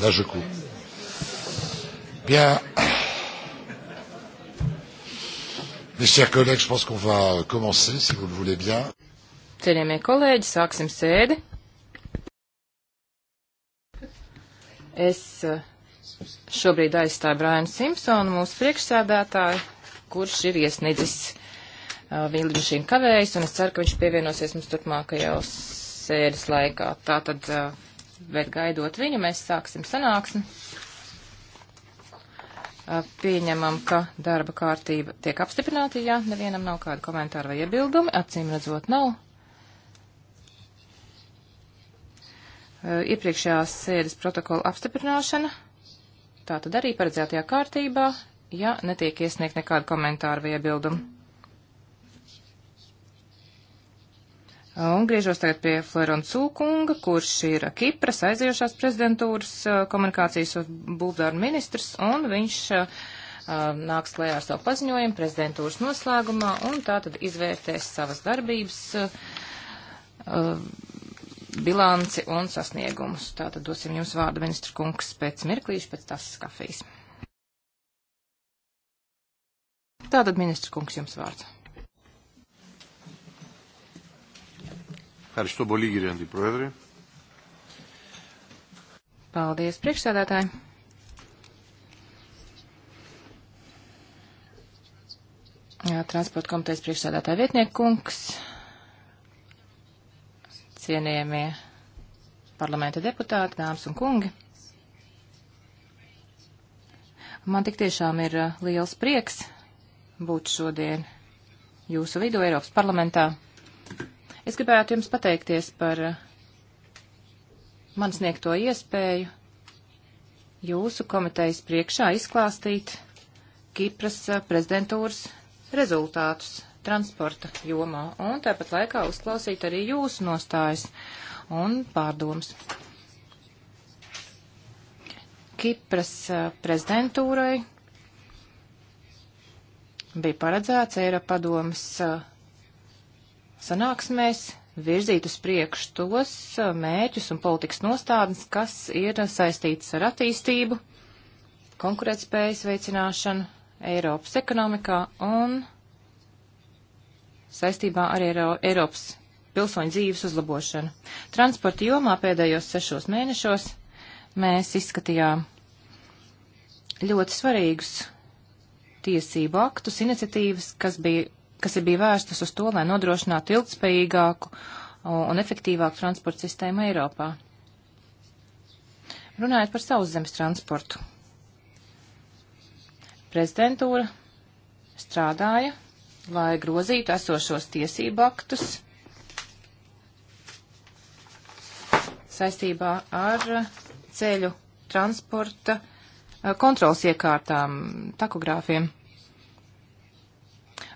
D'un coup. Bien. Mes chers collègues, je pense qu'on va commencer, si vous le voulez bien. Cienījamie kolēģi, sāksim sēdi. Es eh, šobrīd aizstāju Brānu Simpsonu, mūsu priekšsēdētāju, kurš ir iesniedzis uh, eh, vīliņšīm kavējas, un es ceru, ka viņš pievienosies mums turpmākajos sēdes laikā. Tātad uh, bet gaidot viņu, mēs sāksim sanāksmi. Pieņemam, ka darba kārtība tiek apstiprināta, ja nevienam nav kādu komentāru vai iebildumi, acīm redzot nav. Iepriekšējās sēdes protokola apstiprināšana, tā tad arī paredzētajā kārtībā, ja netiek iesniegt nekādu komentāru vai iebildumu. Un griežos tagad pie Florona Cūkunga, kurš ir Kipras aiziejušās prezidentūras eh, komunikācijas un būvdāru ministrs, un viņš uh, nāks klējā ar savu paziņojumu prezidentūras noslēgumā, un tā tad izvērtēs savas darbības uh, bilanci un sasniegumus. Tā tad dosim jums vārdu ministru kungs pēc mirklīšu, pēc tas kafijas. Tātad ministru kungs jums vārds. Ευχαριστώ πολύ, κύριε Αντιπρόεδρε. Paldies, priekšsēdētāji. Transporta komitejas priekšsēdētāja vietniekungs, cienījamie parlamenta deputāti, dāmas un kungi. Man tik tiešām ir eh, liels prieks būt šodien jūsu vidū Eiropas parlamentā Es gribētu jums pateikties par eh, man sniegto iespēju jūsu komitejas priekšā izklāstīt Kipras eh, prezidentūras rezultātus transporta jomā un tāpat laikā uzklausīt arī jūsu nostājas un pārdomas. Kipras eh, prezidentūrai bija paredzēts Eiropadomas uh, sanāksmēs virzīt uz priekšu tos uh, mērķus un politikas nostādnes, kas ir saistītas ar attīstību, konkurētspējas veicināšanu Eiropas ekonomikā un saistībā ar Eiro Eiropas pilsoņu dzīves uzlabošanu. Transporta jomā pēdējos sešos mēnešos mēs izskatījām ļoti svarīgus tiesību aktus, iniciatīvas, kas bija kas ir bija vērstas uz to, lai nodrošinātu ilgspējīgāku un efektīvāku transporta sistēmu Eiropā. Runājot par sauszemes transportu. Prezidentūra strādāja, lai grozītu esošos tiesību aktus saistībā ar ceļu transporta e, kontrols iekārtām, takogrāfiem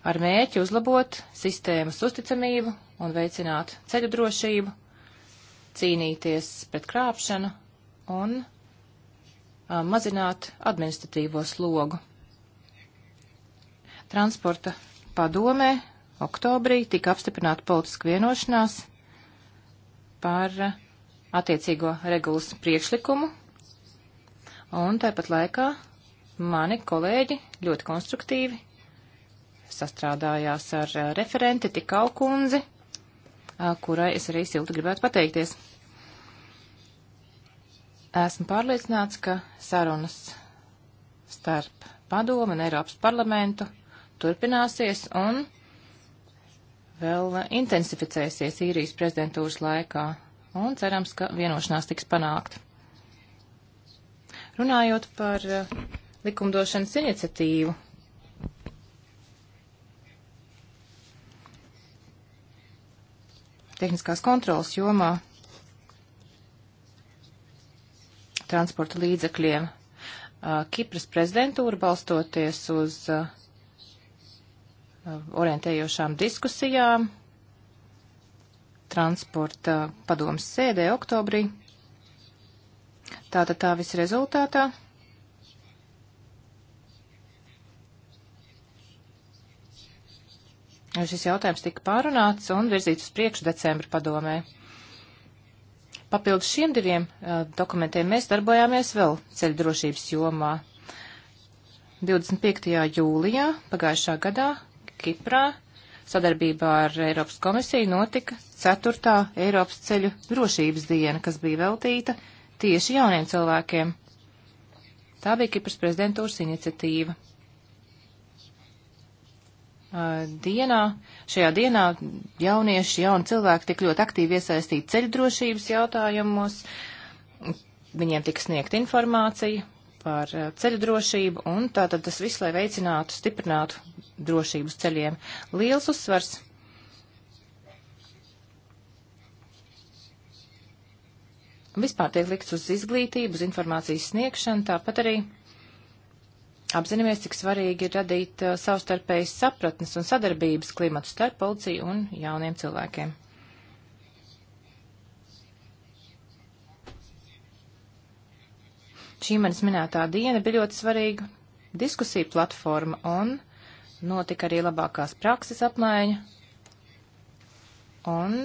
ar mērķi uzlabot sistēmas uzticamību un veicināt ceļu drošību, cīnīties pret krāpšanu un a, mazināt administratīvo slogu. Transporta padomē oktobrī tika apstiprināta politiska vienošanās par attiecīgo regulas priekšlikumu, un tāpat laikā mani kolēģi ļoti konstruktīvi sastrādājās ar eh, referenti Tikau kundzi, eh, kurai es arī silti gribētu pateikties. Esmu pārliecināts, ka sarunas starp padomu un Eiropas parlamentu turpināsies un vēl intensificēsies īrijas prezidentūras laikā, un cerams, ka vienošanās tiks panākt. Runājot par eh, likumdošanas iniciatīvu, tehniskās kontrolas jomā transporta līdzekļiem. Kipras prezidentūra balstoties uz orientējošām diskusijām transporta padomas sēdē oktobrī. Tātad tā visa rezultātā Šis jautājums tika pārunāts un virzīts uz priekšu decembra padomē. Papildus šiem diviem uh, dokumentiem mēs darbojāmies vēl ceļu drošības jomā. 25. jūlijā pagājušā gadā Kiprā sadarbībā ar Eiropas komisiju notika 4. Eiropas ceļu drošības diena, kas bija veltīta tieši jauniem cilvēkiem. Tā bija Kipras prezidentūras iniciatīva dienā, šajā dienā jaunieši, jauni cilvēki tik ļoti aktīvi iesaistīti ceļdrošības jautājumos, viņiem tika sniegta informācija par ceļdrošību, un tātad tas viss, lai veicinātu, stiprinātu drošības ceļiem. Liels uzsvars. Vispār tiek likts uz izglītību, uz informācijas sniegšanu, tāpat arī Apzināmies, cik svarīgi ir radīt uh, savstarpējas sapratnes un sadarbības klimatu starp policiju un jauniem cilvēkiem. Šī manis minētā diena bija ļoti svarīga diskusija platforma un notika arī labākās prakses apmaiņa. Un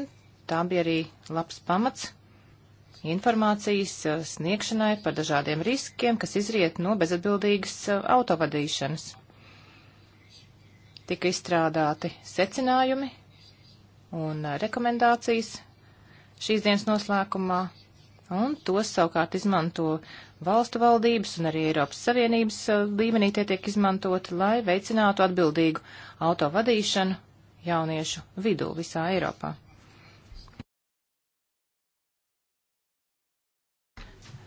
tā bija arī labs pamats informācijas eh, sniegšanai par dažādiem riskiem, kas izriet no bezatbildīgas eh, autovadīšanas. Tika izstrādāti secinājumi un eh, rekomendācijas šīs dienas noslēgumā, un tos savukārt izmanto valstu valdības un arī Eiropas Savienības līmenī tie tiek izmantoti, lai veicinātu atbildīgu autovadīšanu jauniešu vidū visā Eiropā.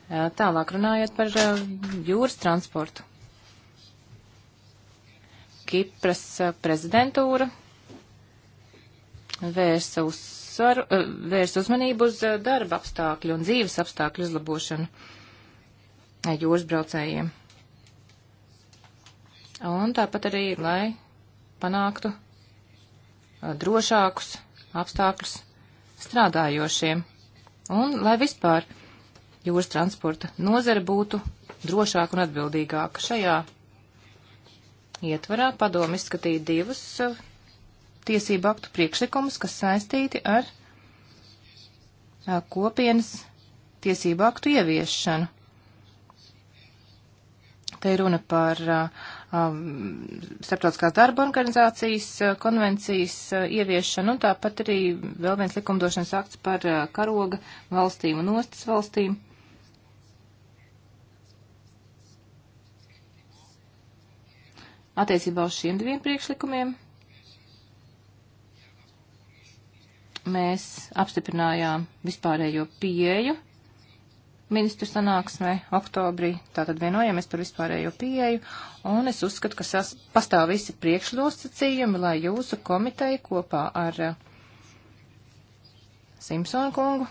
Tālāk runājot par jūras transportu. Kipras prezidentūra vērsa, uzsvaru, vērsa uzmanību uz darba apstākļu un dzīves apstākļu uzlabošanu jūras braucējiem. Un tāpat arī, lai panāktu drošākus apstākļus strādājošiem. Un lai vispār uh, jūras transporta nozare būtu drošāka un atbildīgāka. Šajā ietvarā padomu izskatīja divus uh, tiesību aktu priekšlikumus, kas saistīti ar uh, kopienas tiesību aktu ieviešanu. Te ir runa par uh, um, starptautiskās darba organizācijas konvencijas ieviešanu un tāpat arī vēl viens likumdošanas akts par karoga valstīm un ostas valstīm. attiecībā uz šiem diviem priekšlikumiem mēs apstiprinājām vispārējo pieeju ministru sanāksmē oktobrī, tātad vienojamies par vispārējo pieeju, un es uzskatu, ka sas, pastāv visi priekšnosacījumi, lai jūsu komiteja kopā ar uh, Simpsonu kungu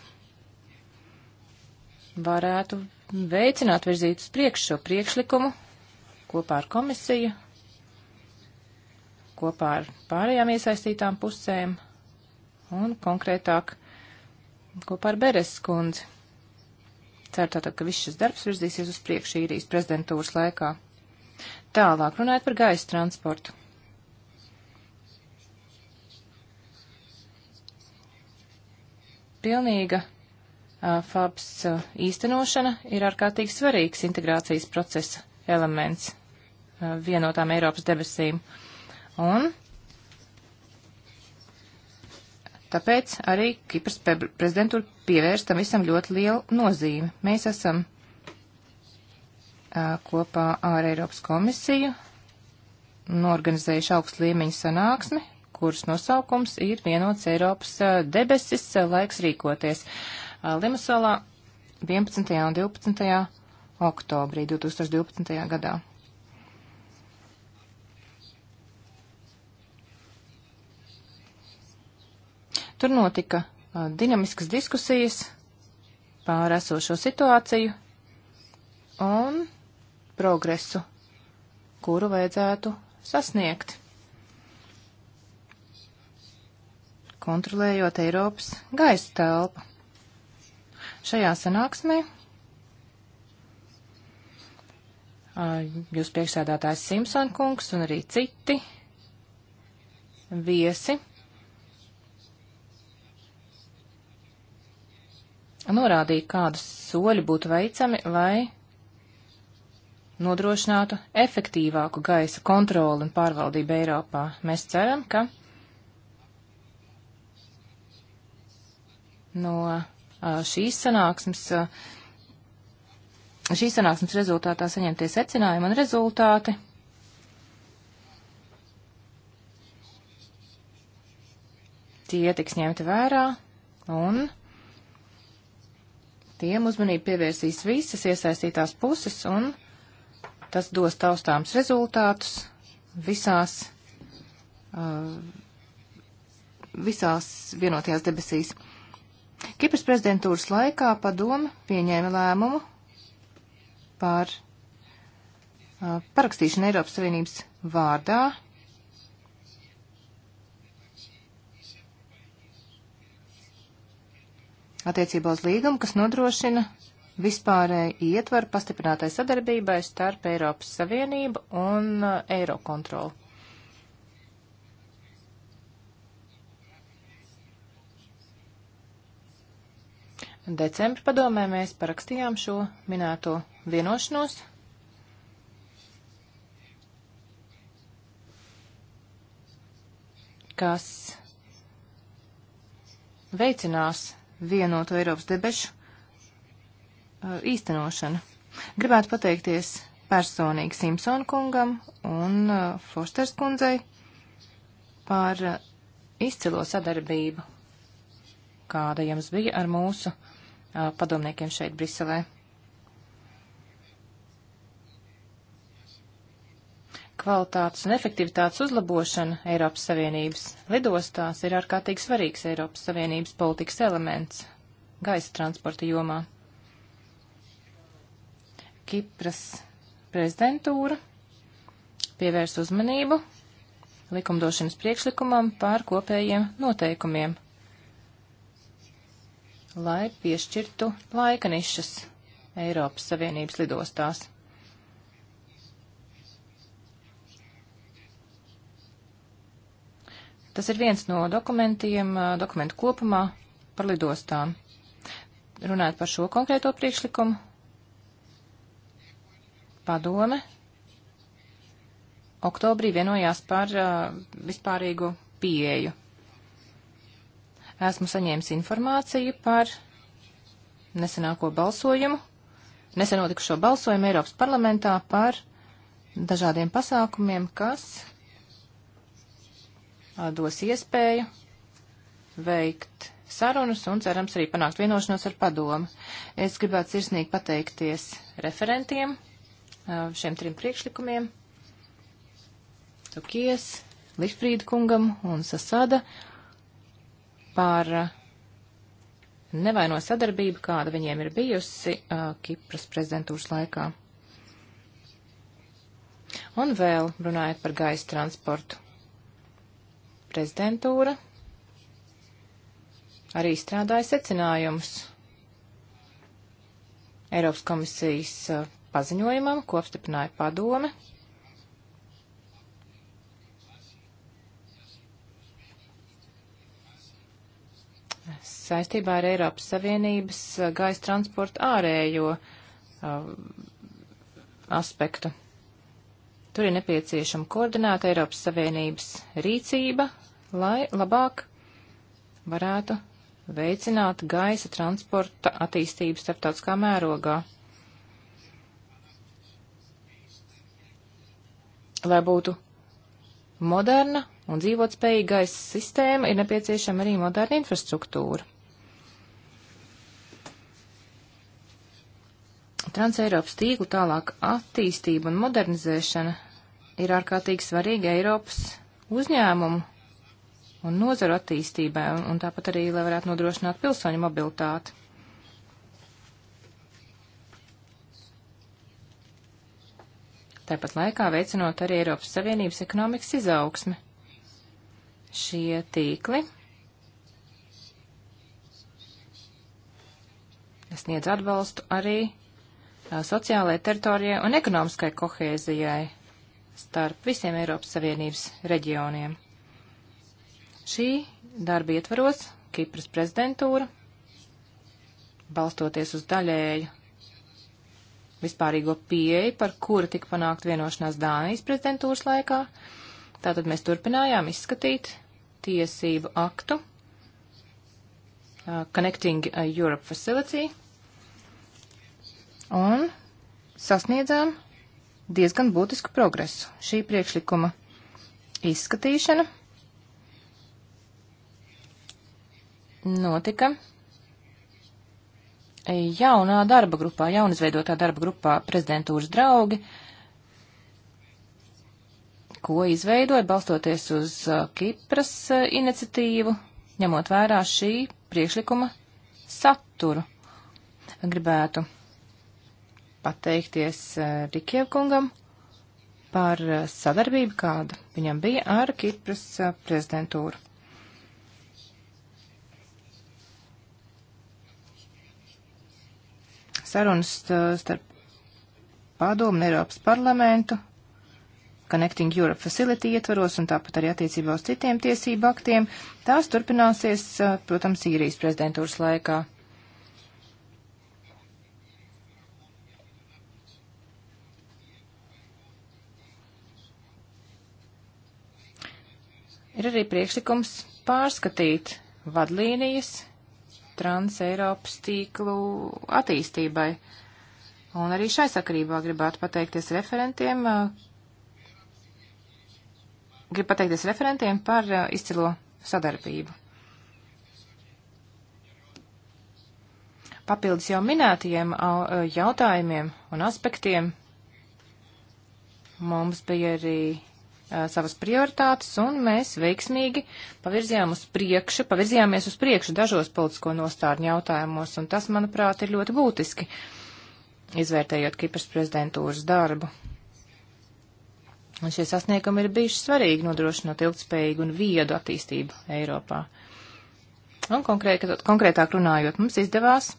varētu veicināt virzīt uz priekšu šo priekšlikumu kopā ar komisiju kopā ar pārējām iesaistītām pusēm un konkrētāk kopā ar Beres kundzi. Ceru tātad, ka viss šis darbs virzīsies uz priekšu īrijas prezidentūras laikā. Tālāk runājot par gaisa transportu. Pilnīga uh, FABS uh, īstenošana ir ārkārtīgi svarīgs integrācijas procesa elements uh, vienotām Eiropas debesīm. Uh, Un tāpēc arī Kipras prezidentūra pievērš tam visam ļoti lielu nozīmi. Mēs esam uh, kopā ar Eiropas komisiju norganizējuši augstu līmeņu sanāksmi, kuras nosaukums ir vienots Eiropas uh, debesis uh, laiks rīkoties Limasolā 11. un 12. oktobrī 2012. gadā. Tur notika uh, dinamiskas diskusijas pār esošo situāciju un progresu, kuru vajadzētu sasniegt, kontrolējot Eiropas gaisa telpu. Šajā sanāksmē jūs priekšsēdātājs Simpson kungs un arī citi viesi norādīja, kādu soļu būtu veicami, lai nodrošinātu efektīvāku gaisa kontroli un pārvaldību Eiropā. Mēs ceram, ka no šīs sanāksmes, šīs sanāksmes rezultātā saņemtie secinājumi un rezultāti tie tiks ņemti vērā un Tiem uzmanību pievērsīs visas iesaistītās puses un tas dos taustāms rezultātus visās, uh, visās vienotajās debesīs. Kipras prezidentūras laikā padoma pieņēma lēmumu par uh, parakstīšanu Eiropas Savienības vārdā attiecībā uz līgumu, kas nodrošina vispārēju ietvaru pastiprinātai sadarbībai starp Eiropas Savienību un uh, Eirokontrolu. Decembra padomē mēs parakstījām šo minēto vienošanos. kas veicinās vienoto Eiropas debešu uh, īstenošanu. Gribētu pateikties personīgi Simpsona kungam un uh, Forsters kundzei par uh, izcilo sadarbību, kāda jums bija ar mūsu uh, padomniekiem šeit Briselē. kvalitātes un efektivitātes uzlabošana Eiropas Savienības lidostās ir ārkārtīgi svarīgs Eiropas Savienības politikas elements gaisa transporta jomā. Kipras prezidentūra pievērs uzmanību likumdošanas priekšlikumam pār kopējiem noteikumiem, lai piešķirtu laika nišas Eiropas Savienības lidostās. Tas ir viens no dokumentiem, dokumentu kopumā par lidostām. Runājot par šo konkrēto priekšlikumu, padome oktobrī vienojās par uh, vispārīgu pieeju. Esmu saņēmis informāciju par nesenāko balsojumu, nesenotikušo balsojumu Eiropas parlamentā par dažādiem pasākumiem, kas Uh, dos iespēju veikt sarunas un cerams arī panākt vienošanos ar padomu. Es gribētu sirsnīgi pateikties referentiem uh, šiem trim priekšlikumiem. Tukies, Lihfrīda kungam un Sasada par uh, nevaino sadarbību, kāda viņiem ir bijusi Kipras prezidentūras laikā. Un vēl runājot par gaisa transportu prezidentūra arī strādāja secinājumus Eiropas komisijas uh, paziņojumam, ko apstiprināja padome. Saistībā ar Eiropas Savienības uh, gaisa transportu ārējo uh, aspektu. Tur ir nepieciešama koordinēta Eiropas Savienības rīcība, lai labāk varētu veicināt gaisa transporta attīstību starptautiskā mērogā. Lai būtu moderna un dzīvotspējīga gaisa sistēma, ir nepieciešama arī moderna infrastruktūra. Transeiropas tīklu tālāk attīstība un modernizēšana ir ārkārtīgi svarīga Eiropas uzņēmumu un nozaru attīstībai, un, un tāpat arī, lai varētu nodrošināt pilsoņu mobilitāti. Tāpat laikā veicinot arī Eiropas Savienības ekonomikas izaugsmi. Šie tīkli sniedz atbalstu arī sociālajai teritorijai un ekonomiskai kohēzijai starp visiem Eiropas Savienības reģioniem. Šī darba ietvaros Kipras prezidentūra, balstoties uz daļēju vispārīgo pieeju, par kuru tika panākt vienošanās Dānijas prezidentūras laikā, tātad mēs turpinājām izskatīt tiesību aktu uh, Connecting Europe Facility un sasniedzām diezgan būtisku progresu. Šī priekšlikuma izskatīšana notika jaunā darba grupā, jaunizveidotā darba grupā prezidentūras draugi, ko izveidoja balstoties uz uh, Kipras uh, iniciatīvu, ņemot vērā šī priekšlikuma saturu. Gribētu pateikties eh, Rikievkungam par eh, sadarbību, kāda viņam bija ar Kipras eh, prezidentūru. Sarunas starp padomu un Eiropas parlamentu, Connecting Europe Facility ietvaros un tāpat arī attiecībā uz citiem tiesību aktiem, tās turpināsies, protams, Sīrijas prezidentūras laikā. Ir arī priekšlikums pārskatīt vadlīnijas Trans-Eiropas tīklu attīstībai. Un arī šai sakarībā gribētu pateikties referentiem, eh, gribu pateikties referentiem par eh, izcilo sadarbību. Papildus jau minētajiem eh, jautājumiem un aspektiem mums bija arī Uh, savas prioritātes, un mēs veiksmīgi pavirzījām uz priekšu, pavirzījāmies uz priekšu dažos politisko nostārņu jautājumos, un tas, manuprāt, ir ļoti būtiski, izvērtējot Kipras prezidentūras darbu. Un šie sasniegumi ir bijuši svarīgi nodrošinot ilgtspējīgu un viedu attīstību Eiropā. Un konkrēt, konkrētāk runājot, mums izdevās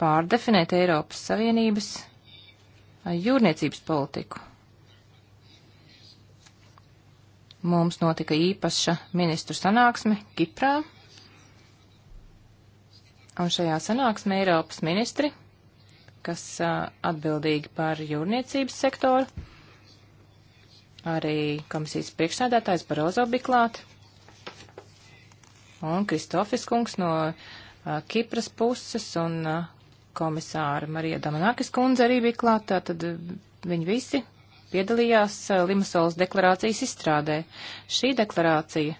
pārdefinēt Eiropas Savienības uh, jūrniecības politiku mums notika īpaša ministru sanāksme Kiprā. Un šajā sanāksmē Eiropas ministri, kas uh, atbildīgi par jūrniecības sektoru, arī komisijas priekšsēdētājs Barozo bija klāt, un Kristofis kungs no uh, Kipras puses, un uh, komisāra Marija Damanakis kundze arī bija klāt, tātad viņi visi piedalījās eh, Limasols deklarācijas izstrādē. Šī deklarācija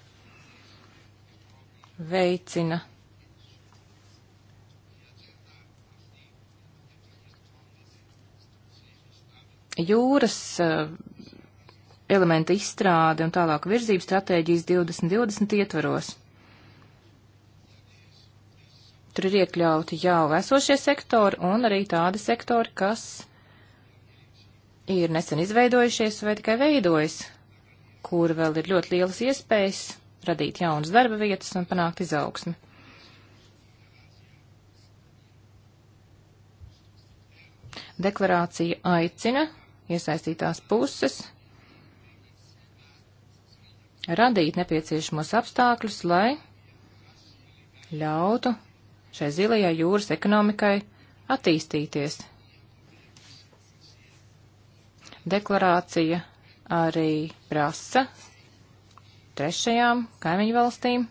veicina jūras eh, elementa izstrāde un tālāk virzību stratēģijas 2020 ietvaros. Tur ir iekļauti jau esošie sektori un arī tādi sektori, kas ir nesen izveidojušies vai tikai veidojas, kur vēl ir ļoti lielas iespējas radīt jaunas darba vietas un panākt izaugsmi. Deklarācija aicina iesaistītās puses radīt nepieciešamos apstākļus, lai ļautu šai zilajai jūras ekonomikai attīstīties deklarācija arī prasa trešajām kaimiņu valstīm,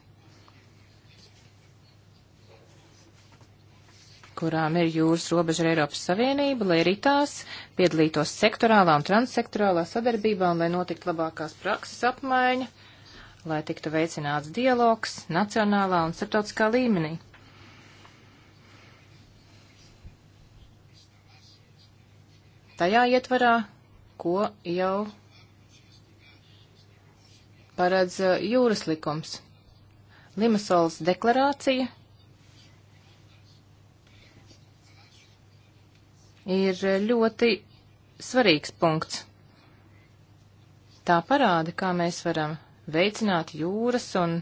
kurām ir jūras robeža ar Eiropas Savienību, lai arī tās piedalītos sektorālā un transsektorālā sadarbībā un lai notiktu labākās prakses apmaiņa, lai tiktu veicināts dialogs nacionālā un starptautiskā līmenī. Tajā ietvarā ko jau paredz uh, jūras likums. Limasols deklarācija ir uh, ļoti svarīgs punkts. Tā parāda, kā mēs varam veicināt jūras un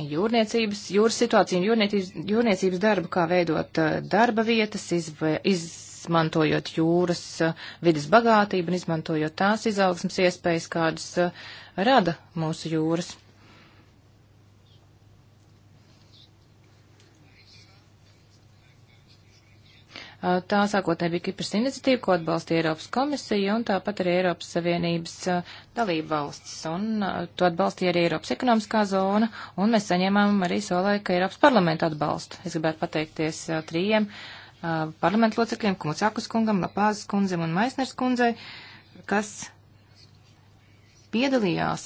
jūrniecības, jūras situāciju un jūrniecības, jūrniecības darbu, kā veidot uh, darba vietas, izve, iz, izmantojot jūras eh, vidas bagātību un izmantojot tās izaugsmas iespējas, kādas eh, rada mūsu jūras. Eh, tā sākotnēji bija Kipras iniciatīva, ko atbalstīja Eiropas komisija un tāpat arī Eiropas Savienības dalība valsts. Un to atbalstīja arī Eiropas ekonomiskā zona, un mēs saņēmām arī solē, ka Eiropas parlamenta atbalstu. Es gribētu pateikties trijiem uh, parlamentu locekļiem, Kumucākus kungam, Lapāzes kundzem un Maisners kundzei, kas piedalījās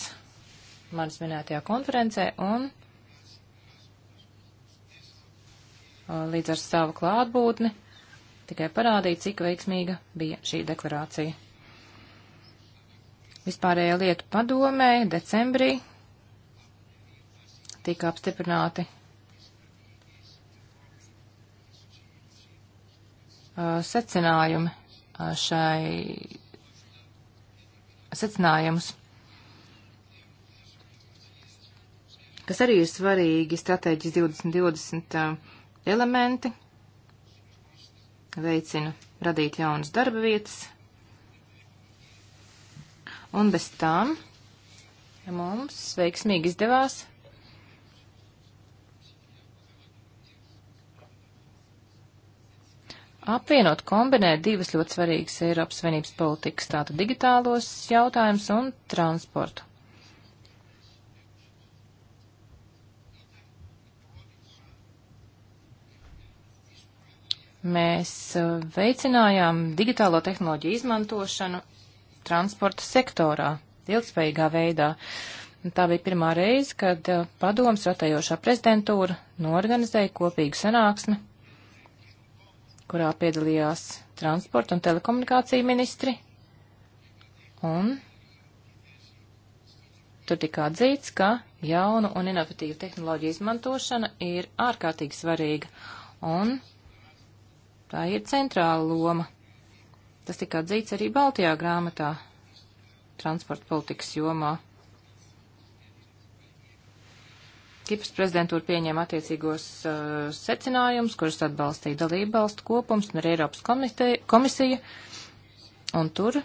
manis minētajā konferencē un līdz ar savu klātbūtni tikai parādīja, cik veiksmīga bija šī deklarācija. Vispārējā lietu padomē decembrī tika apstiprināti secinājumi šai secinājumus, kas arī ir svarīgi stratēģis 2020 elementi, veicina radīt jaunas darba vietas, un bez tām mums veiksmīgi izdevās apvienot, kombinēt divas ļoti svarīgas Eiropas Savienības politikas, tātad digitālos jautājumus un transportu. Mēs uh, veicinājām digitālo tehnoloģiju izmantošanu transporta sektorā, ilgspējīgā veidā. Tā bija pirmā reize, kad uh, padoms ratējošā prezidentūra norganizēja kopīgu sanāksmi kurā piedalījās transporta un telekomunikācija ministri. Un tur tika atzīts, ka jaunu un inovatīvu tehnoloģiju izmantošana ir ārkārtīgi svarīga, un tā ir centrāla loma. Tas tika atzīts arī Baltijā grāmatā transporta politikas jomā. Kipras prezidentūra pieņēma attiecīgos uh, secinājumus, kurus atbalstīja dalībvalstu kopums un arī Eiropas komiteja, komisija, un tur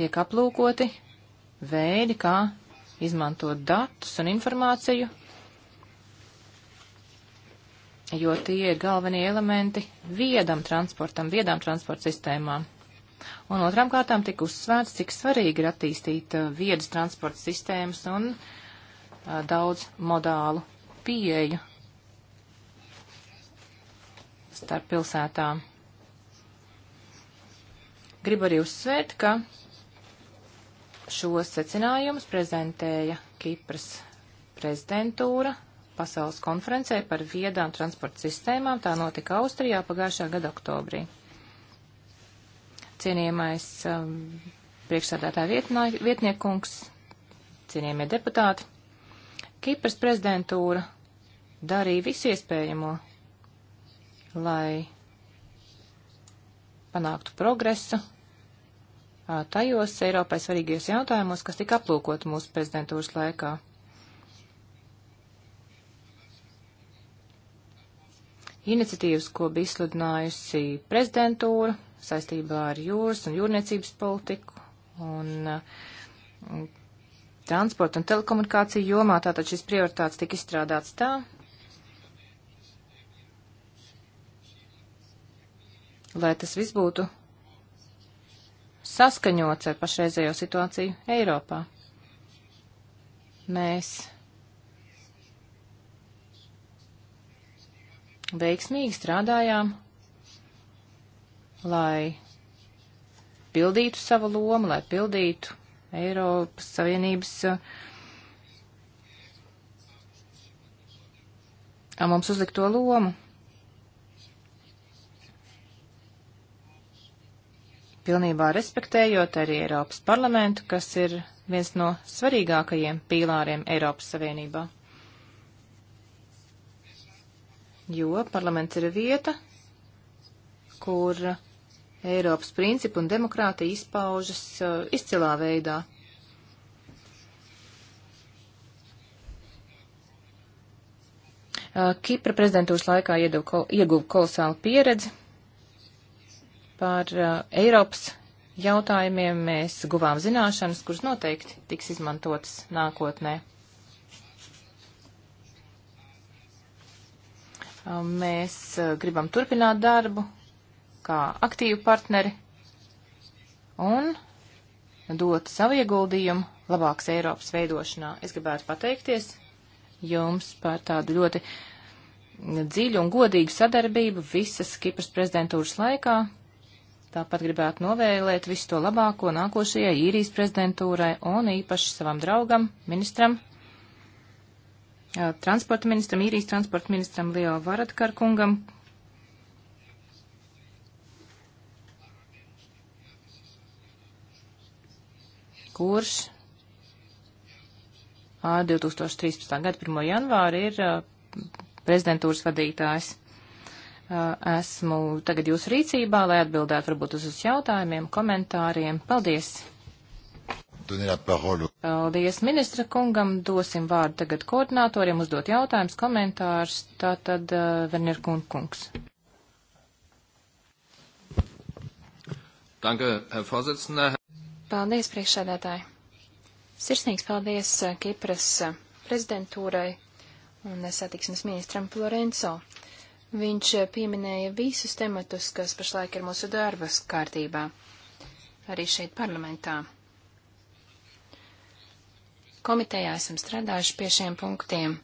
tiek aplūkoti veidi, kā izmantot datus un informāciju, jo tie ir galvenie elementi viedam transportam, viedām transporta sistēmām. Un otrām kārtām tika uzsvērts, cik svarīgi ir attīstīt uh, viedas transporta sistēmas un uh, daudz modālu pieeju starp pilsētām. Gribu arī uzsvērt, ka šos secinājumus prezentēja Kipras prezidentūra pasaules konferencē par viedām transporta sistēmām. Tā notika Austrijā pagājušā gada oktobrī. Cienījamais um, priekšsādātāja vietniekungs, cienījamie deputāti, Kipras prezidentūra darīja visu iespējamo, lai panāktu progresu tajos Eiropai svarīgajos jautājumos, kas tika aplūkot mūsu prezidentūras laikā. Iniciatīvas, ko bija izsludinājusi prezidentūra saistībā ar jūras un jūrniecības politiku un transporta un telekomunikāciju jomā, tātad šis prioritāts tika izstrādāts tā, lai tas viss būtu saskaņots ar pašreizējo situāciju Eiropā. Mēs veiksmīgi strādājām, lai pildītu savu lomu, lai pildītu Eiropas Savienības. Eh, mums uzlikto lomu. pilnībā respektējot arī Eiropas parlamentu, kas ir viens no svarīgākajiem pīlāriem Eiropas Savienībā. Jo parlaments ir vieta, kur Eiropas principu un demokrātija izpaužas uh, izcilā veidā. Uh, Kipra prezidentūras laikā kol, ieguva kolosālu pieredzi par uh, Eiropas jautājumiem. Mēs guvām zināšanas, kuras noteikti tiks izmantotas nākotnē. Uh, mēs uh, gribam turpināt darbu, kā aktīvi partneri un dot savu ieguldījumu labākas Eiropas veidošanā. Es gribētu pateikties jums par tādu ļoti dziļu un godīgu sadarbību visas Kipras prezidentūras laikā. Tāpat gribētu novēlēt visu to labāko nākošajai īrijas prezidentūrai un īpaši savam draugam, ministram, transporta ministram, īrijas transporta ministram Leo Varadkarkungam, kurš 2013. gada 1. janvāra ir prezidentūras vadītājs. Esmu tagad jūsu rīcībā, lai atbildētu varbūt uz jūsu jautājumiem, komentāriem. Paldies! Paldies ministra kungam. Dosim vārdu tagad koordinātoriem uzdot jautājumus, komentārus. Tātad uh, Vernier kungs. Danke, Herr Vorsitzender. Paldies, priekšsēdētāji! Sirsnīgs paldies eh, Kipras eh, prezidentūrai un eh, satiksmes ministram Florenco. Viņš pieminēja visus tematus, kas pašlaik ir mūsu darbas kārtībā, arī šeit parlamentā. Komitejā esam strādājuši pie šiem punktiem.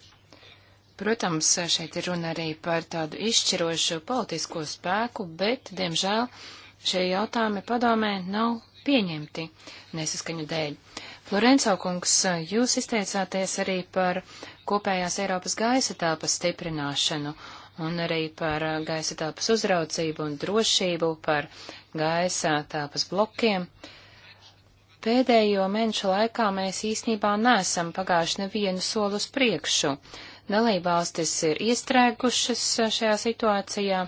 Protams, šeit ir runa arī par tādu izšķirošu politisko spēku, bet, diemžēl, šie jautājumi padomē nav pieņemti nesaskaņu dēļ. Florenco kungs, jūs izteicāties arī par kopējās Eiropas gaisa telpas stiprināšanu un arī par uh, gaisa telpas uzraucību un drošību, par gaisa telpas blokiem. Pēdējo mēnešu laikā mēs īsnībā nesam pagājuši nevienu soli uz priekšu. Dalībvalstis ir iestrēgušas uh, šajā situācijā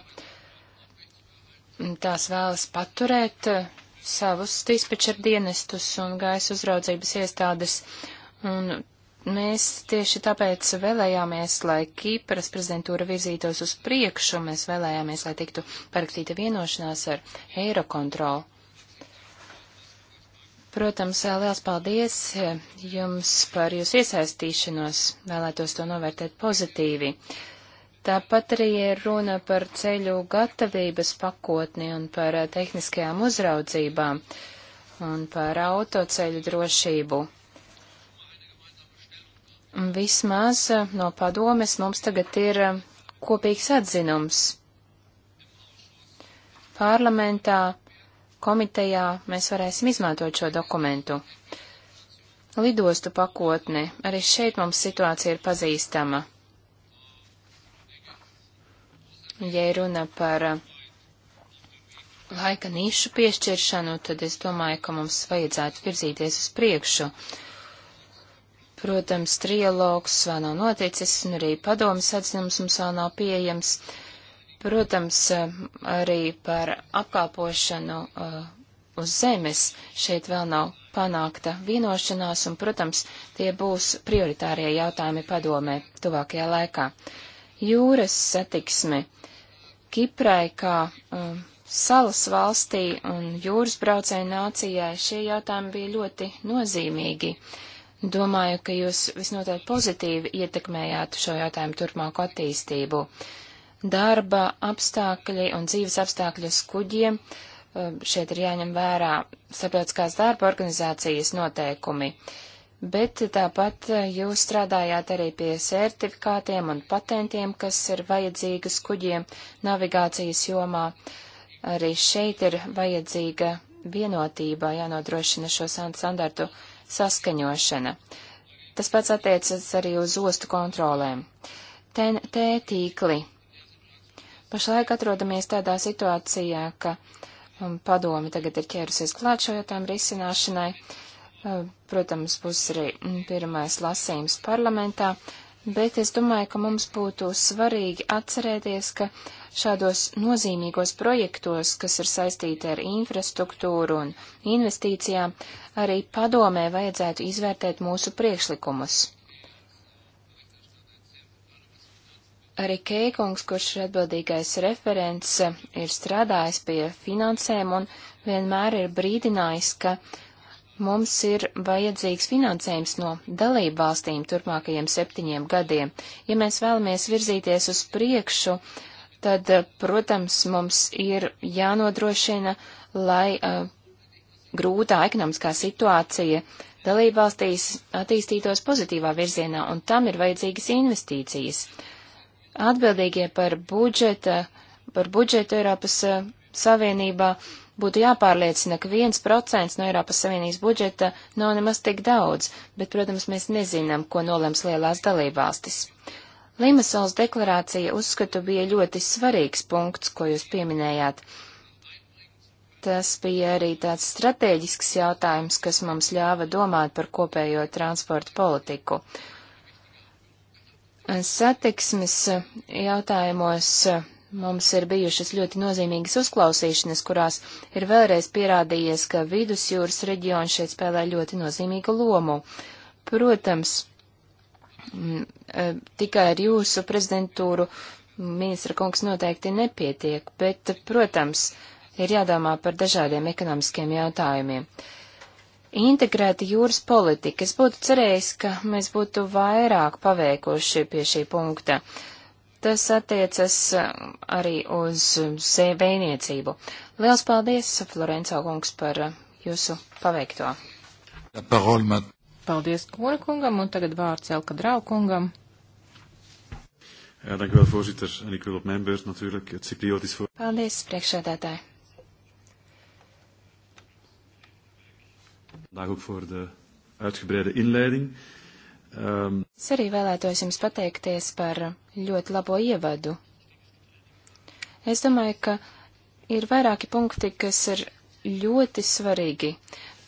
tās vēlas paturēt uh, savus dispečer dienestus un gaisa uzraudzības iestādes. Un mēs tieši tāpēc vēlējāmies, lai Kīpras prezidentūra virzītos uz priekšu, mēs vēlējāmies, lai tiktu parakstīta vienošanās ar Eirokontrolu. Protams, liels paldies eh, jums par jūsu iesaistīšanos, vēlētos to novērtēt pozitīvi. Uh, Tāpat arī ir runa par ceļu gatavības pakotni un par eh, tehniskajām uzraudzībām un par autoceļu drošību. Vismaz eh, no padomes mums tagad ir eh, kopīgs atzinums. Parlamentā, komitejā mēs varēsim izmantot šo dokumentu. Lidostu pakotne, arī šeit mums situācija ir pazīstama. Ja runa par uh, laika nišu piešķiršanu, tad es domāju, ka mums vajadzētu virzīties uz priekšu. Protams, trialogs vēl nav noticis, un arī padomas atzinums mums vēl nav pieejams. Protams, uh, arī par apkalpošanu uh, uz zemes šeit vēl nav panākta vienošanās, un, protams, tie būs prioritārie jautājumi padomē tuvākajā laikā. Jūras satiksme. Uh, Kiprai kā um, salas valstī un jūras braucēju nācijai šie jautājumi bija ļoti nozīmīgi. Domāju, ka jūs visnotaļ pozitīvi ietekmējāt šo jautājumu turpmāku attīstību. Darba apstākļi un dzīves apstākļi uz kuģiem um, šeit ir jāņem vērā starptautiskās darba organizācijas noteikumi. Uh, bet tāpat eh, jūs strādājāt arī pie sertifikātiem un patentiem, kas ir vajadzīgas kuģiem navigācijas jomā. Arī šeit ir vajadzīga vienotība, jānodrošina šo standartu saskaņošana. Tas pats attiecas arī uz ostu kontrolēm. TNT tīkli. Pašlaik atrodamies tādā situācijā, ka um, padomi tagad ir ķērusies klāt šo jautājumu risināšanai. Uh, Eh, protams, būs arī mm, pirmais lasījums parlamentā, bet es domāju, ka mums būtu svarīgi atcerēties, ka šādos nozīmīgos projektos, kas ir saistīti ar infrastruktūru un investīcijām, arī padomē vajadzētu izvērtēt mūsu priekšlikumus. Arī Keikungs, kurš ir atbildīgais referents, ir strādājis pie finansēm un vienmēr ir brīdinājis, ka mums ir vajadzīgs finansējums no dalību valstīm turpmākajiem septiņiem gadiem. Ja mēs vēlamies virzīties uz priekšu, tad, eh, protams, mums ir jānodrošina, lai uh, grūtā ekonomiskā situācija dalību valstīs attīstītos pozitīvā virzienā, un tam ir vajadzīgas investīcijas. Atbildīgie par budžeta, par budžetu Eiropas uh, Savienībā uh, būtu jāpārliecina, ka viens procents no Eiropas Savienības budžeta nav nemaz tik daudz, bet, protams, mēs nezinām, ko nolems lielās dalībvalstis. Limasols deklarācija uzskatu bija ļoti svarīgs punkts, ko jūs pieminējāt. Tas bija arī tāds strateģisks jautājums, kas mums ļāva domāt par kopējo transportu politiku. Satiksmes jautājumos Mums ir bijušas ļoti nozīmīgas uzklausīšanas, kurās ir vēlreiz pierādījies, ka vidusjūras reģions šeit spēlē ļoti nozīmīgu lomu. Protams, mm, e, tikai ar jūsu prezidentūru ministra kungs noteikti nepietiek, bet, protams, ir jādomā par dažādiem ekonomiskiem jautājumiem. Integrēta jūras politika. Es būtu cerējis, ka mēs būtu vairāk paveikuši pie šī punkta. Uh, Tas attiecas eh, arī uz eh, sēbēniecību. Liels paldies, Florenco kungs, par eh, jūsu paveikto. Paldies Kona kungam, un tagad vārds Elka Drau kungam. Ja, dank u wel, voorzitter. En ik wil op mijn beurt natuurlijk het Cypriotisch voor... Paldies, priekšsēdētāji. Vandaag ook voor de uitgebreide inleiding. Uh, Um... Es arī vēlētos jums pateikties par ļoti labo ievadu. Es domāju, ka ir vairāki punkti, kas ir ļoti svarīgi.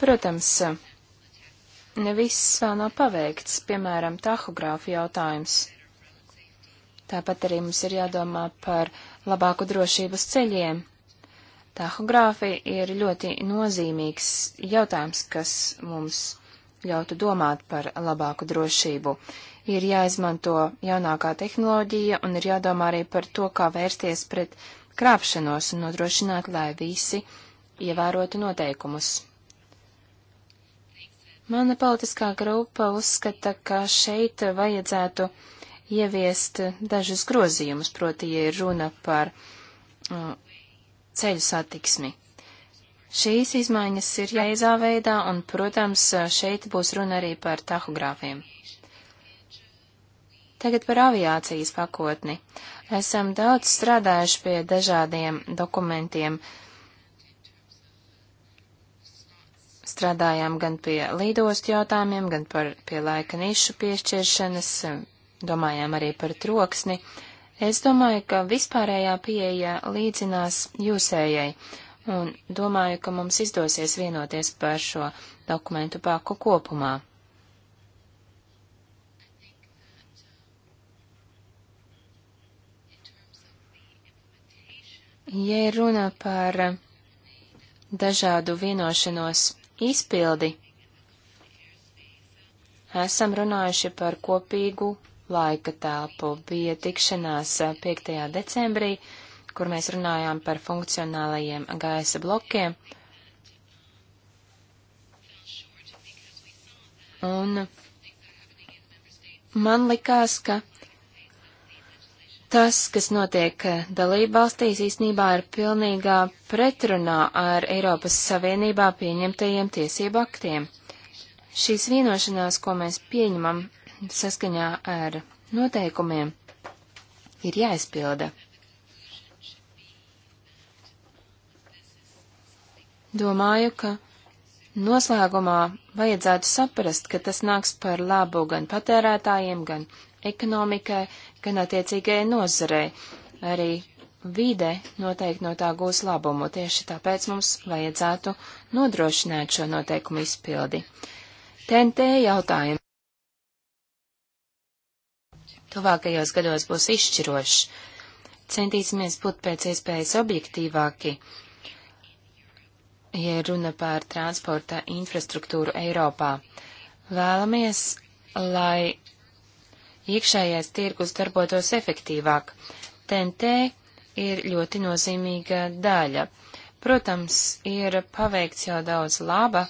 Protams, ne viss vēl nav paveikts, piemēram, tahogrāfu jautājums. Tāpat arī mums ir jādomā par labāku drošības ceļiem. Tahogrāfi ir ļoti nozīmīgs jautājums, kas mums ļautu domāt par labāku drošību. Ir jāizmanto jaunākā tehnoloģija un ir jādomā arī par to, kā vērsties pret krāpšanos un nodrošināt, lai visi ievērotu noteikumus. Mana politiskā grupa uzskata, ka šeit vajadzētu ieviest dažus grozījumus, proti, ja ir runa par uh, ceļu satiksmi. Šīs izmaiņas ir jāizā veidā, un, protams, šeit būs runa arī par tahogrāfiem. Tagad par aviācijas pakotni. Esam daudz strādājuši pie dažādiem dokumentiem. Strādājām gan pie līdostu jautājumiem, gan par, pie laika nišu piešķiršanas, domājām arī par troksni. Es domāju, ka vispārējā pieeja līdzinās jūsējai, un domāju, ka mums izdosies vienoties par šo dokumentu paku kopumā. Ja runa par dažādu vienošanos izpildi, esam runājuši par kopīgu laika telpu. Bija tikšanās 5. decembrī, kur mēs runājām par funkcionālajiem gaisa blokiem. Un man likās, ka tas, kas notiek dalībvalstīs, īstenībā ir pilnīgā pretrunā ar Eiropas Savienībā pieņemtajiem tiesību aktiem. Šīs vienošanās, ko mēs pieņemam saskaņā ar noteikumiem, ir jāizpilda. Domāju, ka noslēgumā vajadzētu saprast, ka tas nāks par labu gan patērētājiem, gan ekonomikai, gan attiecīgajai nozarei. Arī vide noteikti no tā gūs labumu, tieši tāpēc mums vajadzētu nodrošināt šo noteikumu izpildi. TNT jautājumi. Tuvākajos gados būs izšķirošs. Centīsimies būt pēc iespējas objektīvāki, ja runa par transporta infrastruktūru Eiropā. Vēlamies, lai iekšējais tirgus darbotos efektīvāk. TNT ir ļoti nozīmīga daļa. Protams, ir paveikts jau daudz laba,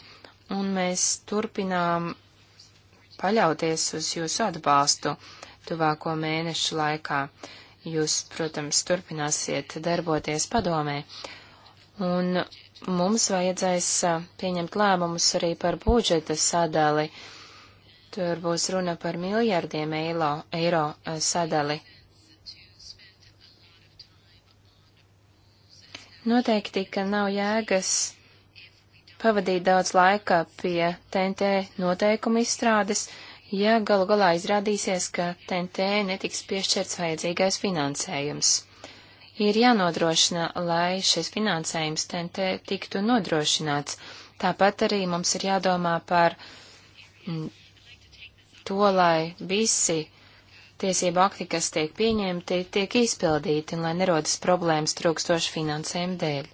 un mēs turpinām paļauties uz jūsu atbalstu tuvāko mēnešu laikā. Jūs, protams, turpināsiet darboties padomē. Un mums vajadzēs pieņemt lēmumus arī par budžeta sadali. Tur būs runa par miljardiem eiro, eiro sadali. Noteikti, ka nav jēgas pavadīt daudz laika pie TNT noteikumu izstrādes, ja galu galā izrādīsies, ka TNT netiks piešķirts vajadzīgais finansējums ir jānodrošina, lai šis finansējums TNT tiktu nodrošināts. Tāpat arī mums ir jādomā par mm, to, lai visi tiesību akti, kas tiek pieņemti, tiek izpildīti un lai nerodas problēmas trūkstoši finansējuma dēļ.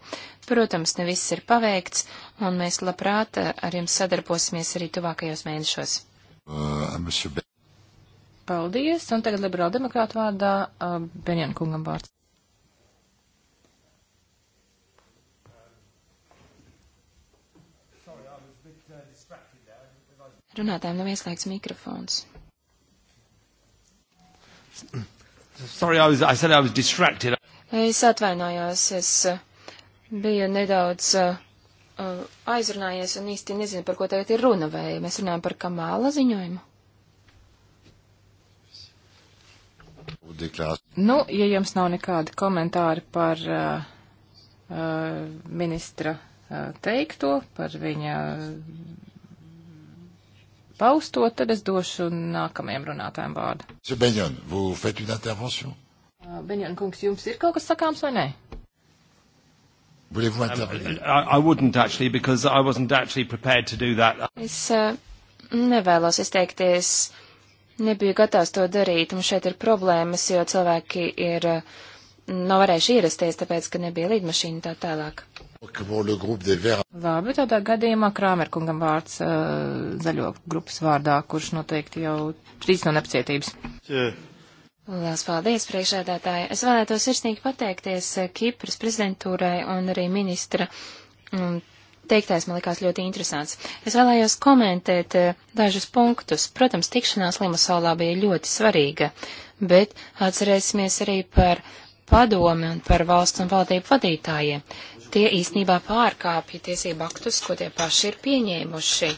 Protams, ne viss ir paveikts, un mēs labprāt eh, ar jums sadarbosimies arī tuvākajos mēnešos. Uh, Paldies, un tagad liberāla demokrāta vārdā uh, Benjana kungam vārds. Runātājiem nav ieslēgts mikrofons. Sorry, I was, I said I was distracted. Es atvainojos, es uh, biju nedaudz uh, uh, aizrunājies un īsti nezinu, par ko tagad ir runa, vai mēs runājam par kamāla ziņojumu. Nu, ja jums nav nekādi komentāri par uh, uh, ministra teikto, par viņa pausto, tad es došu nākamajam runātājam vārdu. Beņon, Beņon uh, kungs, jums ir kaut kas sakāms vai nē? Um, es uh, nevēlos izteikties, nebiju gatavs to darīt, un šeit ir problēmas, jo cilvēki ir uh, nav varējuši ierasties, tāpēc, ka nebija līdmašīna tā tālāk. Labi, tādā gadījumā Krāmerkungam vārds uh, zaļo grupas vārdā, kurš noteikti jau trīs no nepacietības. Lielas paldies, priekšēdētāji. Es vēlētos sirsnīgi pateikties uh, Kipras prezidentūrai un arī ministra. Um, teiktais man likās ļoti interesants. Es vēlējos komentēt uh, dažus punktus. Protams, tikšanās Limasolā bija ļoti svarīga, bet atcerēsimies arī par padomi un par valsts un valdību vadītājiem tie īsnībā pārkāpja tiesību aktus, ko tie paši ir pieņēmuši.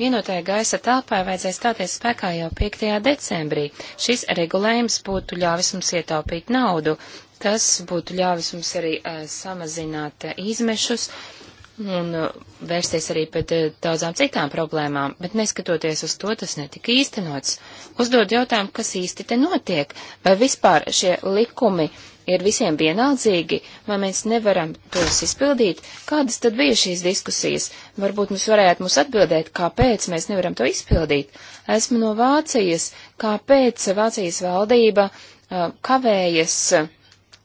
Vienotajai gaisa telpai vajadzēja stāties spēkā jau 5. decembrī. Šis regulējums būtu ļāvis mums ietaupīt naudu, tas būtu ļāvis mums arī uh, samazināt uh, izmešus un uh, vērsties arī pēc uh, daudzām citām problēmām, bet neskatoties uz to, tas netika īstenots. Uzdod jautājumu, kas īsti te notiek, vai vispār šie likumi uh, ir visiem vienaldzīgi, vai mēs nevaram tos izpildīt? Kādas tad bija šīs diskusijas? Varbūt mums varētu mums atbildēt, kāpēc mēs nevaram to izpildīt. Esmu no Vācijas. Kāpēc Vācijas valdība uh, kavējas? Uh,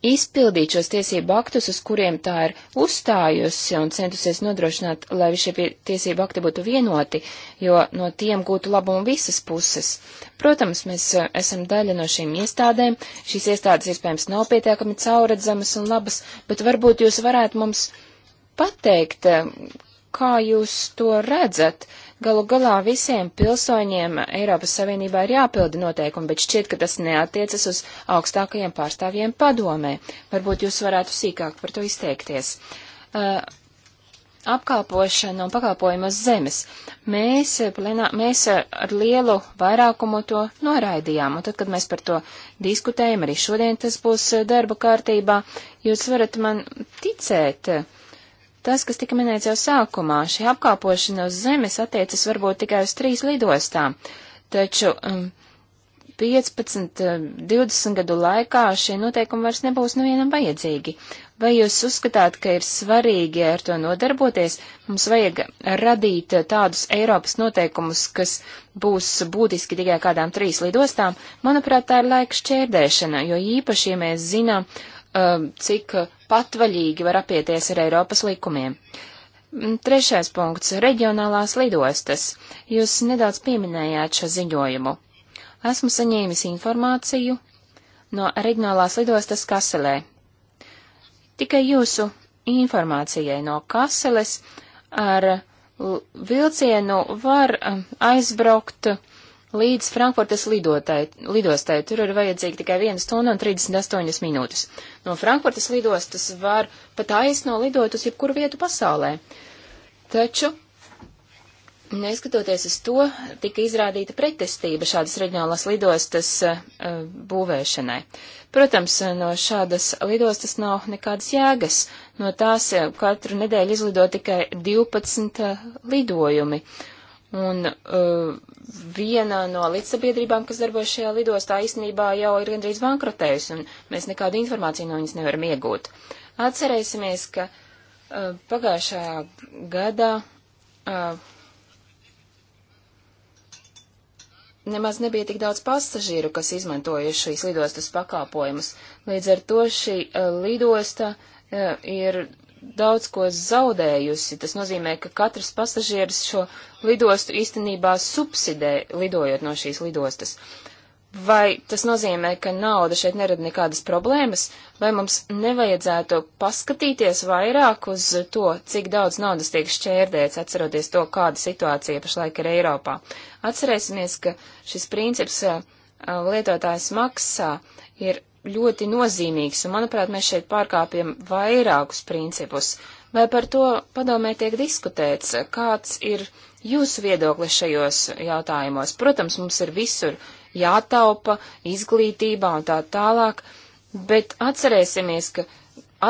izpildīt šos tiesību aktus, uz kuriem tā ir uzstājusi un centusies nodrošināt, lai šie tiesību akti būtu vienoti, jo no tiem gūtu labumu visas puses. Protams, mēs eh, esam daļa no šīm iestādēm, šīs iestādes iespējams nav pietiekami cauredzamas un labas, bet varbūt jūs varētu mums pateikt, eh, kā jūs to redzat, uh, Galu galā visiem pilsoņiem Eiropas Savienībā ir jāpilda noteikumi, bet šķiet, ka tas neatiecas uz augstākajiem pārstāvjiem padomē. Varbūt jūs varētu sīkāk par to izteikties. Uh, apkalpošana un pakalpojumu uz zemes. Mēs, uh, plenā, mēs uh, ar lielu vairākumu to noraidījām, un tad, kad mēs par to diskutējam, arī šodien tas būs uh, darba kārtībā, jūs varat man ticēt, uh, Tas, kas tika minēts jau sākumā, šī apkalpošana uz zemes attiecas varbūt tikai uz trīs lidostām, taču um, 15, 20 um, gadu laikā šie noteikumi vairs nebūs nevienam vajadzīgi. Vai jūs uzskatāt, ka ir svarīgi ar to nodarboties? Mums vajag radīt tādus Eiropas noteikumus, kas būs būtiski tikai kādām trīs lidostām. Manuprāt, tā ir laika šķērdēšana, jo īpaši, ja mēs zinām, uh, Um, cik patvaļīgi var apieties ar Eiropas likumiem. Mm, trešais punkts - reģionālās lidostas. Jūs nedaudz pieminējāt šo ziņojumu. Esmu saņēmis informāciju no reģionālās lidostas Kaselē. Tikai jūsu informācijai no Kaseles ar vilcienu var um, aizbraukt līdz Frankfurtes lidotai, lidostai. Tur ir vajadzīgi tikai 1 stunda un 38 minūtes. No Frankfurtas lidostas var pat aizno lidot uz jebkuru vietu pasaulē. Taču, neskatoties uz to, tika izrādīta pretestība šādas reģionālās lidostas uh, būvēšanai. Protams, no šādas lidostas nav nekādas jēgas. No tās eh, katru nedēļu izlido tikai 12 eh, lidojumi. Uh, Un uh, viena no līdzsabiedrībām, kas darbojas šajā lidostā, īstenībā jau ir gandrīz bankrotējusi, un mēs nekādu informāciju no viņas nevaram iegūt. Atcerēsimies, ka uh, pagājušajā gadā uh, nemaz nebija tik daudz pasažieru, kas izmantoja šīs lidostas pakāpojumus. Līdz ar to šī uh, lidosta uh, ir daudz ko zaudējusi. Tas nozīmē, ka katrs pasažieris šo lidostu īstenībā subsidē, lidojot no šīs lidostas. Vai tas nozīmē, ka nauda šeit nerada nekādas problēmas, vai mums nevajadzētu paskatīties vairāk uz to, cik daudz naudas tiek šķērdēts, atceroties to, kāda situācija pašlaik ir Eiropā? Atcerēsimies, ka šis princips lietotājs maksā ir ļoti nozīmīgs, un manuprāt, mēs šeit pārkāpjam vairākus principus. Vai par to padomē tiek diskutēts? Kāds ir jūsu viedoklis šajos jautājumos? Protams, mums ir visur jātaupa, izglītībā un tā tālāk, bet atcerēsimies, ka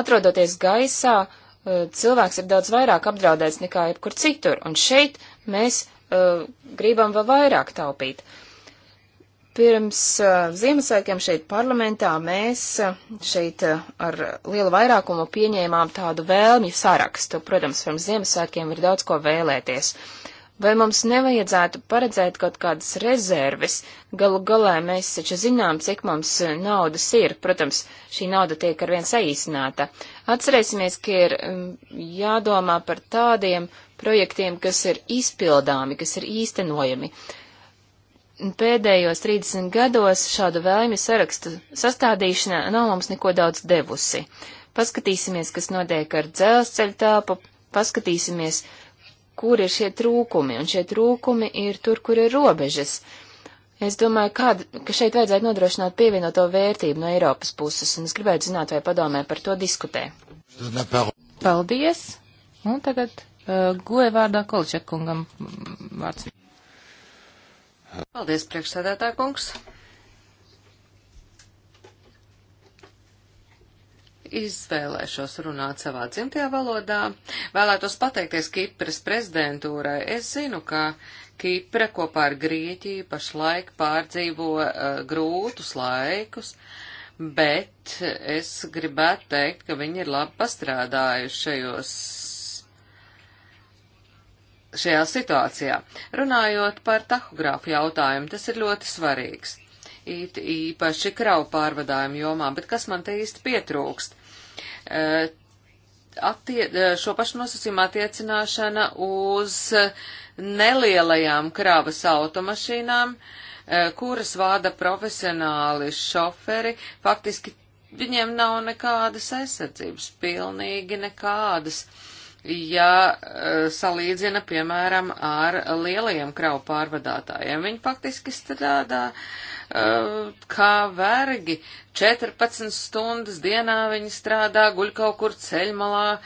atrodoties gaisā, eh, cilvēks ir daudz vairāk apdraudēts nekā jebkur citur, un šeit mēs uh, gribam vēl vairāk taupīt. Uh, Pirms uh, Ziemassvētkiem šeit parlamentā mēs uh, šeit uh, ar lielu vairākumu pieņēmām tādu vēlmju sarakstu. Protams, pirms Ziemassvētkiem ir daudz ko vēlēties. Vai mums nevajadzētu paredzēt kaut kādas rezerves? Galu galā mēs taču zinām, cik mums naudas ir. Protams, šī nauda tiek arvien saīsināta. Atcerēsimies, ka ir um, jādomā par tādiem projektiem, kas ir izpildāmi, kas ir īstenojami. Uh, pēdējos 30 gados šāda vēlmju sarakstu sastādīšana nav mums neko daudz devusi. Paskatīsimies, kas notiek ar dzelzceļa tāpu, paskatīsimies, kur ir šie trūkumi, un šie trūkumi ir tur, kur ir robežas. Es domāju, kāda, ka šeit vajadzētu nodrošināt pievienoto vērtību no Eiropas puses, un es gribētu zināt, vai padomē par to diskutē. Paldies! Un tagad uh, goja vārdā Kolčakungam vārds. Paldies, priekšsēdētā kungs. izvēlēšos runāt savā dzimtajā valodā. Vēlētos pateikties Kipras prezidentūrai. Es zinu, ka Kipra kopā ar Grieķiju pašlaik pārdzīvo uh, grūtus laikus, bet es gribētu teikt, ka viņi ir labi pastrādājuši šajos šajā situācijā. Runājot par tahogrāfu jautājumu, tas ir ļoti svarīgs. It, īpaši kravu pārvadājumu jomā, bet kas man te īsti pietrūkst? E, attie, e, šo pašu nosacījumu attiecināšana uz nelielajām kravas automašīnām, e, kuras vāda profesionāli šoferi, faktiski viņiem nav nekādas aizsardzības, pilnīgi nekādas. Uh, ja eh, salīdzina, piemēram, ar lielajiem kravu pārvadātājiem. Viņi faktiski strādā eh, kā vergi. 14 stundas dienā viņi strādā, guļ kaut kur ceļmalā.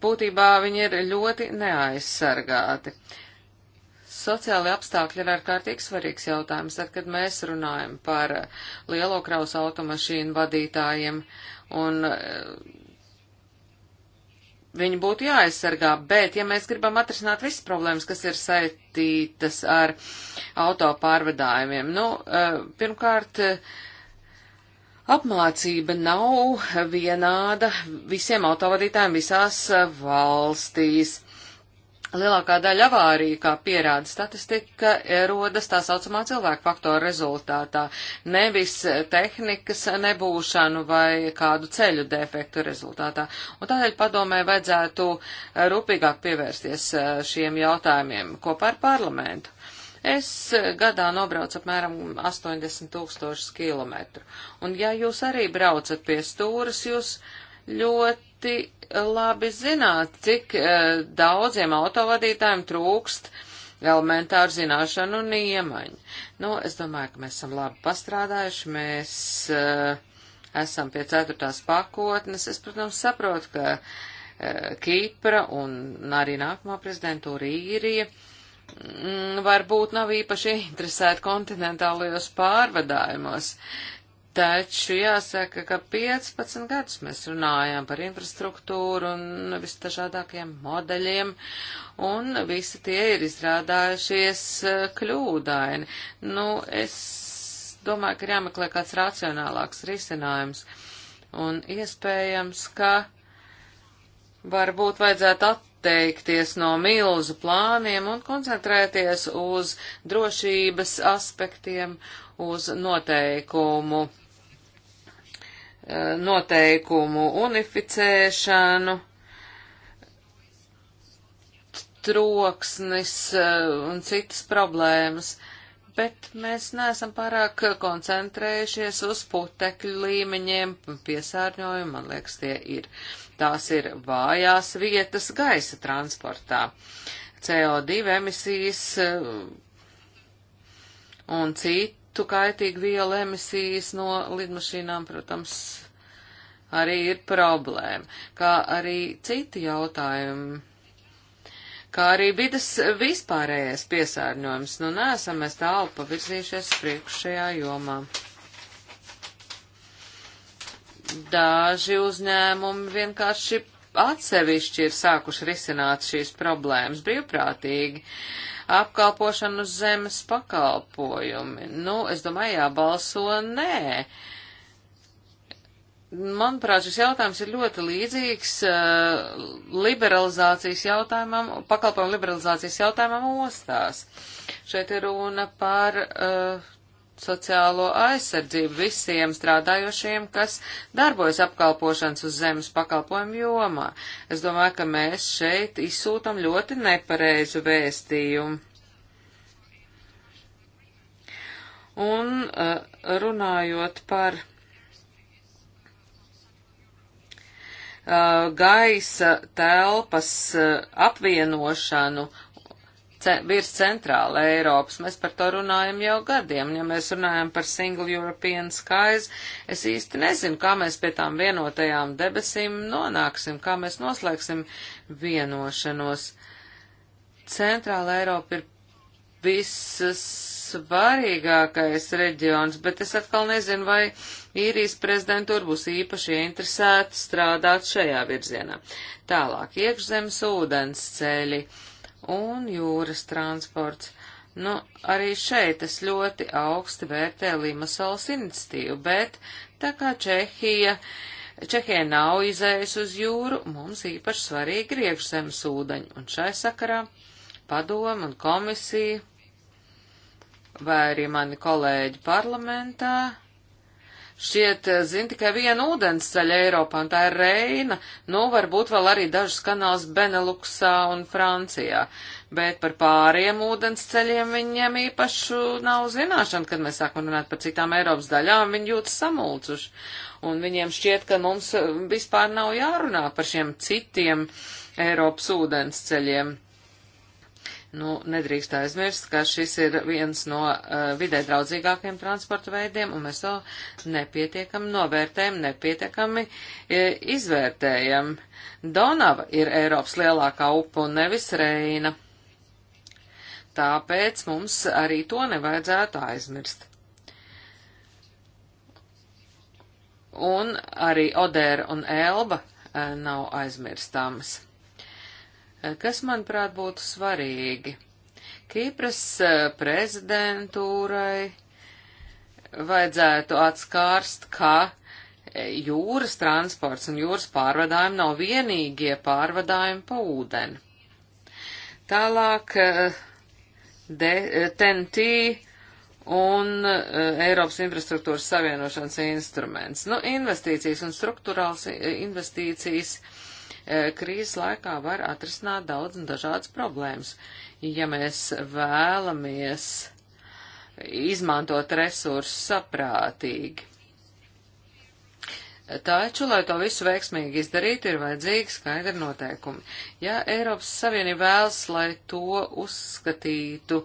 Būtībā viņi ir ļoti neaizsargāti. Sociālai apstākļi ir ārkārtīgi svarīgs jautājums, tad, kad mēs runājam par lielo kraus automašīnu vadītājiem un eh, viņi būtu jāaizsargā, bet ja mēs gribam atrisināt visas problēmas, kas ir saistītas ar autopārvadājumiem, nu, eh, pirmkārt, eh, apmācība nav vienāda visiem autovadītājiem visās eh, valstīs. Lielākā daļa avāriju, kā pierāda statistika, rodas tā saucamā cilvēku faktora rezultātā, nevis tehnikas nebūšanu vai kādu ceļu defektu rezultātā. Un tādēļ padomē vajadzētu rūpīgāk pievērsties eh, šiem jautājumiem kopā ar parlamentu. Es gadā nobraucu apmēram 80 tūkstošus kilometru. Un ja jūs arī braucat pie stūras, jūs ļoti ļoti labi zināt, cik uh, daudziem autovadītājiem trūkst elementāru zināšanu un iemaņu. Nu, es domāju, ka mēs esam labi pastrādājuši, mēs uh, esam pie ceturtās pakotnes. Es, protams, saprotu, ka uh, eh, Kīpra un arī nākamā prezidentūra īrija mm, varbūt nav īpaši interesēti kontinentālajos pārvadājumos. Uh, Taču jāsaka, ka 15 gadus mēs runājām par infrastruktūru un visdažādākiem modeļiem, un visi tie ir izrādājušies eh, kļūdaini. Nu, es domāju, ka ir jāmeklē kāds racionālāks risinājums, un iespējams, ka varbūt vajadzētu attīstīt atteikties no milzu plāniem un koncentrēties uz drošības aspektiem, uz noteikumu noteikumu unificēšanu, troksnis eh, un citas problēmas, bet mēs neesam pārāk koncentrējušies uz putekļu līmeņiem, piesārņojumu, man liekas, tie ir. Tās ir vājās vietas gaisa transportā. CO2 emisijas eh, un citi citu kaitīgu vielu emisijas no lidmašīnām, protams, arī ir problēma, kā arī citi jautājumi kā arī vidas vispārējais piesārņojums. Nu, nesam mēs tālu pavirzījušies priekšējā jomā. Daži uzņēmumi vienkārši atsevišķi ir sākuši risināt šīs problēmas brīvprātīgi. Uh, apkalpošanu uz zemes pakalpojumi. Nu, es domāju, jābalso nē. Manuprāt, šis jautājums ir ļoti līdzīgs uh, liberalizācijas jautājumam, pakalpojumu liberalizācijas jautājumam ostās. Šeit ir runa par uh, sociālo aizsardzību visiem strādājošiem, kas darbojas apkalpošanas uz zemes pakalpojumu jomā. Es domāju, ka mēs šeit izsūtam ļoti nepareizu vēstījumu. Un uh, runājot par uh, gaisa telpas uh, apvienošanu virs centrāla Eiropas. Mēs par to runājam jau gadiem. Ja mēs runājam par Single European Skies, es īsti nezinu, kā mēs pie tām vienotajām debesīm nonāksim, kā mēs noslēgsim vienošanos. Centrāla Eiropa ir vissvarīgākais reģions, bet es atkal nezinu, vai īrijas prezidentūra būs īpaši interesēta strādāt šajā virzienā. Tālāk, iekšzemes ūdens ceļi. Uh, un jūras transports. Nu, arī šeit es ļoti augsti vērtēju Limasols iniciatīvu, bet tā kā Čehija, Čehija nav izējis uz jūru, mums īpaši svarīgi ir iekšzemes ūdeņi, un šai sakarā padomu un komisiju vai arī mani kolēģi parlamentā šķiet eh, zina tikai vienu ūdensceļu Eiropā, un tā ir Reina, nu varbūt vēl arī dažas kanāls Beneluksā un Francijā, bet par pāriem ūdensceļiem viņiem īpašu nav zināšana, kad mēs sākam runāt par citām Eiropas daļām, viņi jūtas samulcuši, un viņiem šķiet, ka mums eh, vispār nav jārunā par šiem citiem Eiropas ūdensceļiem. Nu, nedrīkst aizmirst, ka šis ir viens no uh, vidē draudzīgākiem transporta veidiem, un mēs to nepietiekami novērtējam, nepietiekami e, izvērtējam. Donava ir Eiropas lielākā upa un nevis Reina. Tāpēc mums arī to nevajadzētu aizmirst. Un arī Odēra un Elba e, nav aizmirstāmas kas, manuprāt, būtu svarīgi. Kīpras eh, prezidentūrai vajadzētu atskārst, ka eh, jūras transports un jūras pārvadājumi nav vienīgie pārvadājumi pa ūdeni. Tālāk TNT eh, un uh, Eiropas infrastruktūras savienošanas instruments. Nu, investīcijas un struktūrāls investīcijas uh, E, krīzes laikā var atrisināt daudz un dažādas problēmas. Ja mēs vēlamies izmantot resursus saprātīgi. Taču, lai to visu veiksmīgi izdarītu, ir vajadzīgi skaidri noteikumi. Ja Eiropas Savienība vēlas, lai to uzskatītu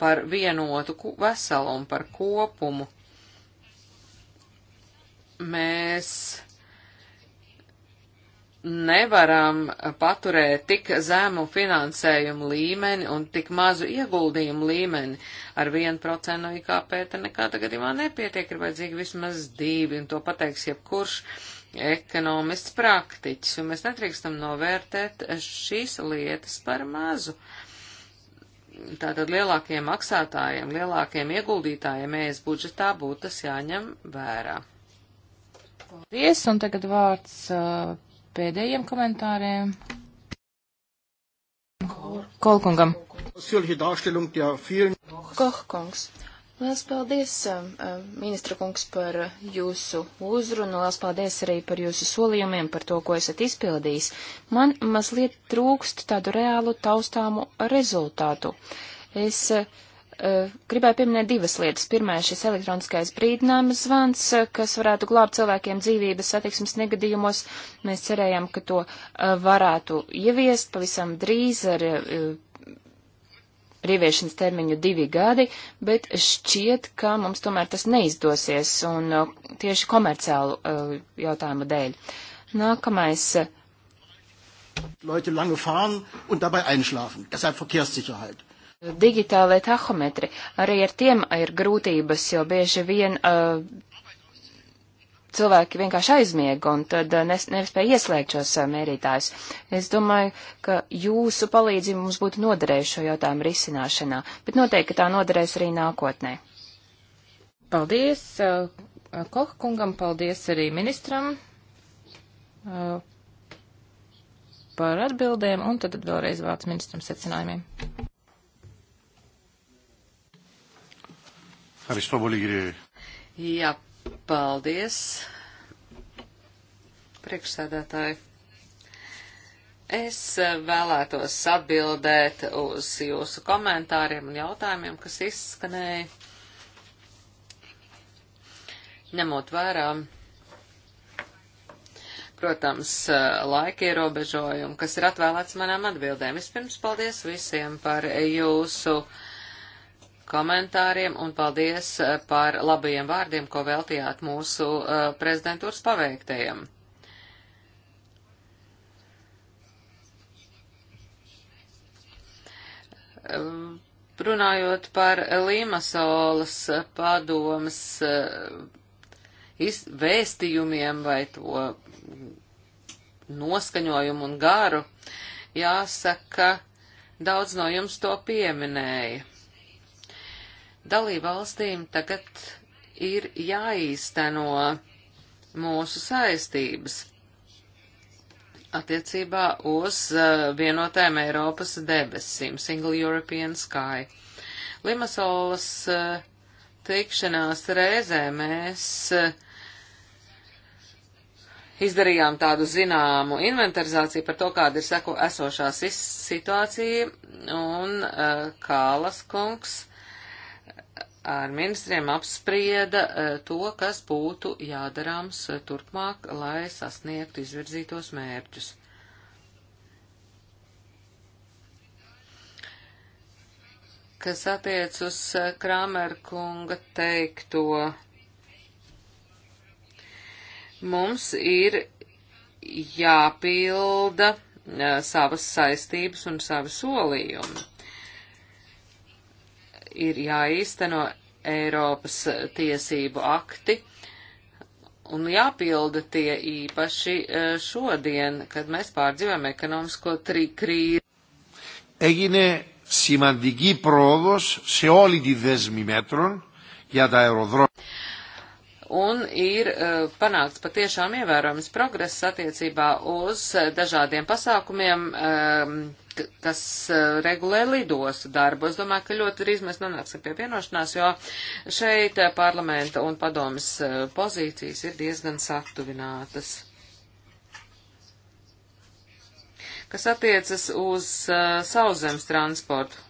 par vienotu veselumu, par kopumu, mēs nevaram paturēt tik zemu finansējumu līmeni un tik mazu ieguldījumu līmeni. Ar 1% no IKP te nekāda gadījumā nepietiek, ir vajadzīgi vismaz divi, un to pateiks jebkurš ekonomists praktiķis, un mēs netrīkstam novērtēt šīs lietas par mazu. Tātad lielākiem maksātājiem, lielākiem ieguldītājiem ES budžetā būtu tas jāņem vērā. Paldies, un tagad vārds uh, pēdējiem komentāriem. Kolkungam. Kohkungs. Lielas paldies, um, um, ministra kungs, par jūsu uzrunu, lielas paldies arī par jūsu solījumiem, par to, ko esat izpildījis. Man mazliet trūkst tādu reālu taustāmu rezultātu. Es uh, Eh, gribēju pieminēt divas lietas. Pirmais šis elektroniskais brīdinājums zvans, eh, kas varētu glābt cilvēkiem dzīvības satiksmes negadījumos. Mēs cerējām, ka to eh, varētu ieviest pavisam drīz ar ieviešanas termiņu divi gadi, bet šķiet, ka mums tomēr tas neizdosies un tieši komerciālu jautājumu dēļ. Nākamais. Leute lange fahren und dabei einschlafen. Deshalb Verkehrssicherheit digitālai tahometri. Arī ar tiem ir grūtības, jo bieži vien uh, cilvēki vienkārši aizmieg un tad eh, nes, nespēja ieslēgt šos uh, mērītājus. Es domāju, ka jūsu palīdzība mums būtu noderējuši šo jautājumu risināšanā, bet noteikti tā noderēs arī nākotnē. Paldies uh, Koha kungam, paldies arī ministram uh, par atbildēm un tad vēlreiz vārds ministram secinājumiem. Ευχαριστώ πολύ κύριε. Jā, paldies. Priekšsēdētāji. Es vēlētos atbildēt uz jūsu komentāriem un jautājumiem, kas izskanēja. Ņemot vērā, protams, laika ierobežojumu, kas ir atvēlēts manām atbildēm. Vispirms paldies visiem par jūsu uh, komentāriem un paldies eh, par labajiem vārdiem, ko veltījāt mūsu eh, prezidentūras paveiktajiem. Eh, runājot par Limasolas padomas vēstījumiem vai to noskaņojumu un garu, jāsaka, daudz no jums to pieminēja dalībvalstīm tagad ir jāīsteno mūsu saistības attiecībā uz eh, vienotēm Eiropas debesīm, Single European Sky. Limasolas eh, tikšanās reizē mēs eh, izdarījām tādu zināmu inventarizāciju par to, kāda ir seko esošā situācija, un Kālas kungs ar ministriem apsprieda e, to, kas būtu jādarāms e, turpmāk, lai sasniegtu izvirzītos mērķus. Kas attiec uz e, Kramerkunga teikto, mums ir jāpilda savas saistības un savi solījumi. Ir jāīsteno Eiropas tiesību akti un jāpilda tie īpaši e, šodien, kad mēs pārdzīvojam ekonomisko krīzi. Έγινε σημαντική πρόοδος σε όλη τη δέσμη μέτρων για τα αεροδρόμια un ir uh, panākts patiešām ievērojams progress attiecībā uz eh, dažādiem pasākumiem, um, kas uh, regulē lidostu darbu. Es domāju, ka ļoti drīz mēs nonāksim pie vienošanās, jo šeit uh, parlamenta un padomas pozīcijas ir diezgan satuvinātas. Kas attiecas uz uh, sauszemes transportu.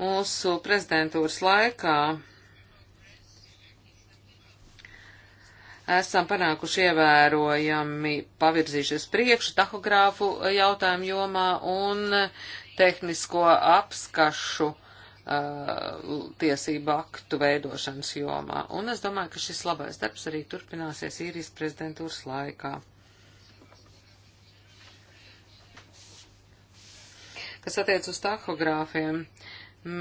Mūsu prezidentūras laikā esam panākuši ievērojami pavirzīšies priekšu tahogrāfu jautājumu jomā un tehnisko apskašu uh, tiesību aktu veidošanas jomā. Un es domāju, ka šis labais darbs arī turpināsies īrijas prezidentūras laikā. Kas attiec uz tahogrāfiem,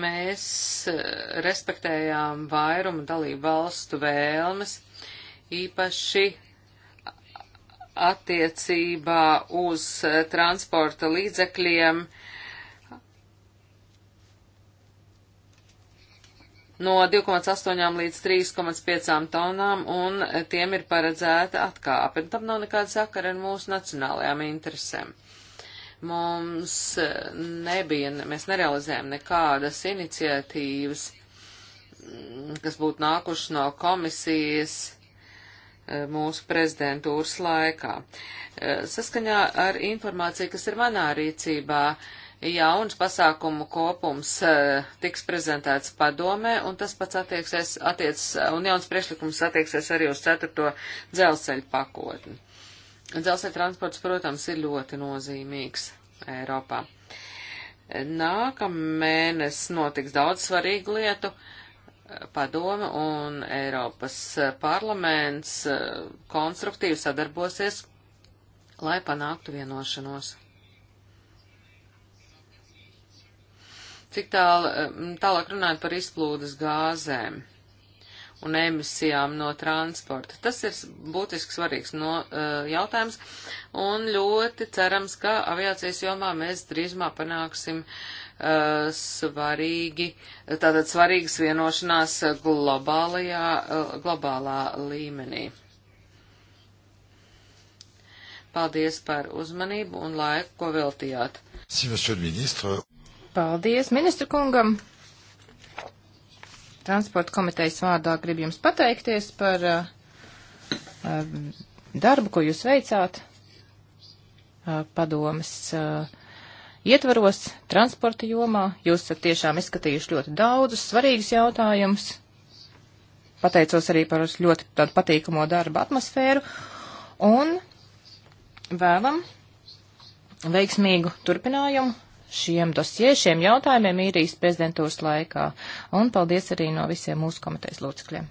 mēs uh, respektējām vairumu dalību valstu vēlmes uh, īpaši attiecībā uz eh, transporta līdzekļiem no 2,8 līdz 3,5 tonām, un tiem ir paredzēta atkāpe. Nu, tam nav nekāda sakara ar mūsu nacionālajām interesēm. Mums eh, nebija, mēs nerealizējām nekādas iniciatīvas, mm, kas būtu nākušas no komisijas Eh, mūsu prezidentūras laikā. Eh, saskaņā ar informāciju, kas ir manā rīcībā, jauns pasākumu kopums eh, tiks prezentēts padomē, un tas pats attieksies, attiec, un jauns priekšlikums attieksies arī uz ceturto dzelzceļa pakotni. Dzelzceļa transports, protams, ir ļoti nozīmīgs Eiropā. Nākamēnes notiks daudz svarīgu lietu. Uh, padome un Eiropas parlaments eh, konstruktīvi sadarbosies, lai panāktu vienošanos. Cik tāl, eh, tālāk runājot par izplūdes gāzēm un emisijām no transporta. Tas ir būtiski svarīgs no, uh, jautājums, un ļoti cerams, ka aviācijas jomā mēs drīzumā panāksim uh, Uh, svarīgi, tātad svarīgas vienošanās globālajā, uh, globālā līmenī. Paldies par uzmanību un laiku, ko veltījāt. Paldies ministru kungam. Transporta komitejas vārdā gribu jums pateikties par uh, um, darbu, ko jūs veicāt uh, padomas uh, ietvaros, transporta jomā. Jūs esat tiešām izskatījuši ļoti daudzus svarīgus jautājumus. Pateicos arī par ļoti tādu patīkamo darba atmosfēru un vēlam veiksmīgu turpinājumu šiem dosie, šiem jautājumiem īrijas prezidentūras laikā. Un paldies arī no visiem mūsu komitejas locekļiem.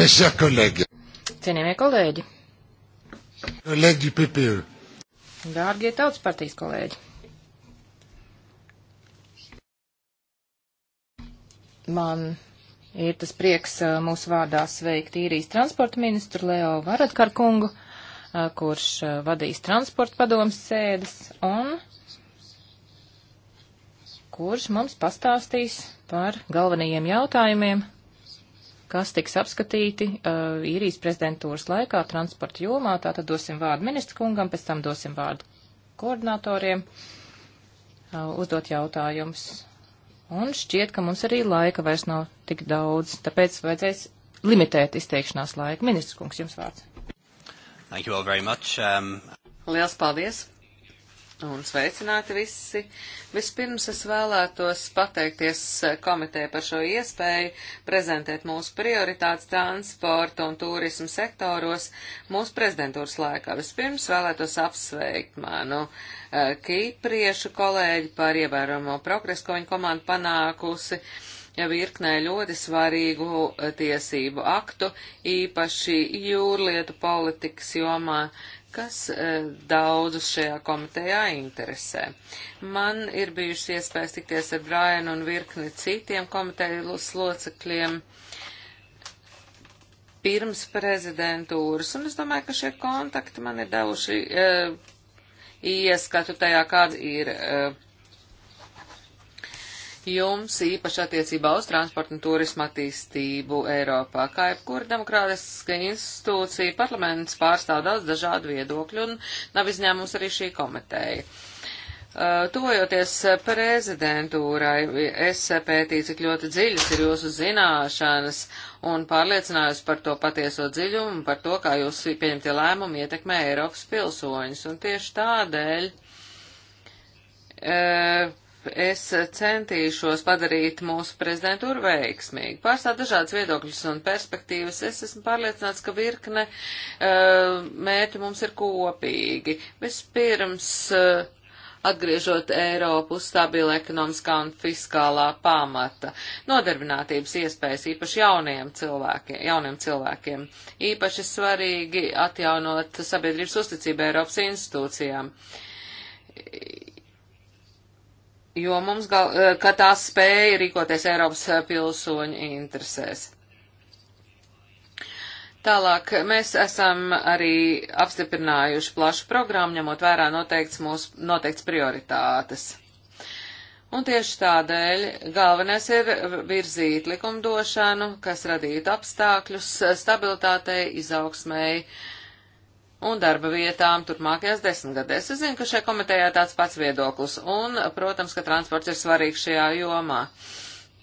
Mes chers collègues. Cienījamie kolēģi. Kolēģi du PPE. Dārgie tautas partijas kolēģi. Man ir tas prieks mūsu vārdā sveikt īrijas transporta ministru Leo Varadkarkungu, kurš vadīs transporta padomas sēdes un kurš mums pastāstīs par galvenajiem jautājumiem kas tiks apskatīti uh, īrijas prezidentūras laikā transporta jomā. Tātad dosim vārdu ministru kungam, pēc tam dosim vārdu koordinatoriem uh, uzdot jautājumus. Un šķiet, ka mums arī laika vairs nav tik daudz, tāpēc vajadzēs limitēt izteikšanās laiku. Ministrs kungs, jums vārds. Thank you all very much. Um... Liels paldies! un sveicināti visi. Vispirms es vēlētos pateikties komiteja par šo iespēju prezentēt mūsu prioritātes transporta un turismu sektoros mūsu prezidentūras laikā. Vispirms vēlētos apsveikt manu eh, kīpriešu kolēģi par ievērojamo progresu, ko viņa komanda panākusi virknē ļoti svarīgu eh, tiesību aktu, īpaši jūrlietu politikas jomā, kas e, daudzus šajā komitejā interesē. Man ir bijušas iespējas tikties ar Brianu un virkni citiem komitejas locekļiem pirms prezidentūras, un es domāju, ka šie kontakti man ir devuši e, ieskatu tajā, kāda ir uh, jums īpaši attiecībā uz transportu un turismu attīstību Eiropā. Kā jebkura demokrātiska institūcija, parlaments pārstāv daudz dažādu viedokļu un nav izņēmums arī šī komiteja. Uh, Tuvojoties prezidentūrai, es pētīju, cik ļoti dziļas ir jūsu zināšanas un pārliecinājos par to patieso dziļumu, par to, kā jūs pieņemtie lēmumi ietekmē Eiropas pilsoņus. Un tieši tādēļ. Uh, Es centīšos padarīt mūsu prezidentūru veiksmīgu. Pārstāv dažādas viedokļas un perspektīvas. Es esmu pārliecināts, ka virkne uh, mērķi mums ir kopīgi. Vispirms, uh, atgriežot Eiropu uz stabila ekonomiskā un fiskālā pamata, nodarbinātības iespējas īpaši jauniem cilvēkiem, jauniem cilvēkiem. Īpaši svarīgi atjaunot sabiedrības uzticību Eiropas institūcijām jo mums gal, eh, ka tās spēja rīkoties Eiropas eh, pilsoņu interesēs. Tālāk mēs esam arī apstiprinājuši plašu programmu, ņemot vērā noteikts mūsu noteikts prioritātes. Un tieši tādēļ galvenais ir virzīt likumdošanu, kas radītu apstākļus stabilitātei, izaugsmēji, uh, un darba vietām turpmākajās desmitgadēs. Es zinu, ka šajā komitejā tāds pats viedoklis, un, protams, ka transports ir svarīgs šajā jomā,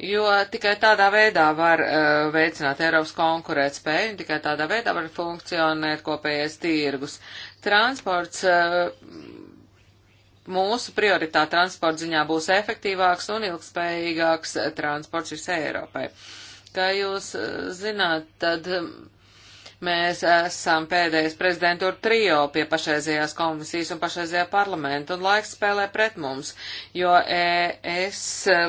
jo tikai tādā veidā var uh, veicināt Eiropas konkurētspēju, un tikai tādā veidā var funkcionēt kopējais tirgus. Transports. Uh, Mūsu prioritāte transporta ziņā būs efektīvāks un ilgspējīgāks transports visai Eiropai. Kā jūs eh, zināt, tad Mēs esam pēdējais prezidentūra trio pie pašreizējās komisijas un pašreizējā parlamenta, un laiks spēlē pret mums, jo es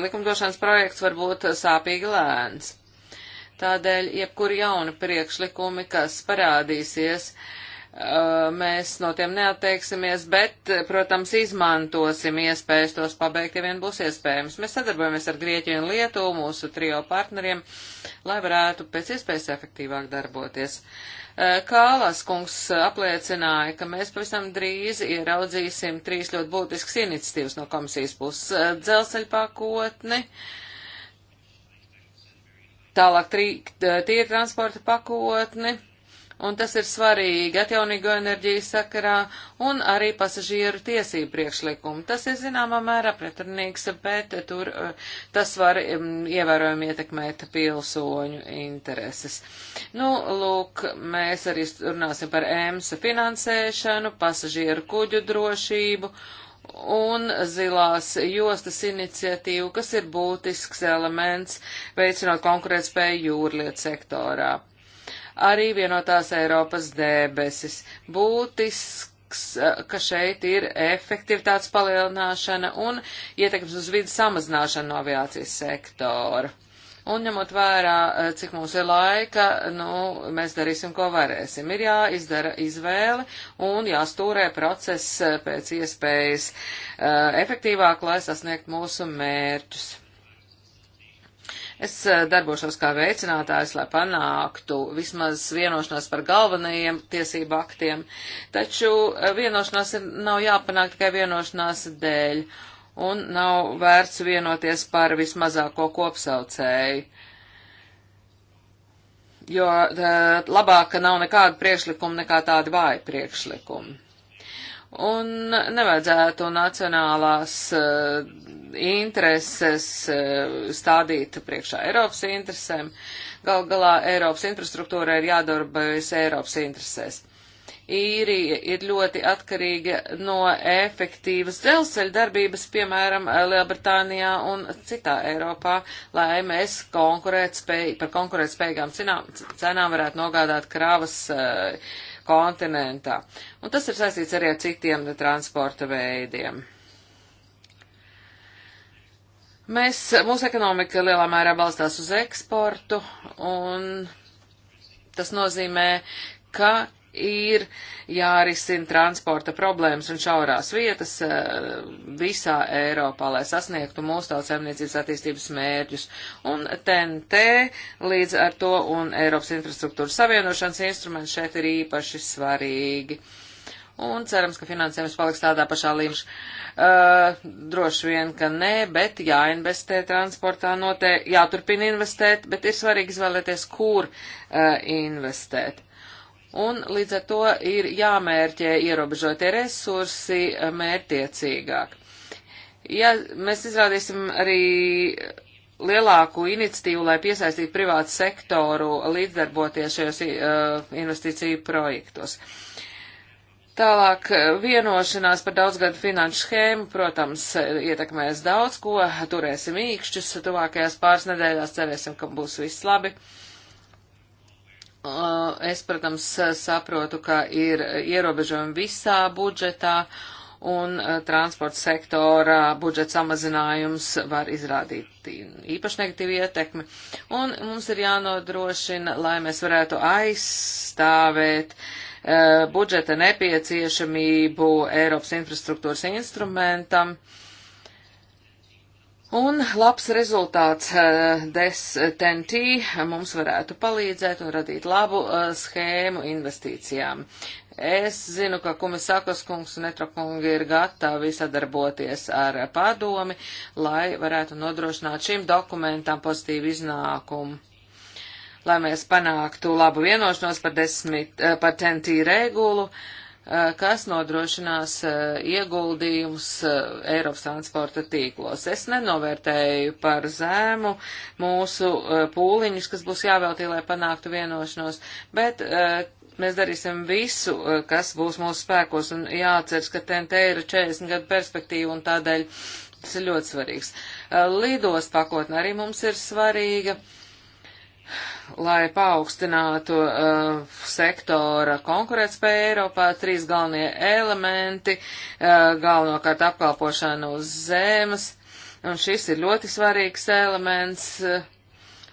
likumdošanas projekts var būt sāpīgi lēns. Tādēļ jebkuri jauni priekšlikumi, kas parādīsies, uh, Eh, mēs no tiem neatteiksimies, bet, protams, izmantosim iespējas tos pabeigt, ja vien būs iespējams. Mēs sadarbojamies ar Grieķiju un Lietuvu, mūsu trio partneriem, lai varētu pēc iespējas efektīvāk darboties. Eh, Kālas kungs apliecināja, ka mēs pavisam drīz ieraudzīsim trīs ļoti būtisks iniciatīvas no komisijas puses eh, - dzelzceļpakotni, tālāk tīra transporta pakotni un tas ir svarīgi atjaunīgo enerģiju sakarā un arī pasažieru tiesību priekšlikumu. Tas ir zināmā mērā pretrunīgs, bet tur eh, tas var ievērojami ietekmēt pilsoņu intereses. Nu, lūk, mēs arī runāsim par EMSA finansēšanu, pasažieru kuģu drošību un zilās jostas iniciatīvu, kas ir būtisks elements veicinot konkurētspēju jūrlietu sektorā arī vienotās Eiropas debesis. Būtisks, eh, ka šeit ir efektivitātes palielināšana un ietekmes uz vidu samazināšana no aviācijas sektora. Un ņemot vērā, eh, cik mums ir laika, nu, mēs darīsim, ko varēsim. Ir jāizdara izvēle un jāstūrē process eh, pēc iespējas uh, efektīvāk, lai sasniegt mūsu mērķus. Es eh, darbošos kā veicinātājs, lai panāktu vismaz vienošanās par galvenajiem tiesību aktiem, taču eh, vienošanās ir, nav jāpanāk tikai vienošanās dēļ, un nav vērts vienoties par vismazāko kopsaucēju. Jo tā, eh, labāk, ka nav nekāda priekšlikuma nekā tādi vāji priekšlikumi un nevajadzētu nacionālās uh, intereses uh, stādīt priekšā Eiropas interesēm. Gal galā Eiropas infrastruktūra ir jādarbojas Eiropas interesēs. Īrija ir ļoti atkarīga no efektīvas dzelzceļa darbības, piemēram, Lielbritānijā un citā Eiropā, lai mēs konkurēt spēj, par konkurētspējīgām cenām varētu nogādāt kravas uh, kontinentā. Un tas ir saistīts arī ar citiem transporta veidiem. Mēs, mūsu ekonomika lielā mērā balstās uz eksportu, un tas nozīmē, ka ir jārisina transporta problēmas un šaurās vietas eh, visā Eiropā, lai sasniegtu mūsu tautsēmniecības attīstības mērķus. Un TNT līdz ar to un Eiropas infrastruktūras savienošanas instruments šeit ir īpaši svarīgi. Un cerams, ka finansējums paliks tādā pašā līmeņā. Uh, droši vien, ka nē, bet jāinvestē transportā noteikti, jāturpina investēt, bet ir svarīgi izvēlēties, kur uh, investēt. Un līdz ar to ir jāmērķē ierobežotie resursi mērtiecīgāk. Ja mēs izrādīsim arī lielāku iniciatīvu, lai piesaistītu privātu sektoru līdzdarboties šajos uh, investīciju projektos. Tālāk uh, vienošanās par daudzgadu finanšu schēmu, protams, ietekmēs daudz ko, turēsim īkšķus, tuvākajās pāris nedēļās cerēsim, ka būs viss labi. Uh, Es, protams, saprotu, ka ir ierobežojumi visā budžetā un e, transporta sektora budžeta samazinājums var izrādīt īpaši negatīvu ietekmi. Un mums ir jānodrošina, lai mēs varētu aizstāvēt e, budžeta nepieciešamību Eiropas infrastruktūras instrumentam. Uh, Un labs rezultāts eh, DESTNT eh, mums varētu palīdzēt un radīt labu eh, schēmu investīcijām. Es zinu, ka Kumisakos kungs un Etrokungi ir gatavi sadarboties ar padomi, lai varētu nodrošināt šim dokumentam pozitīvu iznākumu. Lai mēs panāktu labu vienošanos par, desmit, par TNT regulu, uh, Eh, kas nodrošinās eh, ieguldījumus eh, Eiropas transporta tīklos. Es nenovērtēju par zēmu mūsu pūliņus, kas būs jāveltī, lai panāktu vienošanos, bet mēs darīsim visu, kas būs mūsu spēkos, un jāatceras, ka TNT ir 40 gadu perspektīva, un tādēļ tas ir ļoti svarīgs. Lidos pakotne arī mums ir svarīga. Uh, lai paaugstinātu uh, sektora konkurētspēju Eiropā, trīs galvenie elementi, uh, galvenokārt apkalpošana uz zemes, un šis ir ļoti svarīgs elements, uh,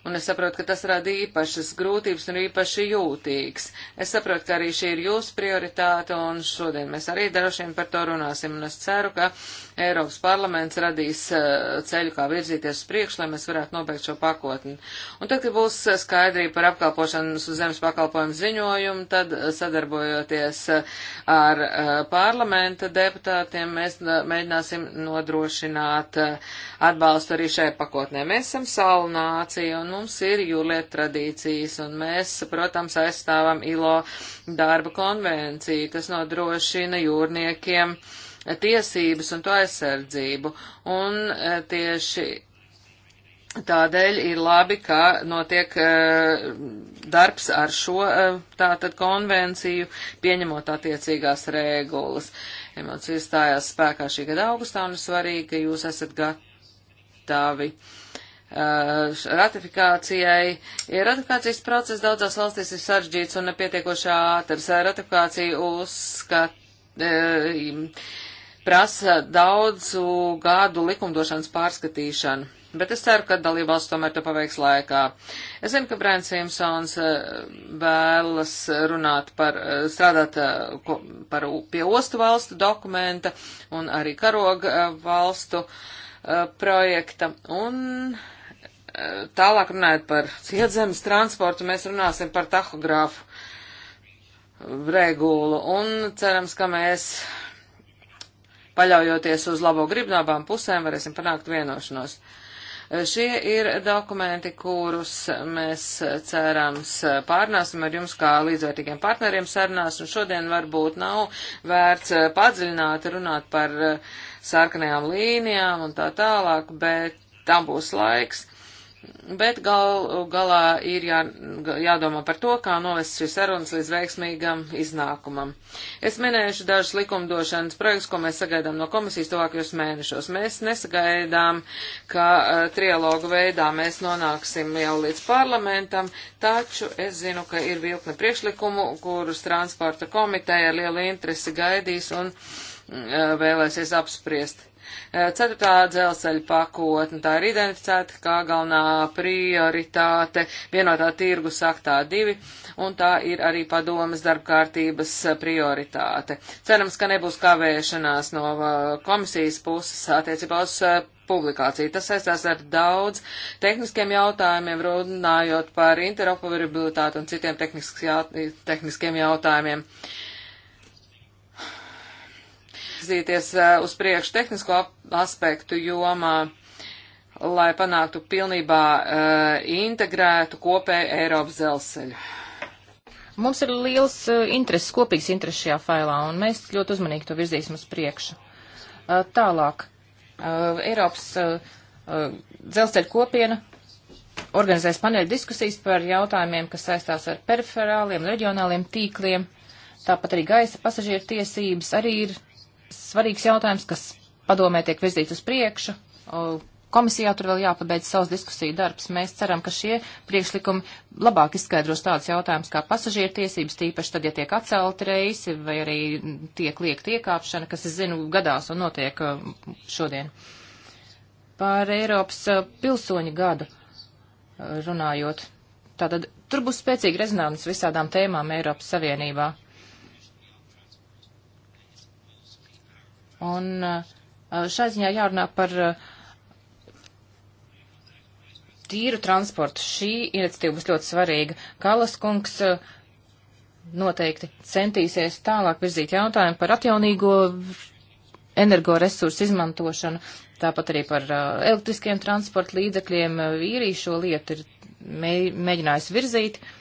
un es saprotu, ka tas rada īpašas grūtības un īpaši jūtīgs. Es saprotu, ka arī šī ir jūsu prioritāte, un šodien mēs arī dažiem par to runāsim, un es ceru, ka uh, Eiropas parlaments radīs eh, ceļu, kā virzīties uz priekšu, lai mēs varētu nobeigt šo pakotni. Un tad, kad būs eh, skaidrība par apkalpošanas uz zemes pakalpojumu ziņojumu, tad eh, sadarbojoties ar parlamenta deputātiem, mēs mēģināsim nodrošināt atbalstu arī šai pakotnē. Mēs esam salu nācija un mums ir jūliet tradīcijas un mēs, protams, aizstāvam ILO darba konvenciju. Tas nodrošina jūrniekiem uh, tiesības un to aizsardzību. Un e, tieši tādēļ ir labi, ka notiek e, darbs ar šo e, tātad konvenciju, pieņemot attiecīgās regulas. Emocijas stājās spēkā šī gada augustā un svarīgi, ka jūs esat gatavi ratifikācijai. Ratifikācijas process daudzās valstīs ir sarežģīts un nepietiekoši ātrs. Ratifikācija uzskata prasa daudzu gadu likumdošanas pārskatīšanu. Bet es ceru, ka dalībvalsts tomēr to paveiks laikā. Es zinu, ka Brēns Simpsons eh, vēlas runāt par, eh, strādāt eh, par, pie ostu valstu dokumenta un arī karoga valstu projekta. Un tālāk runājot par cietzemes transportu, mēs runāsim par tahogrāfu regulu. Un cerams, ka mēs paļaujoties uz labo gribu no abām pusēm, varēsim panākt vienošanos. E, šie ir dokumenti, kurus mēs cerams pārnāsim ar jums kā līdzvērtīgiem partneriem sarunās, un šodien varbūt nav vērts e, padziļināt runāt par e, sarkanajām līnijām un tā tālāk, bet tam būs laiks bet gal, galā ir jā, jādomā par to, kā novest šīs sarunas līdz veiksmīgam iznākumam. Es minēšu dažus likumdošanas projektus, ko mēs sagaidām no komisijas tuvākajos mēnešos. Mēs nesagaidām, ka uh, trialogu veidā mēs nonāksim jau līdz parlamentam, taču es zinu, ka ir vilkne priekšlikumu, kurus transporta komiteja ar lielu interesi gaidīs un uh, vēlēsies apspriest. Eh, Ceturtā dzelzceļa pakotne tā ir identificēta kā galvenā prioritāte vienotā tirgus aktā divi, un tā ir arī padomas darbkārtības prioritāte. Cerams, ka nebūs kavēšanās no eh, komisijas puses attiecībā uz eh, publikāciju. Tas saistās ar daudz tehniskiem jautājumiem, runājot par interoperabilitāti un citiem tehniskiem jautājumiem virzīties eh, uz priekšu tehnisko aspektu jomā, lai panāktu pilnībā uh, integrētu kopēju Eiropas dzelzceļu. Mums ir liels eh, intereses, kopīgs intereses šajā failā, un mēs ļoti uzmanīgi to virzīsim uz priekšu. Uh, tālāk, uh, Eiropas dzelzceļa kopiena organizēs paneļa diskusijas par jautājumiem, kas saistās ar periferāliem, reģionāliem tīkliem, tāpat arī gaisa pasažieru tiesības arī ir svarīgs jautājums, kas padomē tiek virzīts uz priekšu. Komisijā tur vēl jāpabeidz savs diskusiju darbs. Mēs ceram, ka šie priekšlikumi labāk izskaidros tādus jautājumus kā pasažieru tiesības, tīpaši tad, ja tiek atcelti reisi vai arī tiek liekt iekāpšana, kas, es zinu, gadās un notiek šodien. Par Eiropas pilsoņu gadu runājot. Tātad tur būs spēcīga rezonance visādām tēmām Eiropas Savienībā. Un uh, šai ziņā jārunā par uh, tīru transportu. Šī iniciatīva būs ļoti svarīga. Kalas kungs uh, noteikti centīsies tālāk virzīt jautājumu par atjaunīgo energoresursu izmantošanu, tāpat arī par elektriskiem transporta līdzekļiem. Vīrī šo lietu ir mēģinājis virzīt. Uh,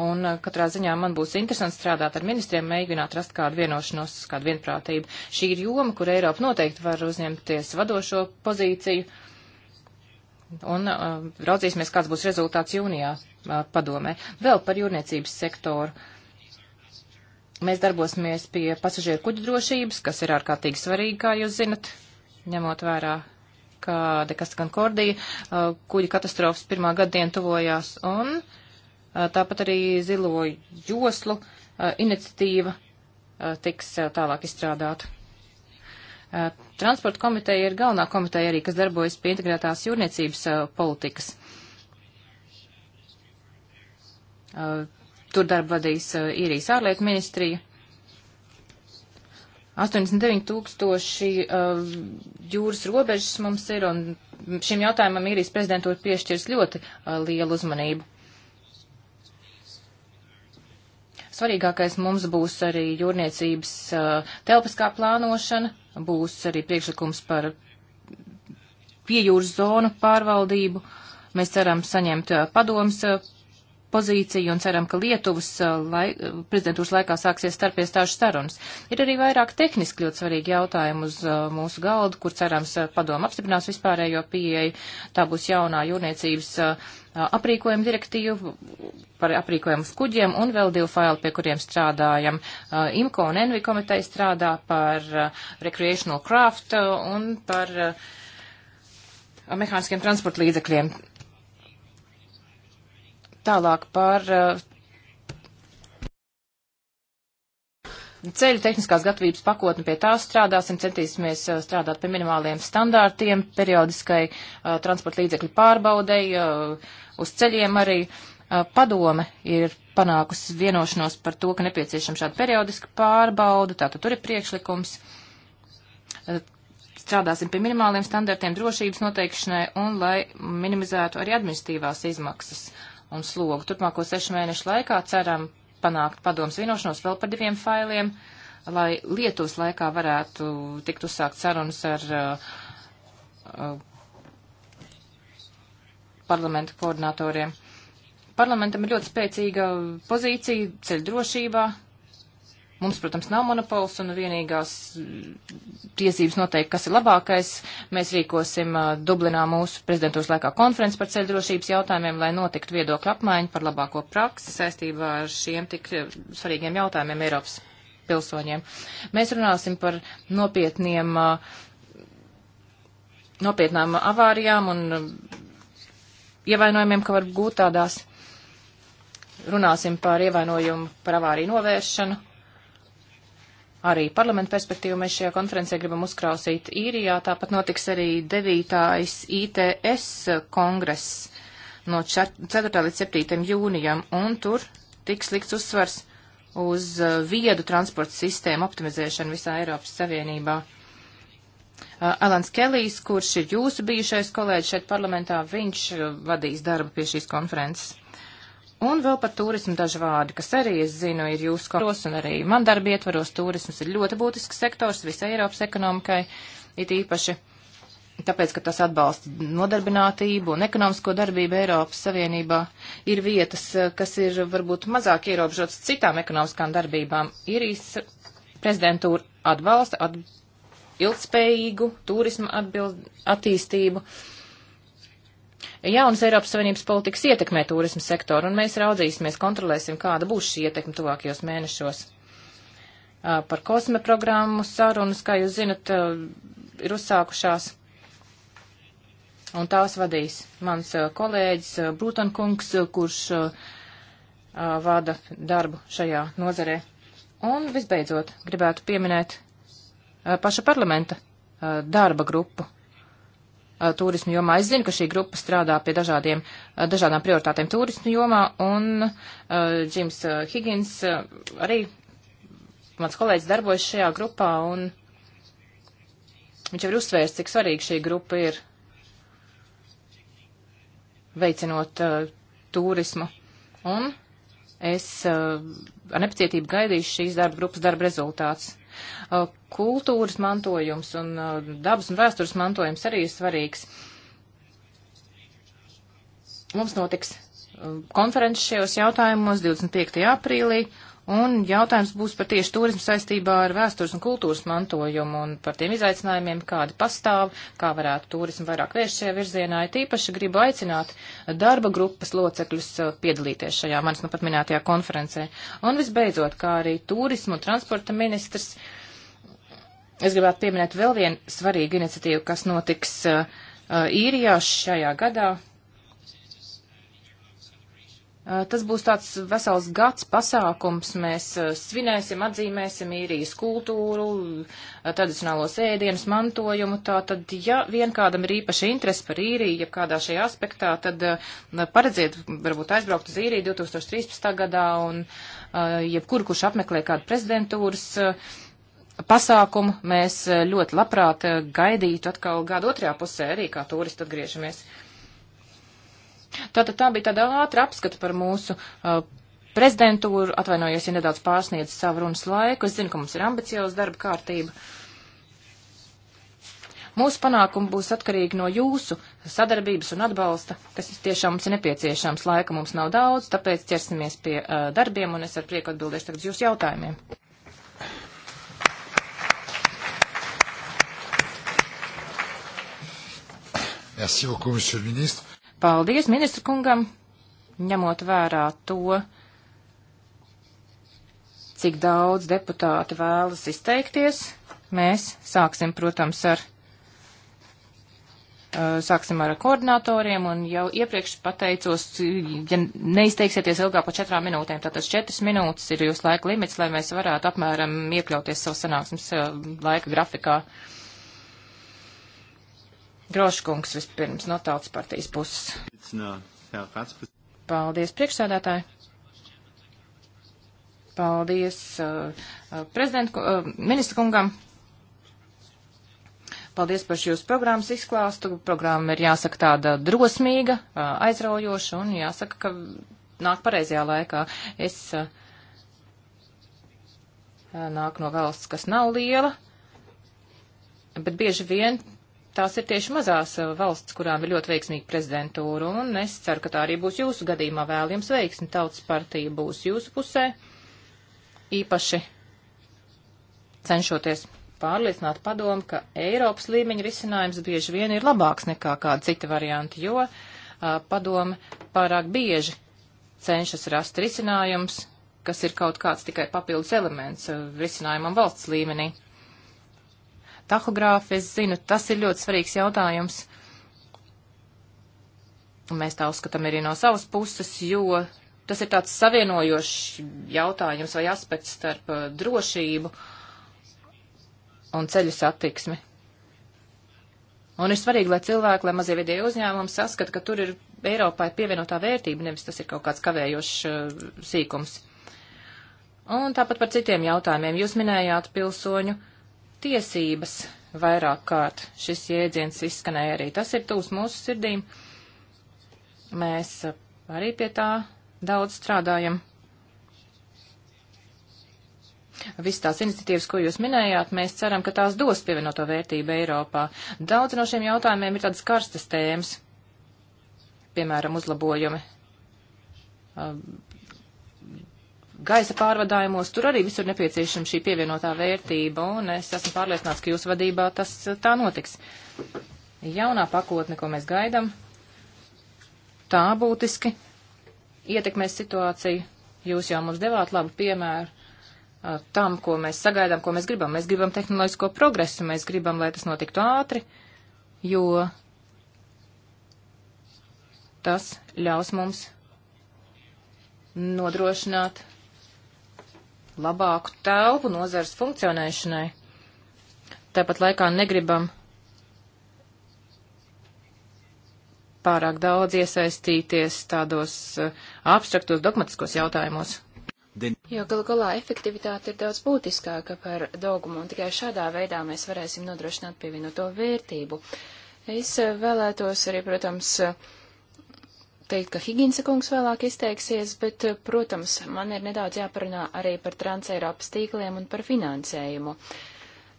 Un eh, katrā ziņā man būs interesanti strādāt ar ministriem, mēģināt rast kādu vienošanos, kādu vienprātību. Šī ir joma, kur Eiropa noteikti var uzņemties vadošo pozīciju. Un uh, raudzīsimies, kāds būs rezultāts jūnijā uh, padomē. Vēl par jūrniecības sektoru. Mēs darbosimies pie pasažieru kuģu drošības, kas ir ārkārtīgi svarīgi, kā jūs zinat, ņemot vērā kā Dekasta Konkordija, uh, kuģa katastrofas pirmā gada diena tuvojās. Un uh, Eh, tāpat arī zilo joslu eh, iniciatīva eh, tiks tālāk izstrādāta. Transporta komiteja ir galvenā komiteja arī, kas darbojas pie integrētās jūrniecības politikas. Tur darbu vadīs īrijas ārlietu ministrija. 89 tūkstoši uh, jūras robežas mums ir, un šim jautājumam īrijas prezidentūra piešķirs ļoti uh, lielu uzmanību. svarīgākais mums būs arī jūrniecības uh, telpiskā plānošana, būs arī priekšlikums par piejūras zonu pārvaldību. Mēs ceram saņemt uh, padomus uh, pozīciju un ceram, ka Lietuvas uh, lai, uh, prezidentūras laikā sāksies starpiestāšu sarunas. Ir arī vairāk tehniski ļoti svarīgi jautājumi uz uh, mūsu galdu, kur cerams padomu apstiprinās vispārējo pieeju. Tā būs jaunā jūrniecības aprīkojumu direktīvu par aprīkojumu uz kuģiem un vēl divu failu, pie kuriem strādājam. IMCO un ENVI komiteja strādā par recreational craft un par mehāniskiem transporta līdzekļiem. Tālāk par ceļu tehniskās gatavības pakotni pie tās strādāsim, centīsimies strādāt pie minimāliem standārtiem, periodiskai uh, transporta līdzekļu pārbaudei, uh, uz ceļiem arī padome ir panākusi vienošanos par to, ka nepieciešama šāda periodiska pārbauda, tātad tur ir priekšlikums. Strādāsim pie minimāliem standartiem drošības noteikšanai un lai minimizētu arī administratīvās izmaksas un slogu. Turpmāko sešu mēnešu laikā ceram panākt padomas vienošanos vēl par diviem failiem, lai Lietuvas laikā varētu tikt uzsākt sarunas ar uh, parlamentu koordinatoriem. Parlamentam ir ļoti spēcīga pozīcija ceļu drošībā. Mums, protams, nav monopols un vienīgās mm, tiesības noteikti, kas ir labākais. Mēs rīkosim Dublinā mūsu prezidentūras laikā konferences par ceļu drošības jautājumiem, lai notiktu viedokļu apmaiņa par labāko praksi saistībā ar šiem tik svarīgiem jautājumiem Eiropas pilsoņiem. Mēs runāsim par nopietniem, nopietnām avārijām un ievainojumiem, ka var būt tādās. Runāsim par ievainojumu par avāriju novēršanu. Arī parlamentu perspektīvu mēs šajā konferencē gribam uzkrausīt īrijā. Tāpat notiks arī 9. ITS kongress no 4. līdz 7. jūnijam, un tur tiks likts uzsvars uz uh, viedu transporta sistēmu optimizēšanu visā Eiropas Savienībā. Uh, Alans Kelijs, kurš ir jūsu bijušais kolēģis šeit parlamentā, viņš uh, vadīs darbu pie šīs konferences. Un vēl par turismu daži vārdi, kas arī, es zinu, ir jūsu koros un arī man darba ietvaros. Turisms ir ļoti būtisks sektors visai Eiropas ekonomikai, it īpaši tāpēc, ka tas atbalsta nodarbinātību un ekonomisko darbību Eiropas Savienībā, ir vietas, uh, kas ir varbūt mazāk ierobežotas citām ekonomiskām darbībām. Irijas prezidentūra atbalsta, at, ilgspējīgu turismu atbild, attīstību. Jaunas Eiropas Savienības politikas ietekmē turismu sektoru, un mēs raudzīsimies, kontrolēsim, kāda būs šī ietekme tuvākajos mēnešos. Par kosme programmu sarunas, kā jūs zinat, ir uzsākušās, un tās vadīs mans kolēģis Brūtankungs, kurš vada darbu šajā nozarē. Un visbeidzot, gribētu pieminēt Eh, paša parlamenta eh, darba grupu eh, turismu jomā. Es zinu, ka šī grupa strādā pie dažādiem, dažādām prioritātēm turismu jomā, un Džims uh, uh, Higgins uh, arī, mans kolēģis, darbojas šajā grupā, un viņš jau ir uzsvērs, cik svarīga šī grupa ir veicinot turismu. Un es ar nepacietību gaidīšu šīs darba grupas darba rezultātus. Uh, kultūras mantojums un uh, dabas un vēstures mantojums arī ir svarīgs. Mums notiks um, konferences šajos jautājumos 25. aprīlī. Un jautājums būs par tieši turismu saistībā ar vēstures un kultūras mantojumu un par tiem izaicinājumiem, kādi pastāv, kā varētu turismu vairāk vērst šajā virzienā. Ja tīpaši gribu aicināt darba grupas locekļus eh, piedalīties šajā manas nu pat minētajā konferencē. Un visbeidzot, kā arī turismu un transporta ministrs, es gribētu pieminēt vēl vienu svarīgu iniciatīvu, kas notiks uh, īrijā šajā gadā Uh, tas būs tāds vesels gads pasākums. Mēs uh, svinēsim, atzīmēsim īrijas kultūru, uh, tradicionālos ēdienus, mantojumu. Tātad, ja vien kādam ir īpaši interesi par īriju, ja kādā šajā aspektā, tad paredziet, varbūt aizbraukt uz īriju 2013. gadā un jebkur, kurš apmeklē kādu prezidentūras pasākumu, mēs ļoti labprāt gaidītu atkal gadu otrajā pusē arī kā turisti atgriežamies. Tātad tā bija tāda ātra apskata par mūsu uh, prezidentūru. Atvainojos, ja nedaudz pārsniedz savu runas laiku. Es zinu, ka mums ir ambiciozs darba kārtība. Mūsu panākumi būs atkarīgi no jūsu sadarbības un atbalsta, kas tiešām mums ir nepieciešams. Laika mums nav daudz, tāpēc ķersimies pie uh, darbiem, un es ar prieku atbildēšu tagad jūsu jautājumiem. Merci beaucoup, monsieur le ministre. Paldies ministru kungam, ņemot vērā to, cik daudz deputāti vēlas izteikties. Mēs sāksim, protams, ar, sāksim ar koordinatoriem un jau iepriekš pateicos, ja neizteiksieties ilgāk par četrām minūtēm, tātad četras minūtes ir jūs laika limits, lai mēs varētu apmēram iekļauties savu sanāksmes laika grafikā. Uh, Groškungs vispirms no tautas partijas puses. Paldies, priekšsēdētāji. Paldies uh, uh prezidentu, uh, ministra kungam. Paldies par jūsu programmas izklāstu. Programma ir jāsaka tāda drosmīga, uh, aizraujoša un jāsaka, ka nāk pareizajā laikā. Es uh, uh nāku no valsts, kas nav liela, bet bieži vien tās ir tieši mazās eh, valsts, kurām ir ļoti veiksmīga prezidentūra, un es ceru, ka tā arī būs jūsu gadījumā. Vēl jums veiksmi, tautas partija būs jūsu pusē, īpaši cenšoties pārliecināt padomu, ka Eiropas līmeņa risinājums bieži vien ir labāks nekā kāda cita varianta, jo uh, padome pārāk bieži cenšas rast risinājums, kas ir kaut kāds tikai papildus elements uh, risinājumam valsts līmenī tahogrāfi, es zinu, tas ir ļoti svarīgs jautājums. Un mēs tā uzskatām arī no savas puses, jo tas ir tāds savienojošs jautājums vai aspekts starp uh, drošību un ceļu satiksmi. Un ir svarīgi, lai cilvēki, lai mazie vidēji uzņēmumi saskata, ka tur ir Eiropai pievienotā vērtība, nevis tas ir kaut kāds kavējošs uh, sīkums. Un tāpat par citiem jautājumiem. Jūs minējāt pilsoņu tiesības vairāk kārt. Šis jēdziens izskanēja arī. Tas ir tūs mūsu sirdīm. Mēs eh, arī pie tā daudz strādājam. Visas tās iniciatīvas, ko jūs minējāt, mēs ceram, ka tās dos pievienoto vērtību Eiropā. Daudz no šiem jautājumiem ir tādas karstas tēmas, piemēram, uzlabojumi eh, gaisa pārvadājumos, tur arī visur nepieciešama šī pievienotā vērtība, un es esmu pārliecināts, ka jūsu vadībā tas tā notiks. Jaunā pakotne, ko mēs gaidam, tā būtiski ietekmēs situāciju. Jūs jau mums devāt labu piemēru tam, ko mēs sagaidām, ko mēs gribam. Mēs gribam tehnoloģisko progresu, mēs gribam, lai tas notiktu ātri, jo tas ļaus mums nodrošināt labāku telpu nozars funkcionēšanai. Tāpat laikā negribam pārāk daudz iesaistīties tādos eh, abstraktos dogmatiskos jautājumos. Jo gal galā efektivitāte ir daudz būtiskāka par dogmu, un tikai šādā veidā mēs varēsim nodrošināt pievienoto vērtību. Es eh, vēlētos arī, protams, uh, teikt, ka Higinsa kungs vēlāk izteiksies, bet, eh, protams, man ir nedaudz jāparunā arī par transeiropas tīkliem un par finansējumu.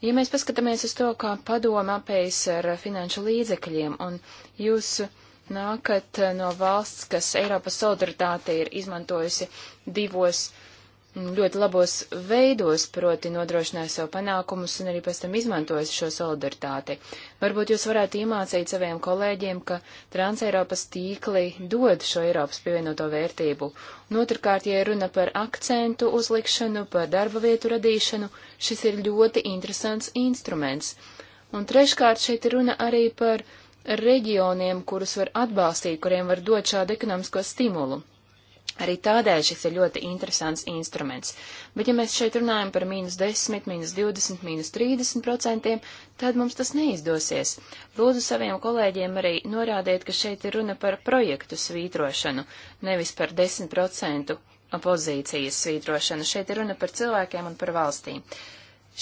Ja mēs paskatāmies uz to, kā padoma apējas ar finanšu līdzekļiem, un jūs nākat no valsts, kas Eiropas solidaritāte ir izmantojusi divos uh, ļoti labos veidos, proti nodrošināja sev panākumus un arī pēc tam izmantoja šo solidaritāti. Varbūt jūs varētu iemācīt saviem kolēģiem, ka Transeiropas tīkli dod šo Eiropas pievienoto vērtību. Un otrkārt, ja runa par akcentu uzlikšanu, par darba vietu radīšanu, šis ir ļoti interesants instruments. Un treškārt, šeit ir runa arī par reģioniem, kurus var atbalstīt, kuriem var dot šādu ekonomisko stimulu. Arī tādēļ šis ir ļoti interesants instruments. Bet ja mēs šeit runājam par mīnus 10, mīnus 20, mīnus 30 procentiem, tad mums tas neizdosies. Lūdzu saviem kolēģiem arī norādiet, ka šeit ir runa par projektu svītrošanu, nevis par 10 procentu pozīcijas svītrošanu. Šeit ir runa par cilvēkiem un par valstīm.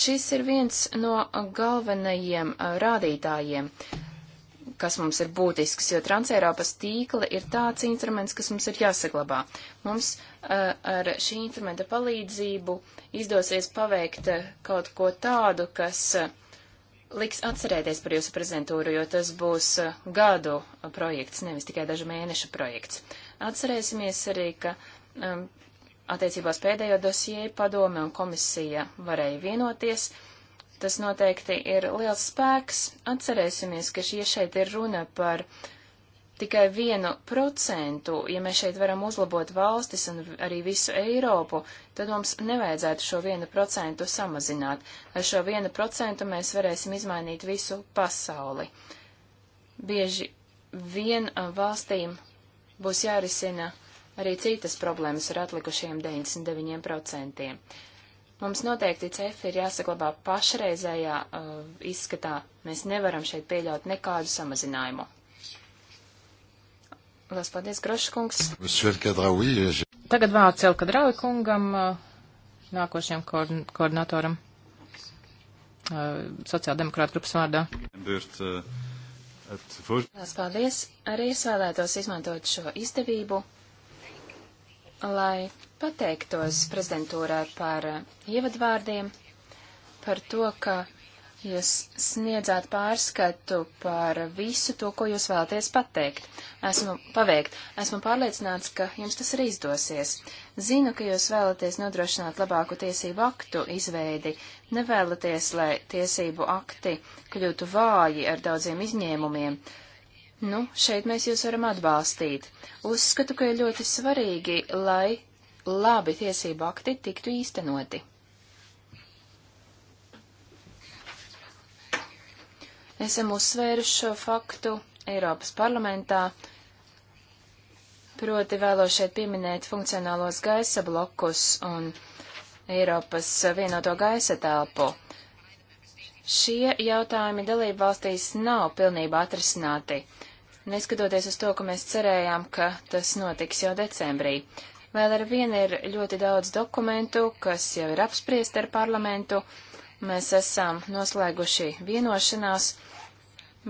Šis ir viens no galvenajiem rādītājiem kas mums ir būtisks, jo Transeiropas tīkla ir tāds instruments, kas mums ir jāsaglabā. Mums uh, ar šī instrumenta palīdzību izdosies paveikt uh, kaut ko tādu, kas uh, liks atcerēties par jūsu prezentūru, jo tas būs uh, gadu projekts, nevis tikai dažu mēnešu projekts. Atcerēsimies arī, ka um, attiecībās pēdējo dosie padome un komisija varēja vienoties. Uh, Tas noteikti ir liels spēks. Atcerēsimies, ka šie šeit ir runa par tikai vienu procentu. Ja mēs šeit varam uzlabot valstis un arī visu Eiropu, tad mums nevajadzētu šo vienu procentu samazināt. Ar šo vienu procentu mēs varēsim izmainīt visu pasauli. Bieži vien valstīm būs jārisina arī citas problēmas ar atlikušajiem 99%. Mums noteikti CEF ir jāsaglabā pašreizējā uh, izskatā. Mēs nevaram šeit pieļaut nekādu samazinājumu. Lielas paldies, Groškungs. Euh, Tagad vārds Elka Drauji kungam, uh, nākošajam koordin koordinatoram uh, sociāldemokrāta grupas vārdā. Uh, Lielas paldies. Arī es vēlētos izmantot šo izdevību lai pateiktos prezidentūrai par eh, ievadvārdiem, par to, ka jūs sniedzāt pārskatu par visu to, ko jūs vēlaties pateikt. Esmu paveikt. Esmu pārliecināts, ka jums tas arī izdosies. Zinu, ka jūs vēlaties nodrošināt labāku tiesību aktu izveidi, nevēlaties, lai tiesību akti kļūtu vāji ar daudziem izņēmumiem. Uh, Nu, šeit mēs jūs varam atbalstīt. Uzskatu, ka ir ļoti svarīgi, lai labi tiesību akti tiktu īstenoti. Esam uzsvēruši šo faktu Eiropas parlamentā, proti vēlos šeit pieminēt funkcionālos gaisa blokus un Eiropas vienoto gaisa telpu. Šie jautājumi dalību valstīs nav pilnībā atrisināti neskatoties uz to, ka mēs cerējām, ka tas notiks jau decembrī. Vēl ar vienu ir ļoti daudz dokumentu, kas jau ir apspriest ar parlamentu. Mēs esam noslēguši vienošanās,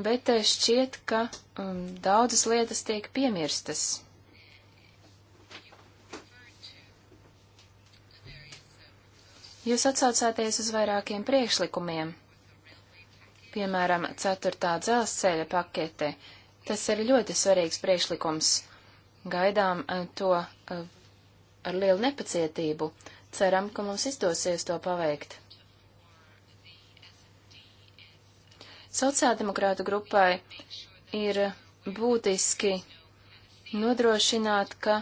bet eh, šķiet, ka um, daudzas lietas tiek piemirstas. Jūs atsaucāties uz vairākiem priekšlikumiem, piemēram, ceturtā dzelzceļa pakete, Tas ir ļoti svarīgs priekšlikums. Gaidām eh, to eh, ar lielu nepacietību. Ceram, ka mums izdosies to paveikt. Sociāldemokrātu grupai ir būtiski nodrošināt, ka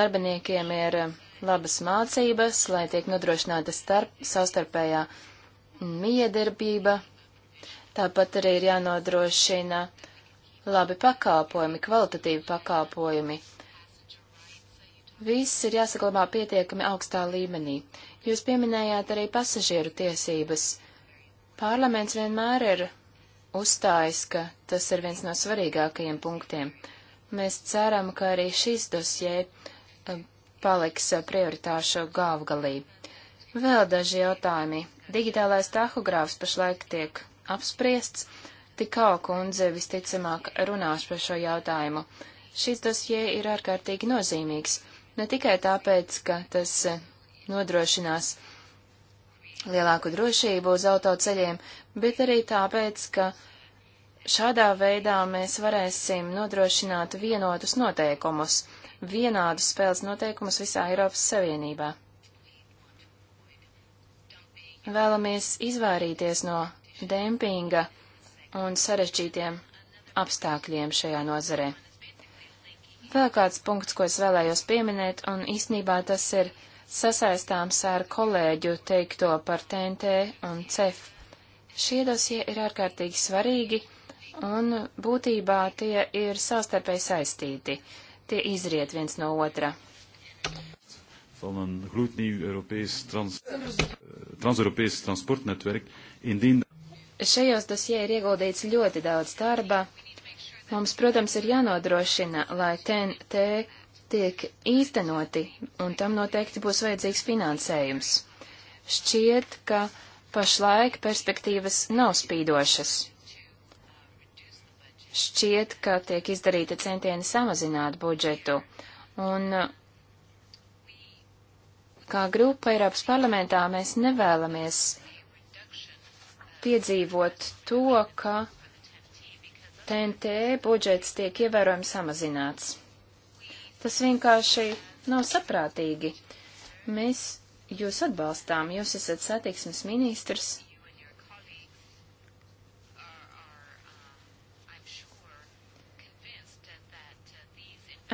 darbiniekiem ir eh, labas mācības, lai tiek nodrošināta starp, savstarpējā miedarbība. Tāpat arī ir jānodrošina labi pakāpojumi, kvalitatīvi pakāpojumi. Viss ir jāsaglabā pietiekami augstā līmenī. Jūs pieminējāt arī pasažieru tiesības. Parlaments vienmēr ir uzstājis, ka tas ir viens no svarīgākajiem punktiem. Mēs ceram, ka arī šīs dosjē paliks eh, prioritāšu galvgalī. Vēl daži jautājumi. Digitālais tahogrāfs pašlaik tiek apspriests. Tikā kundze visticamāk runās par šo jautājumu. Šis dosie ir ārkārtīgi nozīmīgs, ne tikai tāpēc, ka tas eh, nodrošinās lielāku drošību uz autoceļiem, bet arī tāpēc, ka Šādā veidā mēs varēsim nodrošināt vienotus noteikumus, vienādus spēles noteikumus visā Eiropas Savienībā. Vēlamies izvairīties no dempinga un sarežģītiem apstākļiem šajā nozarē. Vēl kāds punkts, ko es vēlējos pieminēt, un īsnībā tas ir sasaistāms ar kolēģu teikto par TNT un CEF. Šie dosie ir ārkārtīgi svarīgi un būtībā tie ir savstarpēji saistīti. Tie izriet viens no otra. Van een gloednieuw Europees trans, eh, trans-Europees transportnetwerk. Indien... Šajos dosijai ir ieguldīts ļoti daudz darba. Mums, protams, ir jānodrošina, lai TNT tiek īstenoti, un tam noteikti būs vajadzīgs finansējums. Šķiet, ka pašlaik perspektīvas nav spīdošas. Šķiet, ka tiek izdarīta centieni samazināt budžetu. Un kā grupa Eiropas parlamentā mēs nevēlamies piedzīvot to, ka TNT budžets tiek ievērojami samazināts. Tas vienkārši nav saprātīgi. Mēs jūs atbalstām, jūs esat satiksmes ministrs.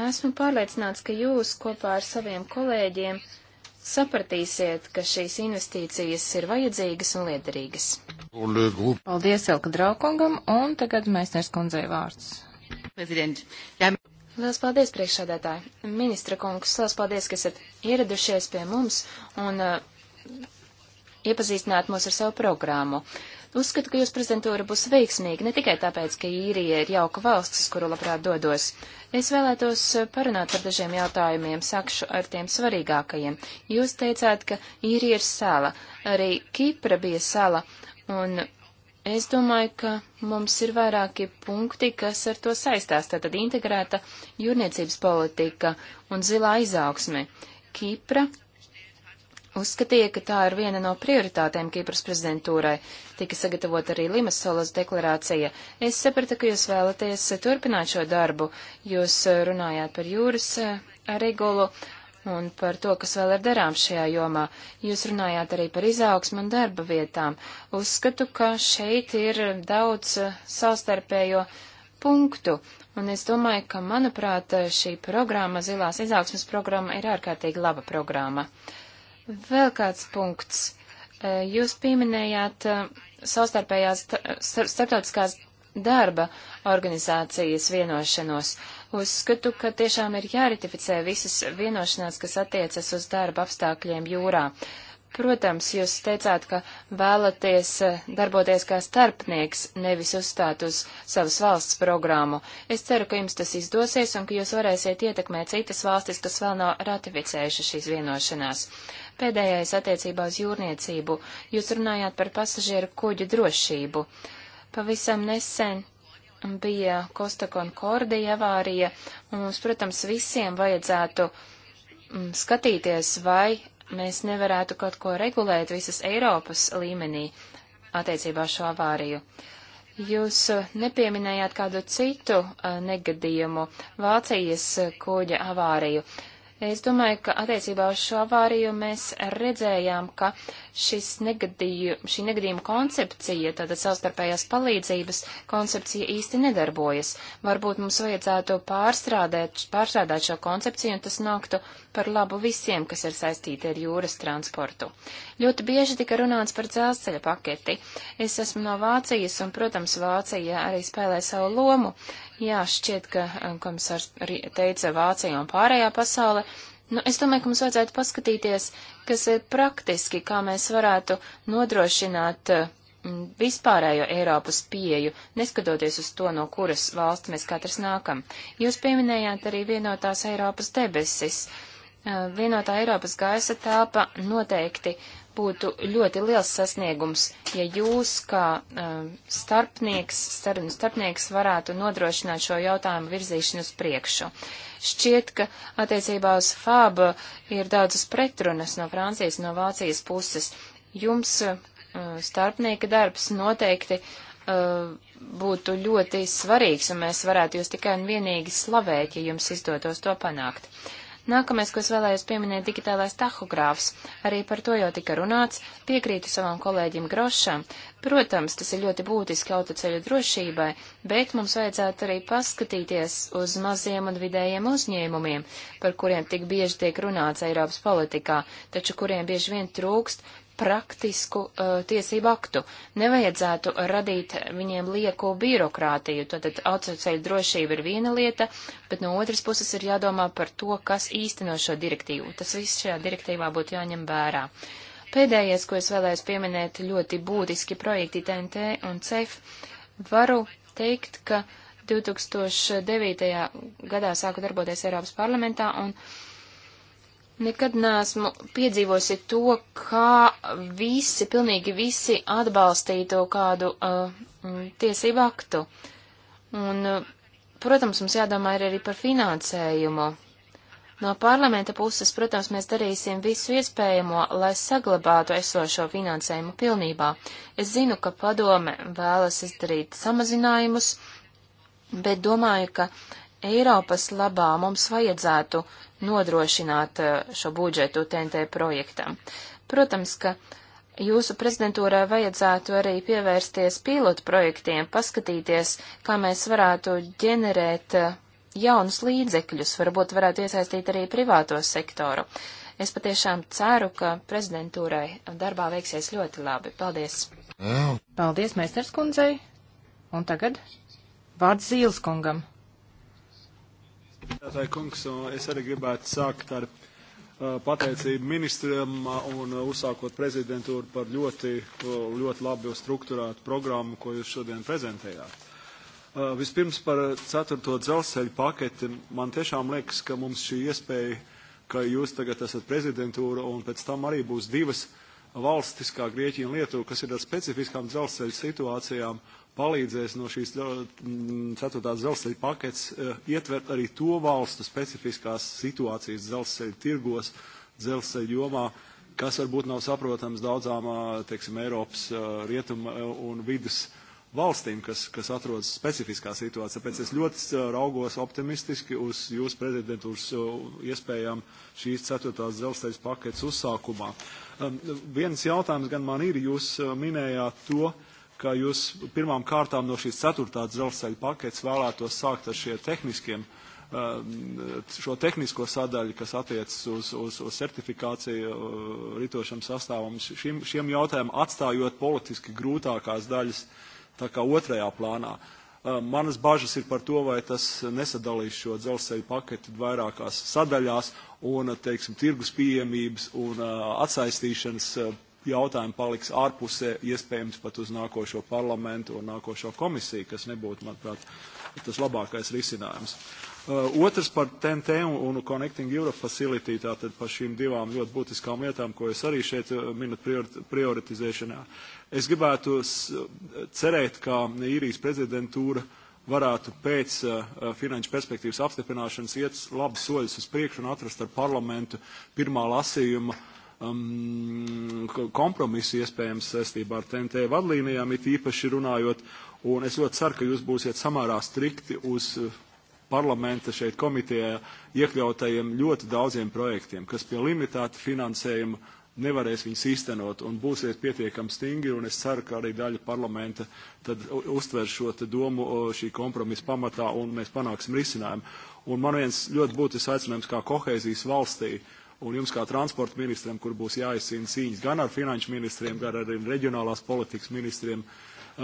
Esmu pārliecināts, ka jūs kopā ar saviem kolēģiem sapratīsiet, ka šīs investīcijas ir vajadzīgas un liederīgas. Paldies Elka Draukungam, un tagad mēs neskundzei vārds. Lielas paldies, priekšsādātāji. Ministra kungs, lielas paldies, ka esat ieradušies pie mums un uh, iepazīstināt mūs ar savu programmu. Uh, Uzskatu, ka jūsu prezidentūra būs veiksmīga ne tikai tāpēc, ka īrija ir jauka valsts, kuru labprāt dodos. Es vēlētos parunāt par dažiem jautājumiem, sākšu ar tiem svarīgākajiem. Jūs teicāt, ka īrija ir sala, arī Kipra bija sala, un Es domāju, ka mums ir vairāki punkti, kas ar to saistās. Tātad integrēta jūrniecības politika un zilā izaugsme. Kipra uzskatīja, ka tā ir viena no prioritātēm Kīpras prezidentūrai. Tika sagatavot arī Limasolas deklarācija. Es sapratu, ka jūs vēlaties turpināt šo darbu. Jūs eh, runājāt par jūras eh, regulu un par to, kas vēl ir darāms šajā jomā. Jūs runājāt arī par izaugsmu un darba vietām. Uzskatu, ka šeit ir daudz eh, savstarpējo punktu. Un es domāju, ka, manuprāt, šī programma, zilās izaugsmas programma, ir ārkārtīgi laba programma. Uh, Vēl kāds punkts. E, jūs pieminējāt e, savstarpējās starptautiskās darba organizācijas vienošanos. Uzskatu, ka tiešām ir jāratificē visas vienošanās, kas attiecas uz darba apstākļiem jūrā. Uh, Protams, jūs teicāt, ka vēlaties eh, darboties kā starpnieks, nevis uzstāt uz savas valsts programmu. Es ceru, ka jums tas izdosies un ka jūs varēsiet ietekmēt citas valstis, kas vēl nav ratificējušas šīs vienošanās. Pēdējais attiecībā uz jūrniecību. Jūs runājāt par pasažieru kuģu drošību. Pavisam nesen bija Kosta Konkordija avārija, un mums, protams, visiem vajadzētu mm, skatīties, vai mēs nevarētu kaut ko regulēt visas Eiropas līmenī attiecībā šo avāriju. Jūs uh, nepieminējāt kādu citu uh, negadījumu, Vācijas uh, kuģa avāriju. Es domāju, ka attiecībā uz šo avāriju mēs redzējām, ka uh, šis negadīju, šī negadījuma koncepcija, tātad savstarpējās palīdzības koncepcija īsti nedarbojas. Varbūt mums vajadzētu pārstrādāt, pārstrādāt šo koncepciju, un tas nāktu par labu visiem, kas ir saistīti ar jūras transportu. Ļoti bieži tika runāts par dzelzceļa paketi. Es esmu no Vācijas, un, protams, Vācija arī spēlē savu lomu. Jā, šķiet, ka eh, komisārs teica Vācija un pārējā pasaule, Nu, es domāju, ka mums vajadzētu paskatīties, kas ir praktiski, kā mēs varētu nodrošināt eh, vispārējo Eiropas pieju, neskatoties uz to, no kuras valsts mēs katrs nākam. Jūs pieminējāt arī vienotās Eiropas debesis. Eh, vienotā Eiropas gaisa telpa noteikti būtu ļoti liels sasniegums, ja jūs kā um, starpnieks, sarunu starpnieks varētu nodrošināt šo jautājumu virzīšanu uz priekšu. Šķiet, ka attiecībā uz FAB ir daudzas pretrunas no Francijas, no Vācijas puses. Jums uh, starpnieka darbs noteikti uh, būtu ļoti svarīgs, un mēs varētu jūs tikai un vienīgi slavēt, ja jums izdotos to panākt. Uh, Nākamais, ko es vēlējos pieminēt, digitālais tahogrāfs. Arī par to jau tika runāts. Piekrītu savam kolēģim Grošam. Protams, tas ir ļoti būtiski autoceļu drošībai, bet mums vajadzētu arī paskatīties uz maziem un vidējiem uzņēmumiem, par kuriem tik bieži tiek runāts Eiropas politikā, taču kuriem bieži vien trūkst praktisku uh, tiesību aktu. Nevajadzētu radīt viņiem lieko birokrātiju. Tātad autoceļu drošība ir viena lieta, bet no otras puses ir jādomā par to, kas īsteno šo direktīvu. Tas viss šajā direktīvā būtu jāņem vērā. Pēdējais, ko es vēlējos pieminēt, ļoti būtiski projekti TNT un CEF. Varu teikt, ka 2009. gadā sāku darboties Eiropas parlamentā un uh, Nekad neesmu piedzīvosi to, kā visi, pilnīgi visi atbalstītu kādu uh, mm, tiesību aktu. Un, uh, protams, mums jādomā ir arī par finansējumu. No parlamenta puses, protams, mēs darīsim visu iespējamo, lai saglabātu esošo finansējumu pilnībā. Es zinu, ka padome vēlas izdarīt samazinājumus, bet domāju, ka uh, Eiropas labā mums vajadzētu nodrošināt eh, šo budžetu TNT projektam. Protams, ka jūsu prezidentūrā vajadzētu arī pievērsties pilotu projektiem, paskatīties, kā mēs varētu ģenerēt eh, jaunus līdzekļus, varbūt varētu iesaistīt arī privāto sektoru. Es patiešām ceru, ka prezidentūrai darbā veiksies ļoti labi. Paldies! Paldies, meistars kundzei! Un tagad vārds Zīles kungam. Tātāji kungs, es arī gribētu sākt ar pateicību ministriem un uzsākot prezidentūru par ļoti, ļoti labi strukturētu programmu, ko jūs šodien prezentējāt. Vispirms par ceturto dzelzceļu paketi. Man tiešām liekas, ka mums šī iespēja, ka jūs tagad esat prezidentūra un pēc tam arī būs divas valstis, kā Grieķija un Lietuva, kas ir ar specifiskām dzelzceļa situācijām palīdzēs no šīs mm, ceturtās dzelzceļa paketes eh, ietvert arī to valstu specifiskās situācijas dzelzceļa tirgos, dzelzceļa jomā, kas varbūt nav saprotams daudzām, eh, teiksim, Eiropas eh, rietuma un vidus valstīm, kas, kas atrodas specifiskā situācijā. Tāpēc es ļoti raugos optimistiski uz jūsu prezidentūras iespējām šīs ceturtās dzelzceļas paketes uzsākumā. Um, viens jautājums gan man ir, jūs minējāt to, uh, ka jūs pirmām kārtām no šīs ceturtās dzelzceļa paketes vēlētos sākt ar šiem tehniskiem uh, šo tehnisko sadaļu, kas attiecas uz, uz, uz certifikāciju uh, ritošam sastāvam, šim, šiem jautājumiem atstājot politiski grūtākās daļas tā kā otrajā plānā. Uh, manas bažas ir par to, vai tas nesadalīs šo dzelzceļu paketi vairākās sadaļās un, teiksim, tirgus pieejamības un uh, atsaistīšanas jautājumi paliks ārpusē, iespējams pat uz nākošo parlamentu un nākošo komisiju, kas nebūtu, manuprāt, tas labākais risinājums. Uh, otrs par TNT un, un Connecting Europe Facility, tātad par šīm divām ļoti būtiskām lietām, ko es arī šeit uh, minu prioritizēšanā. Es gribētu cerēt, ka īrijas prezidentūra varētu pēc uh, finanšu perspektīvas apstiprināšanas iet labu soļus uz priekšu un atrast ar parlamentu pirmā lasījuma uh, um, kompromisu iespējams saistībā ar TNT vadlīnijām, it īpaši runājot, un es ļoti ceru, ka jūs būsiet samērā strikti uz uh, parlamenta šeit komitejā iekļautajiem ļoti daudziem projektiem, kas pie limitāta finansējuma nevarēs viņus īstenot un būsiet pietiekami stingri, un es ceru, ka arī daļa parlamenta tad uztver šo te domu šī kompromisa pamatā, un mēs panāksim risinājumu. Un man viens ļoti būtisks aicinājums kā kohēzijas valstī, uh, un jums kā transporta ministram, kur būs jāizcīna cīņas gan ar finanšu ministriem, gan ar reģionālās politikas ministriem,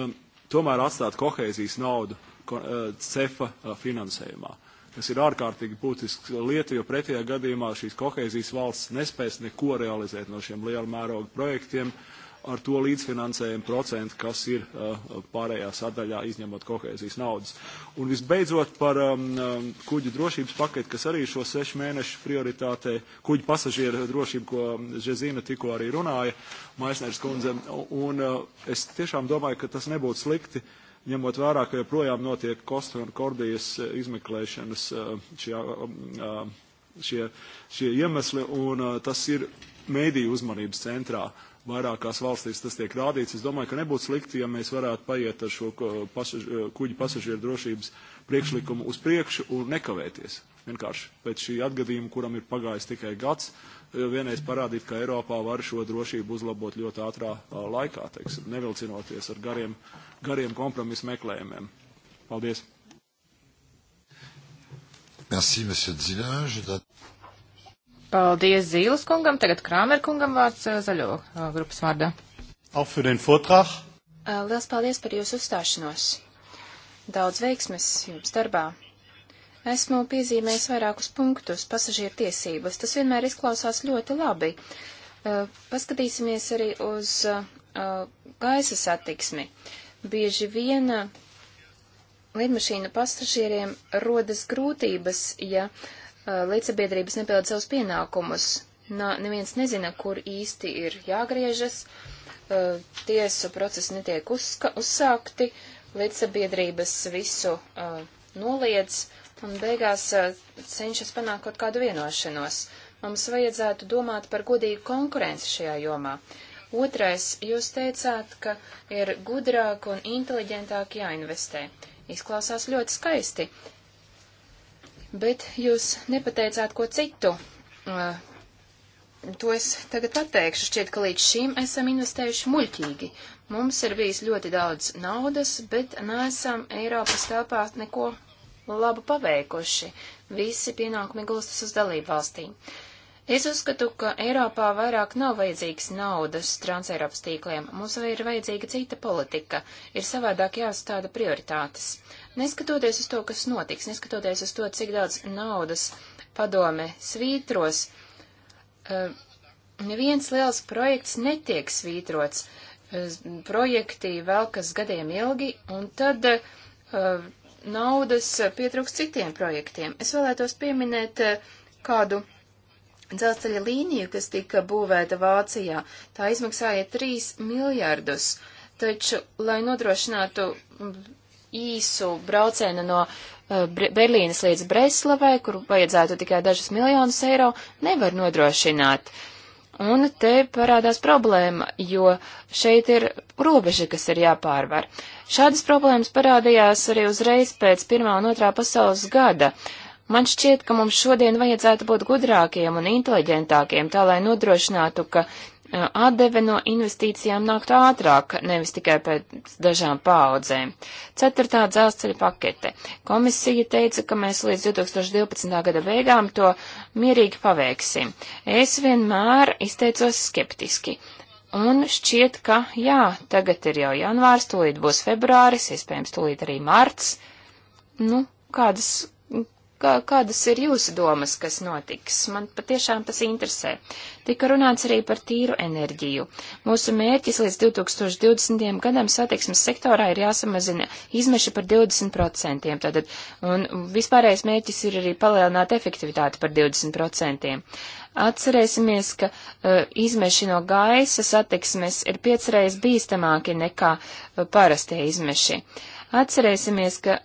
um, tomēr atstāt kohēzijas naudu ko, uh, cefa uh, finansējumā. Tas ir ārkārtīgi būtisks lieta, jo pretējā gadījumā šīs kohēzijas valsts nespēs neko realizēt no šiem liela mēroga projektiem. Uh, ar to līdzfinansējumu procentu, kas ir uh, pārējā sadaļā, izņemot kohēzijas naudas. Un visbeidzot par um, um kuģu drošības paketu, kas arī šo sešu mēnešu prioritātei, kuģu pasažieru drošību, ko um, Žezina tikko arī runāja, Maisnērs kundze. Un uh, es tiešām domāju, ka tas nebūtu slikti ņemot vērā, ka joprojām notiek Kosta un Kordijas uh, izmeklēšanas uh, šie, um, šie, šie iemesli, un tas ir mēdīju uzmanības centrā. Uh, vairākās valstīs tas tiek rādīts. Es domāju, ka nebūtu slikti, ja mēs varētu paiet ar šo pasaž, eh, kuģu pasažieru drošības priekšlikumu uz priekšu un nekavēties. Vienkārši pēc šī atgadījuma, kuram ir pagājis tikai gads, eh, vienreiz parādīt, ka Eiropā var šo drošību uzlabot ļoti ātrā eh, laikā, teiksim, nevilcinoties ar gariem, gariem kompromisu meklējumiem. Paldies! Merci, Monsieur Dzilin. Je... Paldies Zīles kungam, tagad Krāmer kungam vārds eh, zaļo eh, grupas vārdā. Eh, liels paldies par jūsu uzstāšanos. Daudz veiksmes jums darbā. Esmu piezīmējis vairākus punktus pasažieru tiesības. Tas vienmēr izklausās ļoti labi. Paskatīsimies arī uz gaisa satiksmi. Bieži viena lidmašīnu pasažieriem rodas grūtības, ja uh, Uh, līdzsabiedrības nepilda savus pienākumus. Nā, neviens nezina, kur īsti ir jāgriežas, uh, tiesu procesi netiek uzska, uzsākti, līdzsabiedrības visu uh, noliedz un beigās uh, cenšas panākt kaut kādu vienošanos. Mums vajadzētu domāt par godīgu konkurenci šajā jomā. Otrais, jūs teicāt, ka ir gudrāk un inteliģentāk jāinvestē. Izklausās ļoti skaisti, bet jūs nepateicāt ko citu. Uh, to es tagad pateikšu. Šķiet, ka līdz šim esam investējuši muļķīgi. Mums ir bijis ļoti daudz naudas, bet neesam Eiropas telpā neko labu paveikuši. Visi pienākumi gulstas uz dalību valstīm. Es uzskatu, ka Eiropā vairāk nav vajadzīgs naudas transeiropas tīkliem. Mums ir vajadzīga cita politika. Ir savādāk jāuzstāda prioritātes. Neskatoties uz to, kas notiks, neskatoties uz to, cik daudz naudas padome svītros, e, neviens liels projekts netiek svītrots. E, projekti velkas gadiem ilgi, un tad e, naudas pietrūks citiem projektiem. Es vēlētos pieminēt kādu dzelzceļa līniju, kas tika būvēta Vācijā. Tā izmaksāja 3 miljardus, taču, lai nodrošinātu īsu braucienu no uh, eh, Berlīnas līdz Breslavai, kur vajadzētu tikai dažas miljonus eiro, nevar nodrošināt. Un te parādās problēma, jo šeit ir robeža, kas ir jāpārvar. Šādas problēmas parādījās arī uzreiz pēc Pirmā un Otrā pasaules gada. Man šķiet, ka mums šodien vajadzētu būt gudrākiem un inteliģentākiem, tā lai nodrošinātu, ka atdeve no investīcijām nāktu ātrāk, nevis tikai pēc dažām paudzēm. Ceturtā dzelzceļa pakete. Komisija teica, ka mēs līdz 2012. gada beigām to mierīgi paveiksim. Es vienmēr izteicos skeptiski. Un šķiet, ka jā, tagad ir jau janvārs, tūlīt būs februāris, iespējams, tūlīt arī marts. Nu, kādas kā, kādas ir jūsu domas, kas notiks. Man patiešām tas interesē. Tika runāts arī par tīru enerģiju. Mūsu mērķis līdz 2020. gadam satiksmes sektorā ir jāsamazina izmeši par 20%, tātad, un vispārējais mērķis ir arī palielināt efektivitāti par 20%. Atcerēsimies, ka uh, izmeši no gaisa satiksmes ir piecreiz bīstamāki nekā uh, parastie izmeši. Uh, Atcerēsimies, ka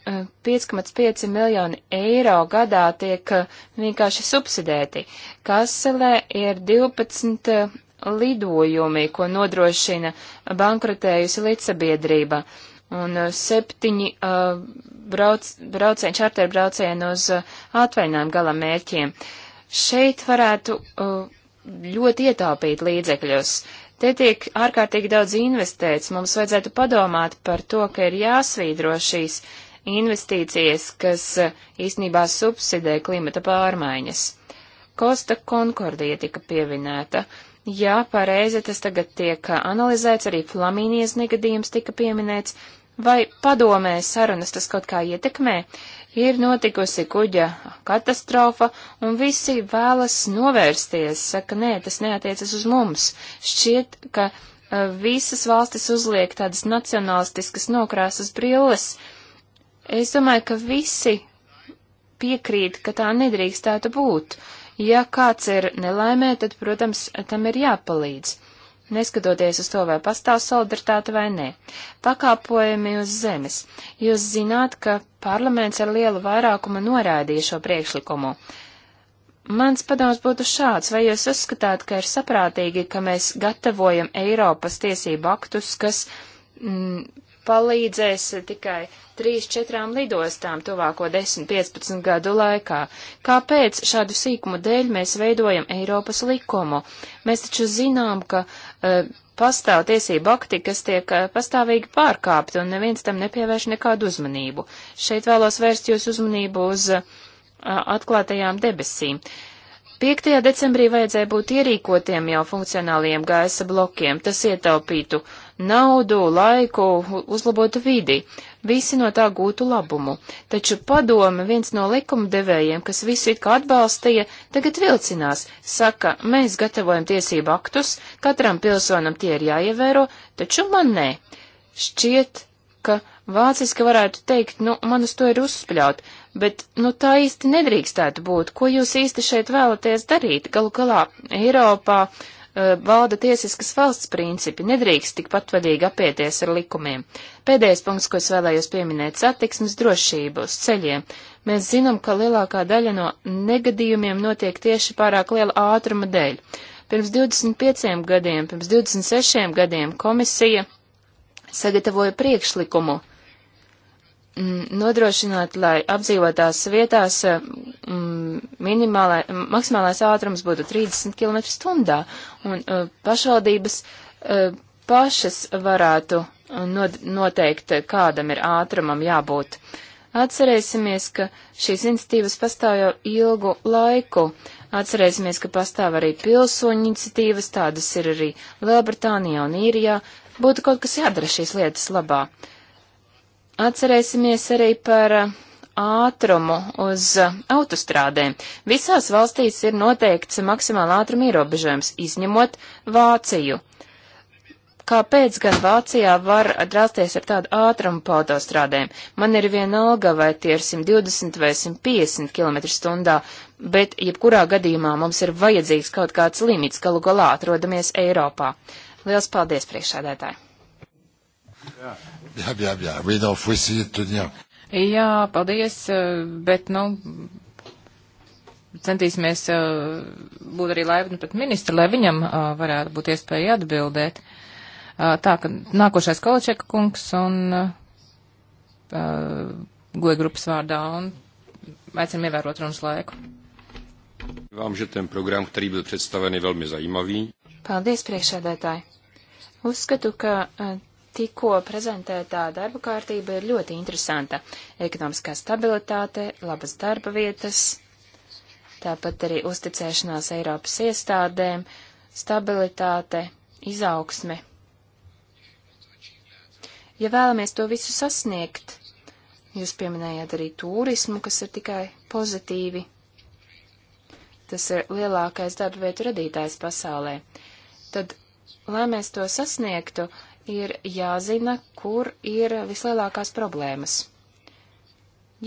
5,5 e, miljoni eiro gadā tiek e, vienkārši subsidēti. Kaselē ir 12 e, lidojumi, ko nodrošina bankrotējusi līdzsabiedrība. Un septiņi uh, brauc, braucieni, čarterbraucieni uz uh, atvaļinājumu gala mērķiem. Šeit varētu uh, ļoti ietaupīt līdzekļus. Uh, Te tiek ārkārtīgi daudz investēts. Mums vajadzētu padomāt par to, ka ir jāsvīdro šīs investīcijas, kas eh, īstenībā subsidē klimata pārmaiņas. Kosta Konkordija tika pieminēta. Jā, pareizi tas tagad tiek eh, analizēts, arī Flamīnijas negadījums tika pieminēts. Vai padomē sarunas tas kaut kā ietekmē? Ir notikusi kuģa katastrofa, un visi vēlas novērsties, saka, nē, tas neatiecas uz mums. Šķiet, ka e, visas valstis uzliek tādas nacionalistiskas nokrāsas brilles. Es domāju, ka visi piekrīt, ka tā nedrīkstētu būt. Ja kāds ir nelaimē, tad, protams, tam ir jāpalīdz neskatoties uz to, vai pastāv solidaritāte vai nē. Pakāpojumi uz zemes. Jūs zināt, ka parlaments ar lielu vairākumu noraidīja šo priekšlikumu. Mans padoms būtu šāds, vai jūs uzskatāt, ka ir saprātīgi, ka mēs gatavojam Eiropas tiesību aktus, kas mm, palīdzēs tikai 3-4 lidostām tuvāko 10-15 gadu laikā. Kāpēc šādu sīkumu dēļ mēs veidojam Eiropas likumu? Mēs taču zinām, ka uh, pastāv tiesība akti, kas tiek uh, pastāvīgi pārkāpti, un neviens tam nepievērš nekādu uzmanību. Šeit vēlos vērst jūs uzmanību uz uh, atklātajām debesīm. 5. decembrī vajadzēja būt ierīkotiem jau funkcionāliem gaisa blokiem. Tas ietaupītu uh, naudu, laiku, uzlabotu vidi. Visi no tā gūtu labumu. Taču padome viens no likumdevējiem, kas visu it kā atbalstīja, tagad vilcinās. Saka, mēs gatavojam tiesību aktus, katram pilsonam tie ir jāievēro, taču man nē. Šķiet, ka vāciski varētu teikt, nu, man uz to ir uzspļaut, bet, nu, tā īsti nedrīkstētu būt. Ko jūs īsti šeit vēlaties darīt? Galu galā Eiropā Eh, valda tiesiskas valsts principi, nedrīkst tik patvaļīgi apieties ar likumiem. Pēdējais punkts, ko es vēlējos pieminēt, satiksmes drošību uz ceļiem. Mēs zinām, ka lielākā daļa no negadījumiem notiek tieši pārāk liela ātruma dēļ. Pirms 25 gadiem, pirms 26 gadiem komisija sagatavoja priekšlikumu, Mm, nodrošināt, lai apdzīvotās vietās eh, mm, minimālai, maksimālais ātrums būtu 30 km stundā, un eh, pašvaldības eh, pašas varētu noteikt, kādam ir ātrumam jābūt. Atcerēsimies, ka šīs iniciatīvas pastāv jau ilgu laiku. Atcerēsimies, ka pastāv arī pilsoņu iniciatīvas, tādas ir arī Lielbritānijā un Īrijā. Būtu kaut kas jādara šīs lietas labā. Uh, Atcerēsimies arī par uh, ātrumu uz uh, autostrādēm. Visās valstīs ir noteikts maksimāla ātruma ierobežojums, izņemot Vāciju. Kāpēc gan Vācijā var drāsties ar tādu ātrumu pa autostrādēm? Man ir vienalga, vai tie ir 120 vai 150 km stundā, bet jebkurā gadījumā mums ir vajadzīgs kaut kāds limits, galu galā atrodamies Eiropā. Liels paldies priekšādētāji! Yeah. Jā, jā, jā. Oui, non, faut essayer de tenir. Jā, paldies, eh, bet, nu, centīsimies eh, būt arī laipni pret ministru, lai viņam eh, varētu būt iespēja atbildēt. Tā, ka nākošais Kolačeka kungs un goja grupas vārdā un aicinam ievērot runas laiku. Vám, že ten program, který byl představen, je velmi zajímavý. Paldies, priekšsēdētāji. Uzskatu, ka tikko prezentētā darba kārtība ir ļoti interesanta. Ekonomiskā stabilitāte, labas darba vietas, tāpat arī uzticēšanās Eiropas iestādēm, stabilitāte, izaugsme. Ja vēlamies to visu sasniegt, Jūs pieminējāt arī turismu, kas ir tikai pozitīvi. Tas ir lielākais darba vietu radītājs pasaulē. Tad, lai mēs to sasniegtu, ir jāzina, kur ir vislielākās problēmas.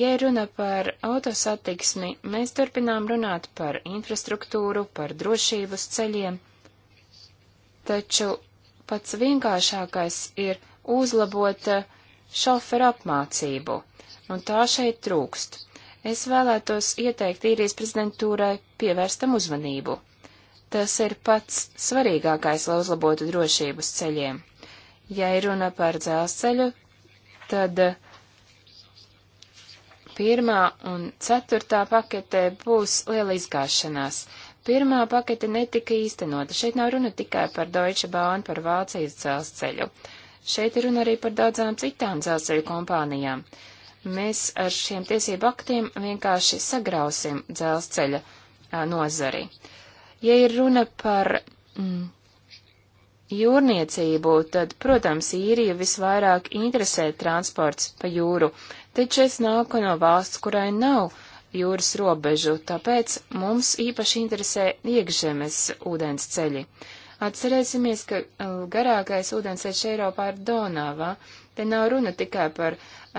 Ja runa par autosatiksmi, mēs turpinām runāt par infrastruktūru, par drošības ceļiem, taču pats vienkāršākais ir uzlabot šoferu apmācību, un tā šeit trūkst. Es vēlētos ieteikt īrijas prezidentūrai pievērstam uzmanību. Tas ir pats svarīgākais, lai uzlabotu drošības ceļiem. Ja ir runa par dzelzceļu, tad pirmā un ceturtā pakete būs liela izgāšanās. Pirmā pakete netika īstenota. Šeit nav runa tikai par Deutsche Bahn, par Vācijas dzelzceļu. Šeit ir runa arī par daudzām citām dzelzceļu kompānijām. Mēs ar šiem tiesību aktiem vienkārši sagrausim dzelzceļa nozari. Ja ir runa par mm, jūrniecību, tad, protams, īriju visvairāk interesē transports pa jūru, taču es nāku no valsts, kurai nav jūras robežu, tāpēc mums īpaši interesē iekšzemes ūdens ceļi. Atcerēsimies, ka uh, garākais ūdensceļš Eiropā ir Donava. Te nav runa tikai par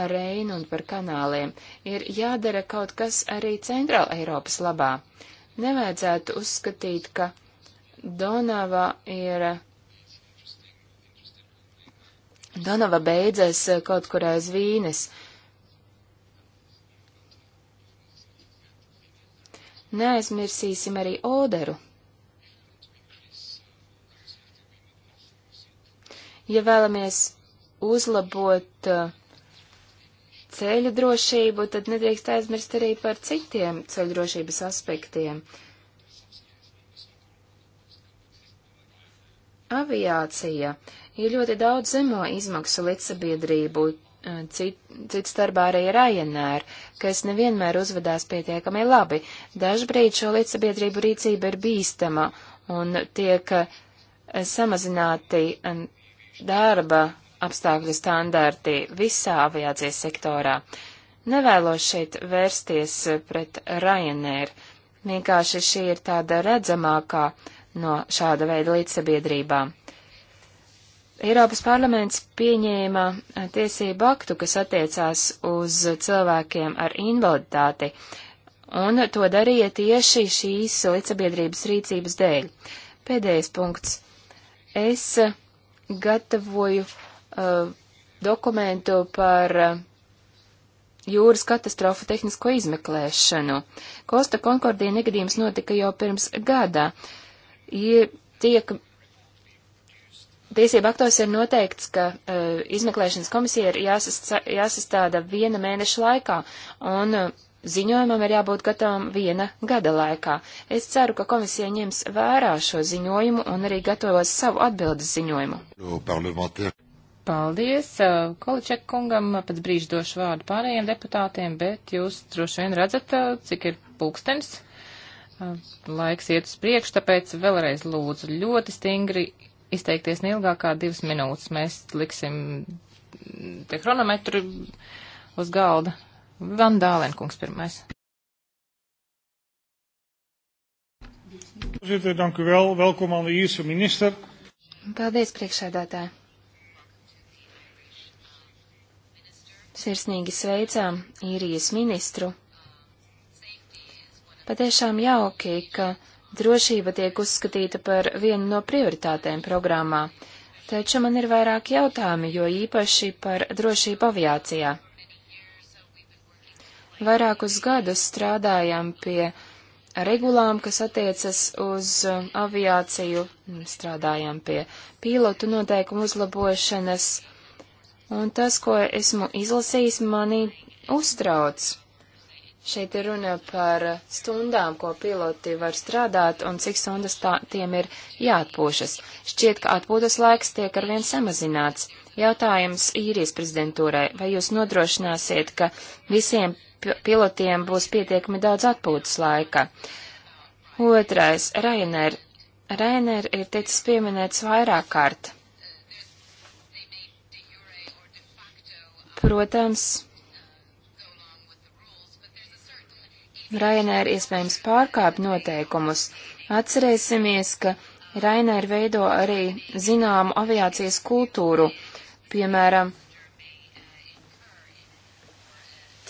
Reinu un par kanāliem. Ir jādara kaut kas arī Centrāla Eiropas labā. Nevajadzētu uzskatīt, ka Donava ir Donava beidzas eh, kaut kur aiz vīnes. Neaizmirsīsim arī Oderu. Ja vēlamies uzlabot eh, ceļu drošību, tad nedrīkst aizmirst arī par citiem ceļu drošības aspektiem. Aviācija Ir ļoti daudz zemo izmaksu līdzsabiedrību, eh, cit, cits starpā arī Ryanair, kas nevienmēr uzvedās pietiekami labi. Dažbrīd šo līdzsabiedrību rīcība ir bīstama un tiek eh, samazināti eh, darba apstākļu standarti visā aviācijas sektorā. Nevēlos šeit vērsties pret Ryanair. Vienkārši šī ir tāda redzamākā no šāda veida līdzsabiedrībām. Eiropas parlaments pieņēma eh, tiesību aktu, kas attiecās uz cilvēkiem ar invaliditāti, un to darīja tieši šīs līdzsabiedrības rīcības dēļ. Pēdējais punkts. Es eh, gatavoju uh, dokumentu par uh, jūras katastrofu tehnisko izmeklēšanu. Kosta Konkordija negadījums notika jau pirms gadā. Ir tiek Tiesība aktos ir noteikts, ka uh, izmeklēšanas komisija ir jāsast, jāsastāda viena mēneša laikā, un uh, ziņojumam ir jābūt gatavam viena gada laikā. Es ceru, ka komisija ņems vērā šo ziņojumu un arī gatavos savu atbildes ziņojumu. Paldies. Uh, Količek kungam pēc brīža došu vārdu pārējiem deputātiem, bet jūs droši vien redzat, uh, cik ir pulkstens. Laiks iet uz priekšu, tāpēc vēlreiz lūdzu ļoti stingri izteikties neilgākā divas minūtes. Mēs liksim te chronometru uz galda. Van Dālenkungs pirmais. Voorzitter, dank u wel. Welkom aan de Ierse minister. Paldies, priekšsēdētāji. Sirsnīgi sveicām īrijas ministru. Patiešām jauki, ka Drošība tiek uzskatīta par vienu no prioritātēm programmā, taču man ir vairāk jautājumi, jo īpaši par drošību aviācijā. Vairākus gadus strādājam pie regulām, kas attiecas uz um, aviāciju, strādājam pie pilotu noteikumu uzlabošanas, un tas, ko esmu izlasījis, mani uztrauc. Šeit ir runa par stundām, ko piloti var strādāt un cik stundas tā, tiem ir jāatpūšas. Šķiet, ka atpūtas laiks tiek arvien samazināts. Jautājums īrijas prezidentūrai, vai jūs nodrošināsiet, ka visiem pilotiem būs pietiekami daudz atpūtas laika? Otrais, Rainer. Rainer ir ticis pieminēts vairāk kārt. Protams, Ryanair iespējams pārkāp noteikumus. Atcerēsimies, ka Ryanair veido arī zināmu aviācijas kultūru, piemēram,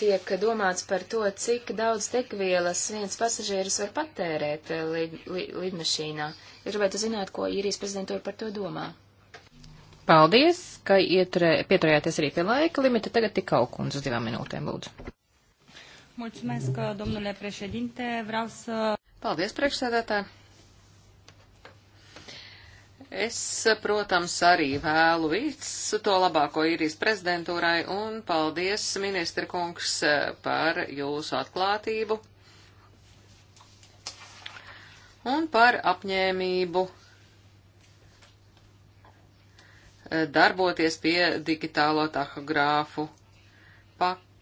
tiek domāts par to, cik daudz degvielas viens pasažieris var patērēt eh, lid, lid, lidmašīnā. Ir gribētu zināt, ko īrijas prezidentūra par to domā. Paldies, ka ieturē, pieturējāties arī pie laika limita. Tagad tik augums uz divām minūtēm, lūdzu. Mulțumesc, domnule președinte. Vreau să... Paldies, priekšsēdētāji. Es, protams, arī vēlu visu to labāko īrijas prezidentūrai un paldies, ministra kungs, par jūsu atklātību un par apņēmību darboties pie digitālo tahogrāfu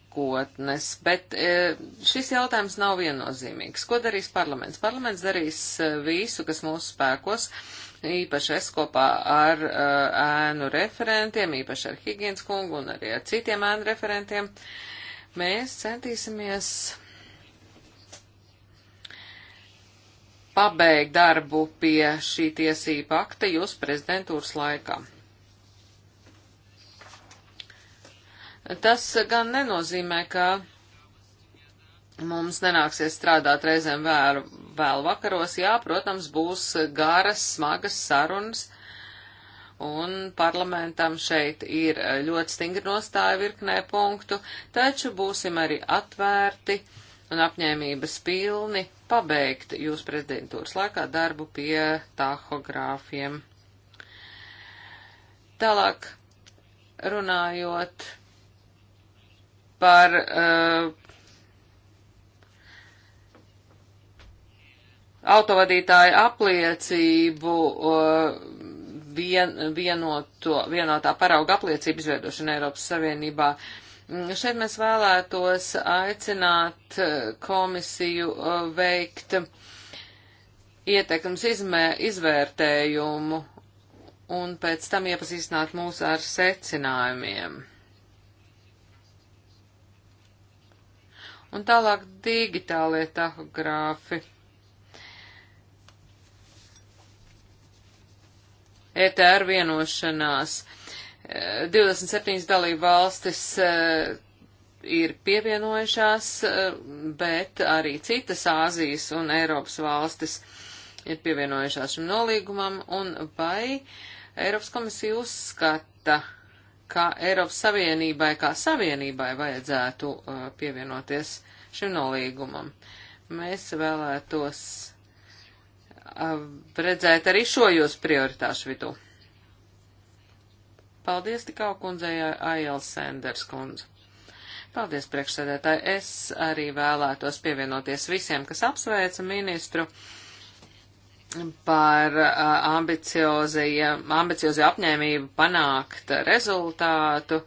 nākotnes, bet e, šis jautājums nav viennozīmīgs. Ko darīs parlaments? Parlaments darīs e, visu, kas mūsu spēkos, īpaši es kopā ar e, ēnu referentiem, īpaši ar Higienas kungu un arī ar citiem ēnu referentiem. Mēs centīsimies pabeigt darbu pie šī tiesība akta jūsu prezidentūras laikā. Tas gan nenozīmē, ka mums nenāksies strādāt reizēm vēru, vēl vakaros. Jā, protams, būs garas, smagas sarunas, un parlamentam šeit ir ļoti stingri nostāja virknē punktu, taču būsim arī atvērti un apņēmības pilni pabeigt jūs prezidentūras laikā darbu pie tahogrāfiem. Tālāk runājot par uh, eh, autovadītāju apliecību uh, vien, vienoto, vienotā parauga apliecību izveidošanu Eiropas Savienībā. Mm, šeit mēs vēlētos aicināt eh, komisiju uh, veikt ietekmes izmē, izvērtējumu un pēc tam iepazīstināt mūs ar secinājumiem. Un tālāk digitālie tahogrāfi. ETR vienošanās. 27 eh, dalību valstis eh, ir pievienojušās, eh, bet arī citas Āzijas un Eiropas valstis ir pievienojušās šim nolīgumam, un vai Eiropas komisija uzskata, ka Eiropas Savienībai kā Savienībai vajadzētu uh, pievienoties šim nolīgumam. Mēs vēlētos uh, redzēt arī šo jūsu prioritāšu vidū. Paldies tikau kundzei Aiel Sanders kundze. Paldies priekšsēdētāji. Es arī vēlētos pievienoties visiem, kas apsveica ministru. Uh, par uh, ambiciozu apņēmību panākt rezultātu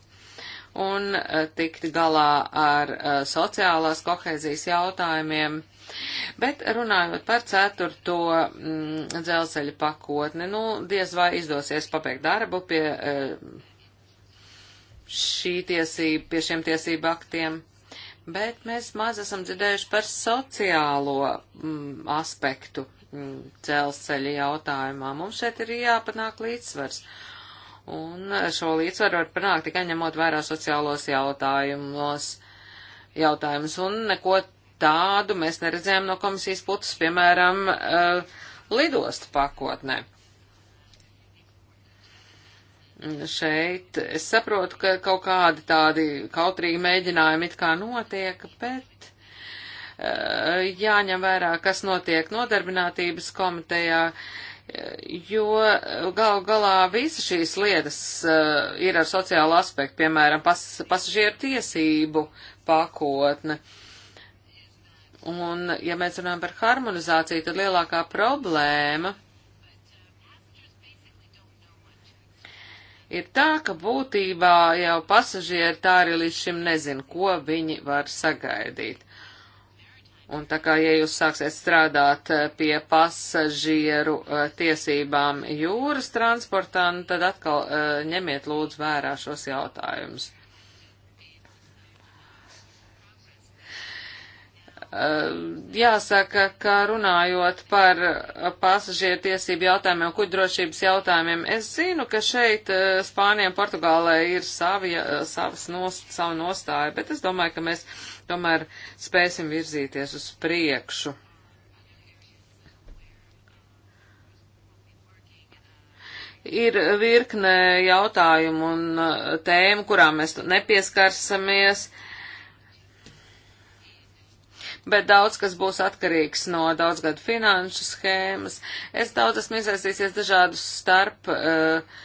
un uh, tikt galā ar uh, sociālās kohēzijas jautājumiem. Bet runājot par ceturto mm, dzelzceļa pakotni, nu, diez vai izdosies pabeigt darbu pie šī tiesība, pie šiem tiesību aktiem, bet mēs maz esam dzirdējuši par sociālo mm, aspektu dzelzceļa jautājumā. Mums šeit ir jāpanāk līdzsvars. Un šo līdzsvaru var panākt tikai ņemot vērā sociālos jautājumos, jautājumus. Un neko tādu mēs neredzējām no komisijas putas, piemēram, eh, lidostu pakotnē. Šeit es saprotu, ka kaut kādi tādi kautrīgi mēģinājumi it kā notiek, bet jāņem vērā, kas notiek nodarbinātības komitejā, jo gal galā visas šīs lietas eh, ir ar sociālu aspektu, piemēram, pas, pasažieru tiesību pakotne. Un, ja mēs runājam par harmonizāciju, tad lielākā problēma ir tā, ka būtībā jau pasažieri tā arī līdz šim nezin, ko viņi var sagaidīt. Un tā kā, ja jūs sāksiet strādāt eh, pie pasažieru eh, tiesībām jūras transportā, nu, tad atkal eh, ņemiet lūdzu vērā šos jautājumus. Jāsaka, ka runājot par pasažieru tiesību jautājumiem, kuģdrošības jautājumiem, es zinu, ka šeit Spānijam, Portugālē ir savi, savas nost, savu nostāju, bet es domāju, ka mēs tomēr spēsim virzīties uz priekšu. ir virkne jautājumu un uh, tēmu, kurām mēs nepieskarsamies, bet daudz kas būs atkarīgs no daudzgadu finanšu schēmas. Es daudz esmu iesaistīsies dažādus starp uh,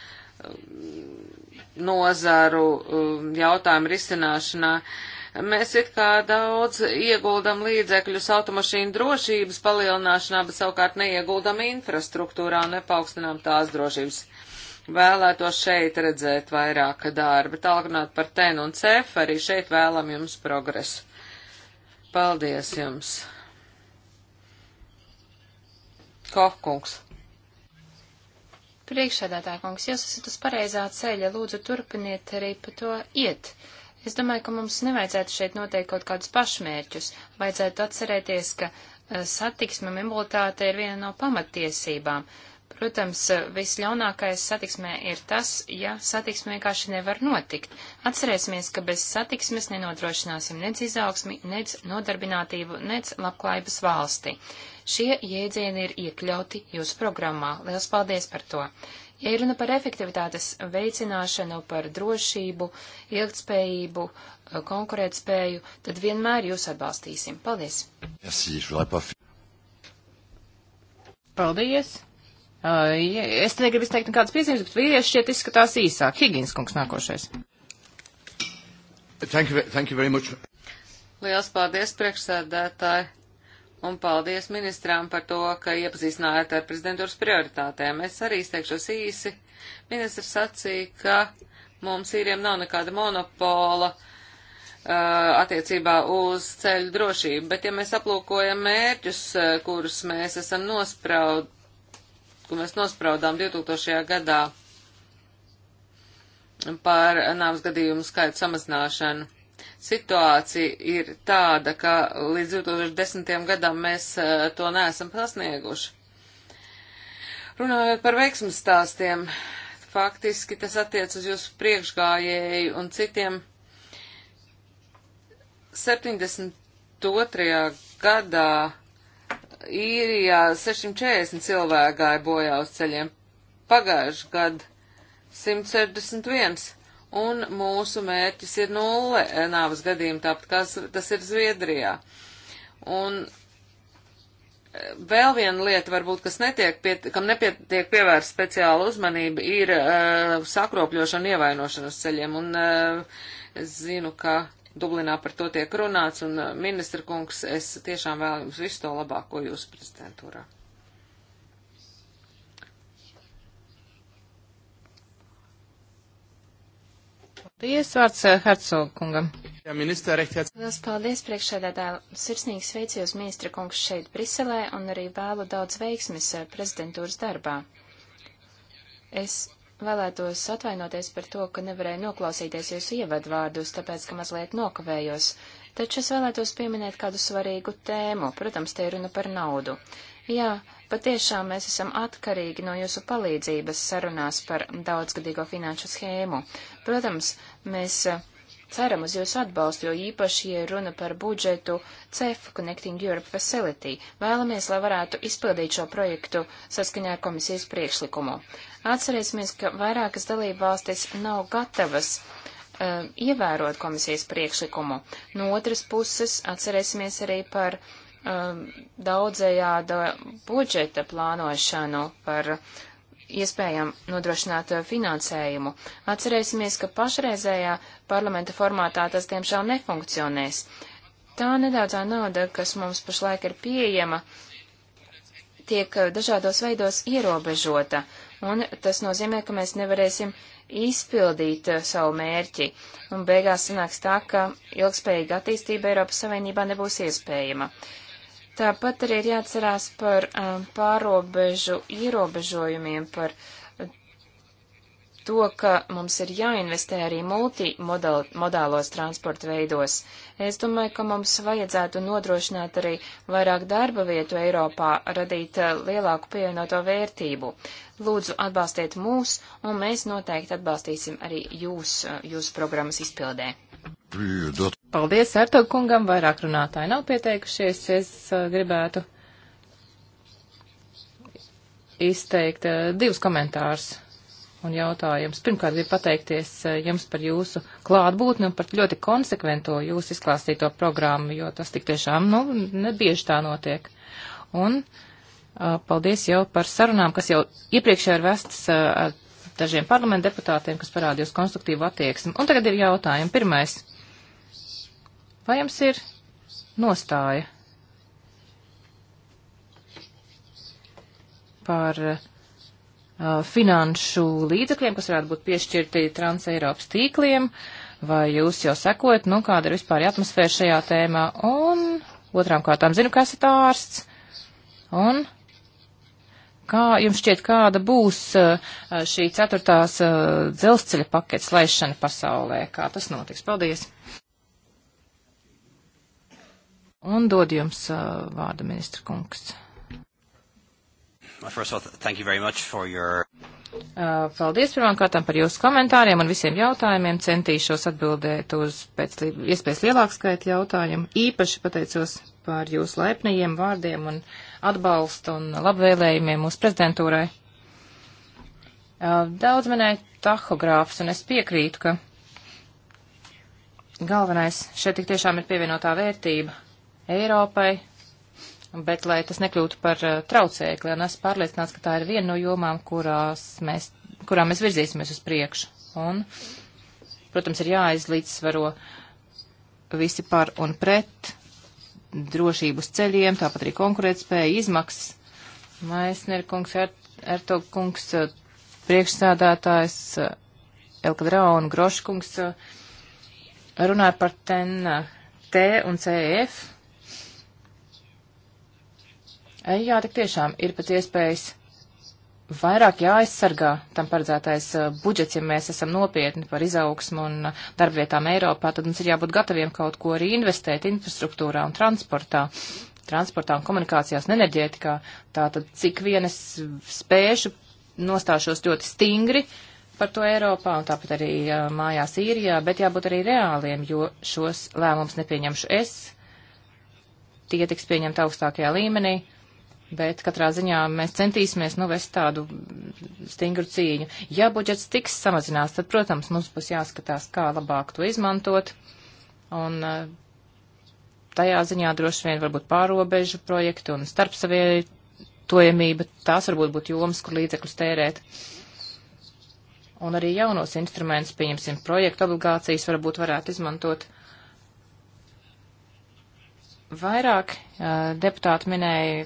nozaru uh, jautājumu risināšanā. Uh, Mēs it kā daudz ieguldam līdzekļus automašīnu drošības palielināšanā, bet savukārt neieguldam infrastruktūrā un nepaukstinām tās drošības. Vēlētos šeit redzēt vairāk darba, tālrunāt par TEN un CEF, arī šeit vēlam jums progresu. Paldies jums! Kohkungs. Priekšsēdētā kungs, jūs esat uz pareizā ceļa, lūdzu turpiniet arī pa to iet. Uh, Es domāju, ka mums nevajadzētu šeit noteikt kaut kādus pašmērķus. Vajadzētu atcerēties, ka eh, satiksme mobilitāte ir viena no pamatiesībām. Protams, eh, visļaunākais satiksmē ir tas, ja satiksme vienkārši nevar notikt. Atcerēsimies, ka bez satiksmes nenodrošināsim nec izaugsmi, nec nodarbinātību, nec labklājības valsti. Šie jēdzieni ir iekļauti jūsu programmā. Liels paldies par to! Ja ir runa par efektivitātes veicināšanu, par drošību, ilgtspējību, eh, konkurētspēju, tad vienmēr jūs atbalstīsim. Paldies! Merci, Paldies! Uh, es te negribu izteikt nekādas piezīmes, bet vīrieši šķiet izskatās īsāk. Higgins kungs nākošais. Thank you, thank you very much. Liels paldies, priekšsēdētāji. Un paldies ministrām par to, ka iepazīstinājāt ar prezidentūras prioritātēm. Es arī izteikšos īsi. Ministrs sacīja, ka mums īriem nav nekāda monopola uh, attiecībā uz ceļu drošību, bet ja mēs aplūkojam mērķus, uh, kurus mēs esam nospraud, ko mēs nospraudām 2000. gadā par nāvas gadījumu skaitu samazināšanu, situācija ir tāda, ka līdz 2010. gadam mēs eh, to neesam sasnieguši. Runājot par veiksmas stāstiem, faktiski tas attiec uz jūsu priekšgājēju un citiem. 72. gadā īrijā 640 cilvēki gāja bojā uz ceļiem, pagājuši gadu 161 un mūsu mērķis ir nulle nāvas gadījumu, tāpat kā tas ir Zviedrijā. Un e, vēl viena lieta, varbūt, kas netiek, pie, kam nepietiek pievērst speciāla uzmanība, ir uh, sakropļošana ievainošana uz ceļiem. Un uh, es zinu, ka Dublinā par to tiek runāts, un uh, ministra kungs, es tiešām vēlu jums visu to labāko jūsu prezidentūrā. Paldies, vārds eh, Hercogu kungam. Jā, ministra, rektēts. Lielas paldies priekšsēdētāju. Sirsnīgi sveicu jūs, ministra kungs, šeit Briselē un arī vēlu daudz veiksmes eh, prezidentūras darbā. Es vēlētos atvainoties par to, ka nevarēju noklausīties jūsu ievadvārdus, tāpēc, ka mazliet nokavējos. Taču es vēlētos pieminēt kādu svarīgu tēmu. Protams, te ir runa par naudu. Jā, uh, Patiešām mēs esam atkarīgi no jūsu palīdzības sarunās par daudzgadīgo finanšu schēmu. Protams, mēs eh, ceram uz jūsu atbalstu, jo īpaši, ja runa par budžetu CEF Connecting Europe Facility, vēlamies, lai varētu izpildīt šo projektu saskaņā ar komisijas priekšlikumu. Atcerēsimies, ka vairākas dalība valstis nav gatavas uh, ievērot komisijas priekšlikumu. No otras puses, atcerēsimies arī par uh, um, daudzējāda budžeta plānošanu, par iespējām nodrošināt uh, finansējumu. Atcerēsimies, ka pašreizējā parlamenta formātā tas diemžēl nefunkcionēs. Tā nedaudzā nauda, kas mums pašlaik ir pieejama, tiek uh, dažādos veidos ierobežota, un tas nozīmē, ka mēs nevarēsim izpildīt uh, savu mērķi, un beigās sanāks tā, ka ilgspējīga attīstība Eiropas Savienībā nebūs iespējama. Uh, Tāpat arī ir jāatcerās par um, pārobežu ierobežojumiem, par to, ka mums ir jāinvestē arī multimodālos transporta veidos. Es domāju, ka mums vajadzētu nodrošināt arī vairāk darba vietu Eiropā, radīt lielāku pievienoto vērtību. Lūdzu, atbalstiet mūs, un mēs noteikti atbalstīsim arī jūs, jūsu programmas izpildē. Paldies, Ertog kungam, vairāk runātāji nav pieteikušies. Es uh, gribētu izteikt uh, divus komentārus un jautājums. Pirmkārt, gribu pateikties uh, jums par jūsu klātbūtni un par ļoti konsekvento jūsu izklāstīto programmu, jo tas tik tiešām, nu, nebieži tā notiek. Un uh, paldies jau par sarunām, kas jau iepriekšēji ir vestas uh, ar dažiem parlamenta deputātiem, kas parādīja uz konstruktīvu attieksmi. Un tagad ir jautājumi. Pirmais. Vai jums ir nostāja par uh, finanšu līdzekļiem, kas varētu būt piešķirti Transeiropas tīkliem, vai jūs jau sekojat, nu, kāda ir vispār atmosfēra šajā tēmā, un otrām kārtām zinu, kas ir ārsts, un Kā jums šķiet, kāda būs eh, šī ceturtās eh, dzelzceļa paketes laišana pasaulē? Kā tas notiks? Paldies! Un dod jums eh, vārdu, ministra kungs. First of all, thank you very much for your Paldies pirmkārtām par jūsu komentāriem un visiem jautājumiem. Centīšos atbildēt uz pēc iespējas lielāku skaitu jautājumu. Īpaši pateicos par jūsu laipnajiem vārdiem un uh, atbalstu un labvēlējumiem mūsu prezidentūrai. Daudz minēja tahogrāfs, un es piekrītu, ka galvenais šeit tik tiešām ir pievienotā vērtība Eiropai, bet lai tas nekļūtu par traucēkli, un esmu pārliecināts, ka tā ir viena no jomām, kurās mēs, kurā mēs virzīsimies uz priekšu. Un, protams, ir jāizlīdzsvaro visi par un pret drošības ceļiem, tāpat arī konkurētspēja, izmaksas. Maisner kungs, Erto kungs, priekšsādātājs Elka Drauna, Grošs kungs runāja par TEN, T un CEF. Jā, tik tiešām ir pēc iespējas vairāk jāaizsargā tam paredzētais eh, budžets, ja mēs esam nopietni par izaugsmu un eh, darbvietām Eiropā, tad mums ir jābūt gataviem kaut ko arī investēt infrastruktūrā un transportā, transportā un komunikācijās un enerģētikā. Tātad, cik vien es spēšu, nostāšos ļoti stingri par to Eiropā un tāpat arī eh, mājās īrijā, bet jābūt arī reāliem, jo šos lēmumus nepieņemšu es. Tie tiks pieņemti augstākajā līmenī Bet katrā ziņā mēs centīsimies novest tādu stingru cīņu. Ja budžets tiks samazināts, tad, protams, mums būs jāskatās, kā labāk to izmantot. Un eh, tajā ziņā droši vien varbūt pārobežu projekti un starpsavietojamība, tās varbūt būtu jomas, kur līdzekļus tērēt. Un arī jaunos instrumentus, pieņemsim, projektu obligācijas varbūt varētu izmantot vairāk uh, deputāti minēja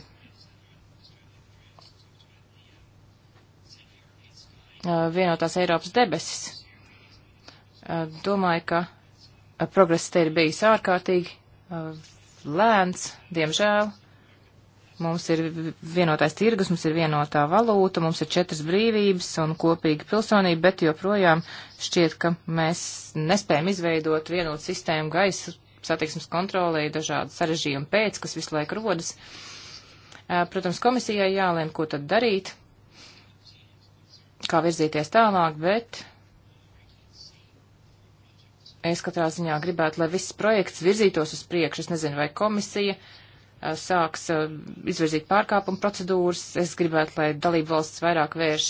vienotās Eiropas debesis. Domāju, ka progress te ir bijis ārkārtīgi lēns, diemžēl. Mums ir vienotais tirgus, mums ir vienotā valūta, mums ir četras brīvības un kopīga pilsonība, bet joprojām šķiet, ka mēs nespējam izveidot vienotu sistēmu gaisa satiksmes kontrolē, dažādi sarežģījumi pēc, kas visu laiku rodas. Protams, komisijai jālēm, ko tad darīt, kā virzīties tālāk, bet es katrā ziņā gribētu, lai viss projekts virzītos uz priekšu. Es nezinu, vai komisija sāks izvirzīt pārkāpumu procedūras. Es gribētu, lai dalību valsts vairāk vērš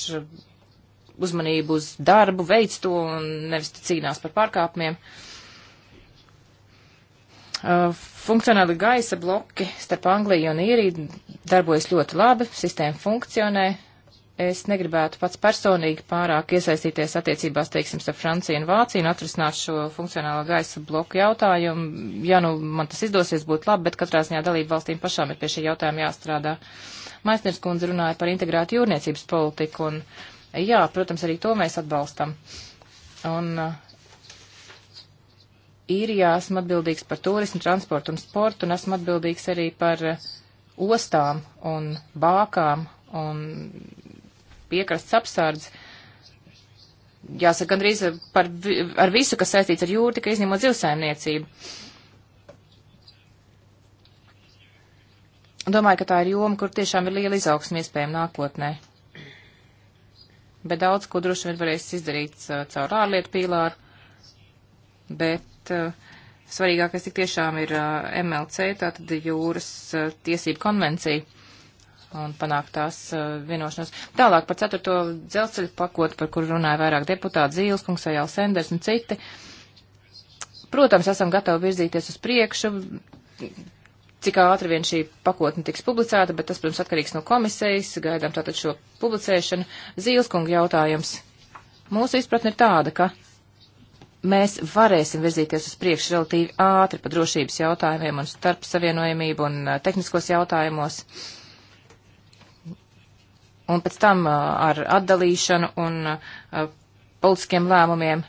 uzmanību uz darbu, veic to un nevis cīnās par pārkāpumiem. Funkcionāli gaisa bloki starp Angliju un Īriju darbojas ļoti labi, sistēma funkcionē, Es negribētu pats personīgi pārāk iesaistīties attiecībās, teiksim, ar Franciju un Vāciju un atrisināt šo funkcionālo gaisa bloku jautājumu. Ja nu man tas izdosies, būtu labi, bet katrā ziņā dalību valstīm pašām ir pie šī jautājuma jāstrādā. Maisnieks kundze runāja par integrētu jūrniecības politiku un, jā, protams, arī to mēs atbalstam. Un uh, īrijā esmu atbildīgs par turismu, transportu un sportu un esmu atbildīgs arī par uh, ostām un bākām un piekrasts apsārdzes jāsaka, gandrīz par, ar visu, kas saistīts ar jūru, tikai izņemot zivsaimniecību. Domāju, ka tā ir joma, kur tiešām ir liela izaugsme iespējama nākotnē. Bet daudz ko droši vien varēs izdarīt uh, caur ārlietu pīlāru. Bet uh, svarīgākais tik tiešām ir uh, MLC, tātad jūras uh, tiesību konvencija un panākt tās uh, vienošanos. Tālāk par ceturto dzelzceļu pakotu, par kuru runāja vairāk deputāti Zīles, kungs, Ajāls Senders un citi. Protams, esam gatavi virzīties uz priekšu, cik ātri vien šī pakotne tiks publicēta, bet tas, protams, atkarīgs no komisijas, gaidām tātad šo publicēšanu. Zīles, kunga jautājums. Mūsu izpratne ir tāda, ka mēs varēsim virzīties uz priekšu relatīvi ātri pa drošības jautājumiem un starp savienojamību un eh, tehniskos jautājumos. Uh, un pēc tam uh, ar atdalīšanu un uh, politiskiem lēmumiem.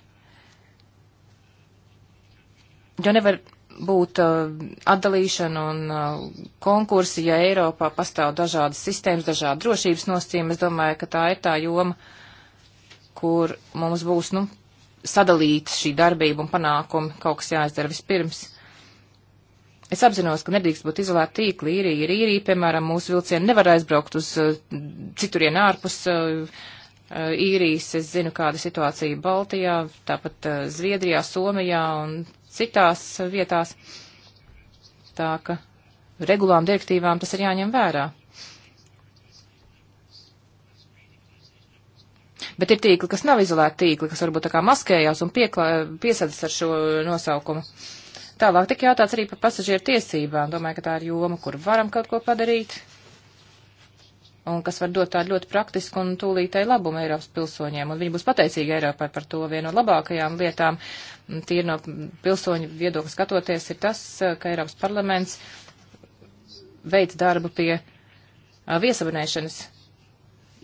Jo nevar būt uh, atdalīšana un konkursi, ja Eiropā pastāv dažādas sistēmas, dažādi drošības nosacījumi. Es domāju, ka tā ir tā joma, kur mums būs, nu, sadalīta šī darbība un panākumi, kaut kas jāizdara vispirms. Es apzinos, ka nedrīkst būt izolēta tīkla. Īrija ir īrija, piemēram, mūsu vilcieni nevar aizbraukt uz uh, citurien ārpus uh, īrijas. Es zinu, kāda situācija Baltijā, tāpat uh, Zviedrijā, Somijā un citās vietās. Tā ka regulām direktīvām tas ir jāņem vērā. Bet ir tīkli, kas nav izolēti tīkli, kas varbūt tā kā maskējās un pieklā, piesadas ar šo nosaukumu. Uh, Tālāk tika jautāts arī par pasažieru tiesībām. Domāju, ka tā ir joma, kur varam kaut ko padarīt un kas var dot tādu ļoti praktisku un tūlītēju labumu Eiropas pilsoņiem. Un viņi būs pateicīgi Eiropai par to. Viena no labākajām lietām, tīri no pilsoņu viedokļa skatoties, ir tas, eh, ka Eiropas parlaments veids darbu pie eh, viesabunēšanas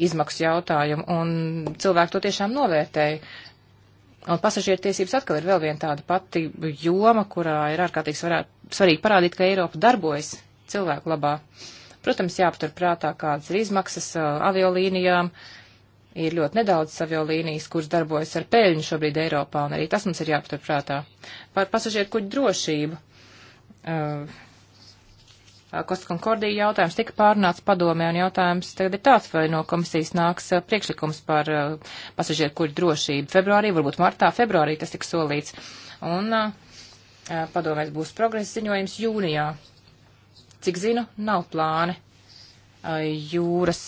izmaksu jautājumu, un cilvēki to tiešām novērtēja. Un pasažieru tiesības atkal ir vēl viena tāda pati joma, kurā ir ārkārtīgi svarīgi parādīt, ka Eiropa darbojas cilvēku labā. Protams, jāpatur prātā, kādas ir izmaksas uh, aviolīnijām. Ir ļoti nedaudz aviolīnijas, kuras darbojas ar peļņu šobrīd Eiropā, un arī tas mums ir jāpatur prātā. Par pasažieru kuģu drošību. Uh, Kosta Konkordija jautājums tika pārnāts padomē, un jautājums tagad ir tāds, vai no komisijas nāks priekšlikums par uh, pasažieru kuģu drošību februārī, varbūt martā, februārī tas tika solīts. Un uh, padomēs būs progresa ziņojums jūnijā. Cik zinu, nav plāni uh, jūras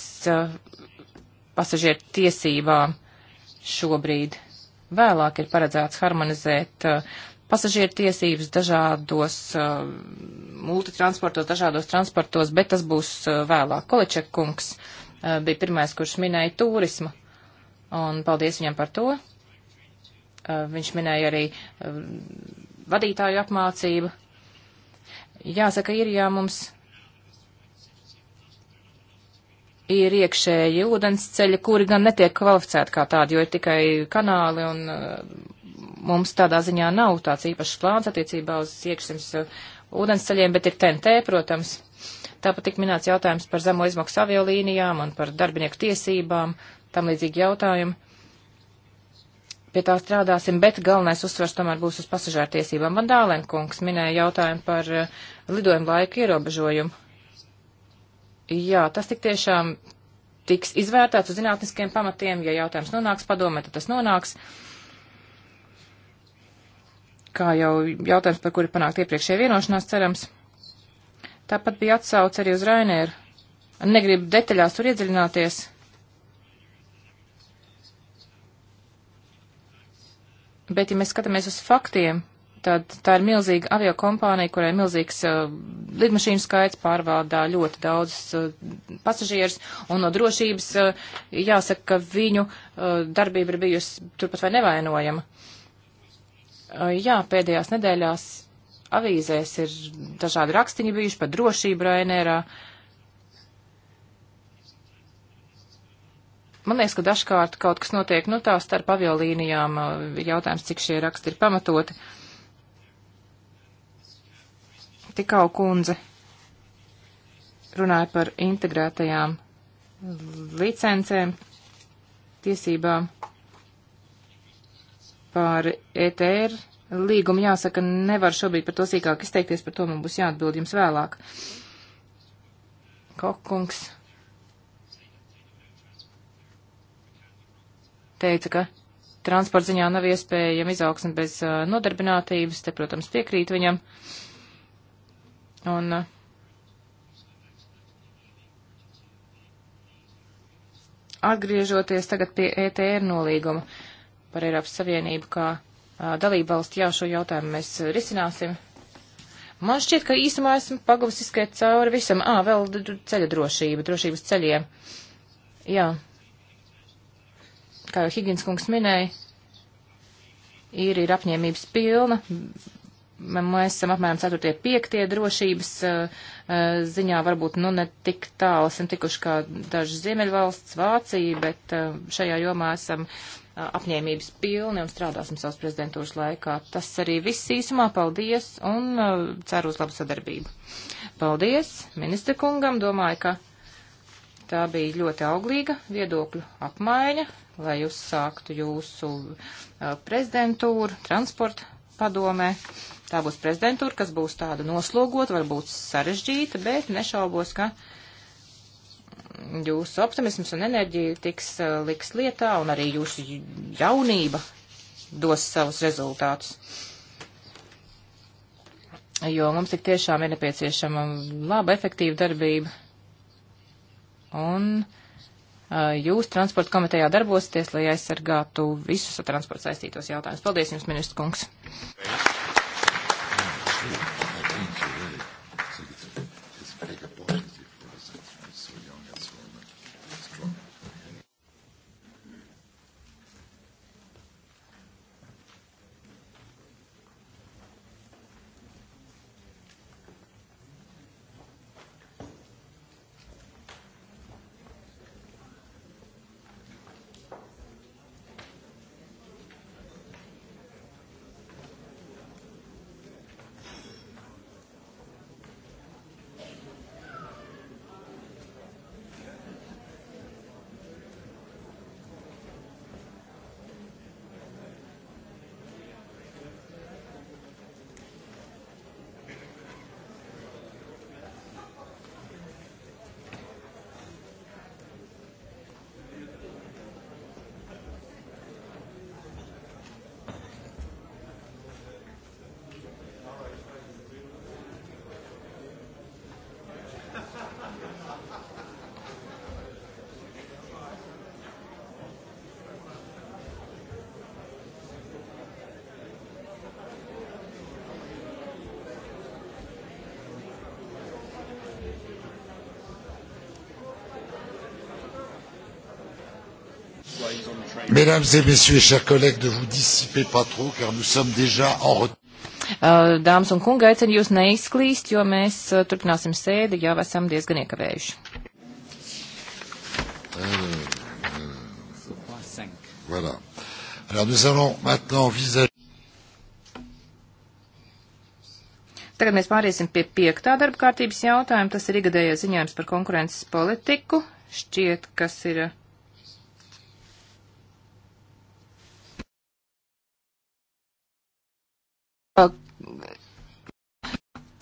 pasažieru tiesībām šobrīd. Vēlāk ir paredzēts harmonizēt pasažieru tiesības dažādos multitransportos, dažādos transportos, bet tas būs uh, vēlāk. Koleček kungs uh, bija pirmais, kurš minēja turismu, un paldies viņam par to. Uh, viņš minēja arī vadītāju apmācību. Jāsaka, ir jā, mums ir iekšēji ūdensceļi, kuri gan netiek kvalificēti kā tādi, jo ir tikai kanāli un mums tādā ziņā nav tāds īpašs plāns attiecībā uz iekšzemes ūdensceļiem, bet ir TNT, protams. Tāpat tik minēts jautājums par zemo izmaksu aviolīnijām un par darbinieku tiesībām, tam līdzīgi jautājumi. Pie tā strādāsim, bet galvenais uzsvars tomēr būs uz pasažāru tiesībām. Van Dālenkungs minēja jautājumu par eh, lidojumu laiku ierobežojumu. Jā, tas tik tiešām tiks izvērtēts uz zinātniskiem pamatiem. Ja jautājums nonāks padomē, tad tas nonāks. Uh, kā jau jautājums, par kuri panākt iepriekšējā vienošanās cerams. Tāpat bija atsauce arī uz Rainēru. Negribu detaļās tur iedziļināties. Bet, ja mēs skatāmies uz faktiem, tad tā ir milzīga aviokompānija, kurai ir milzīgs uh, lidmašīnu skaits, pārvaldā ļoti daudz uh, pasažierus, un no drošības uh, jāsaka, ka viņu uh, darbība ir bijusi turpat vai nevainojama. Uh, Jā, pēdējās nedēļās avīzēs ir dažādi rakstiņi bijuši par drošību Rainērā. Man liekas, ka dažkārt kaut kas notiek no nu, tā starp aviolīnijām. Ir jautājums, cik šie raksti ir pamatoti. Tikau kundze runāja par integrētajām licencēm, tiesībām par ETR līgumu jāsaka, nevar šobrīd par to sīkāk izteikties, par to man būs jāatbild jums vēlāk. Kokungs teica, ka transporta ziņā nav iespējama izaugsme bez uh, nodarbinātības, te, protams, piekrīt viņam. Un, uh, Atgriežoties tagad pie ETR nolīguma, uh, par Eiropas Savienību kā dalību valsti, jā, šo jautājumu mēs risināsim. Man šķiet, ka īsumā esmu pagavusi skriet cauri visam. Ā, vēl ceļa drošība, drošības ceļiem. Jā. Kā jau Higgins kungs minēja, ir, ir apņēmības pilna. Mēs esam apmēram 4. 5. drošības uh, ziņā, varbūt nu ne tik tālu esam tikuši kā daži Ziemeļvalsts, Vācija, bet uh, šajā jomā esam apņēmības pilni un strādāsim savas prezidentūras laikā. Tas arī viss īsumā. Paldies un uh, ceru uz labu sadarbību. Paldies ministra kungam. Domāju, ka tā bija ļoti auglīga viedokļu apmaiņa, lai uzsāktu jūsu uh, prezidentūru transporta padomē. Tā būs prezidentūra, kas būs tāda noslogota, varbūt sarežģīta, bet nešaubos, ka jūsu optimisms un enerģija tiks uh, liks lietā un arī jūsu jaunība dos savus rezultātus. Jo mums tik tiešām ir nepieciešama laba, efektīva darbība. Un uh, jūs transporta komitejā darbosieties, lai aizsargātu visus ar transportu saistītos jautājumus. Paldies jums, ministrs kungs! Paldies. Mesdames et messieurs, chers collègues, ne vous dissipez pas trop, car nous sommes déjà en retard. Euh, dāmas un kungi, aicinu jūs neizklīst, jo mēs uh, turpināsim sēdi, jau esam diezgan iekavējuši. Voilà. Alors nous allons maintenant envisager. Tagad mēs pāriesim pie piektā darba kārtības jautājuma. Tas ir igadējais ziņojums par konkurences politiku. Šķiet, kas ir uh,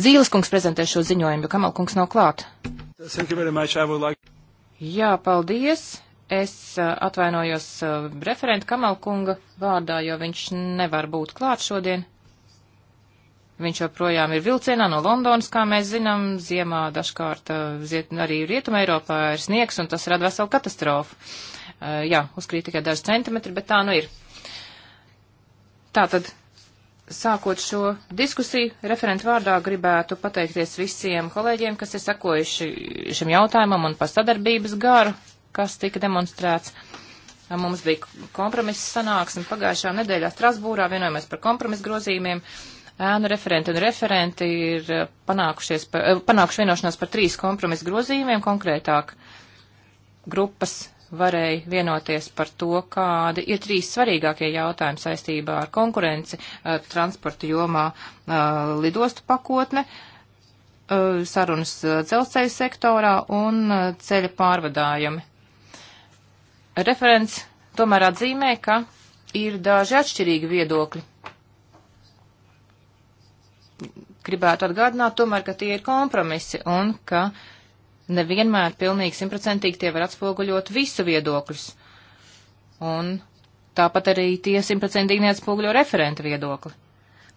Zīles kungs prezentē šo ziņojumu, jo Kamal kungs nav klāt. Like... Jā, paldies. Es uh, atvainojos uh, referenta Kamalkunga vārdā, jo viņš nevar būt klāt šodien. Viņš joprojām ir vilcienā no Londonas, kā mēs zinām, ziemā dažkārt uh, ziet, arī Rietuma Eiropā ir sniegs, un tas rada veselu katastrofu. Jā, uzkrīt tikai daži centimetri, bet tā nu ir. Tātad Sākot šo diskusiju, referentu vārdā gribētu pateikties visiem kolēģiem, kas ir sekojuši šim jautājumam un par sadarbības garu, kas tika demonstrēts. Mums bija kompromisa sanāksme pagājušā nedēļā Strasbūrā, vienojamies par kompromisa grozījumiem. Ēnu referenti un referenti ir eh, eh, panākuši vienošanās par trīs kompromisa grozījumiem konkrētāk grupas varēja vienoties par to, kādi ir trīs svarīgākie jautājumi saistībā ar konkurenci transporta jomā - lidostu pakotne, sarunas dzelzceļa sektorā un ceļa pārvadājumi. Referents tomēr atzīmē, ka ir daži atšķirīgi viedokļi. Gribētu atgādināt tomēr, ka tie ir kompromisi un ka uh, nevienmēr pilnīgi simtprocentīgi tie var atspoguļot visu viedokļus. Un tāpat arī tie simtprocentīgi neatspoguļo referenta viedokli.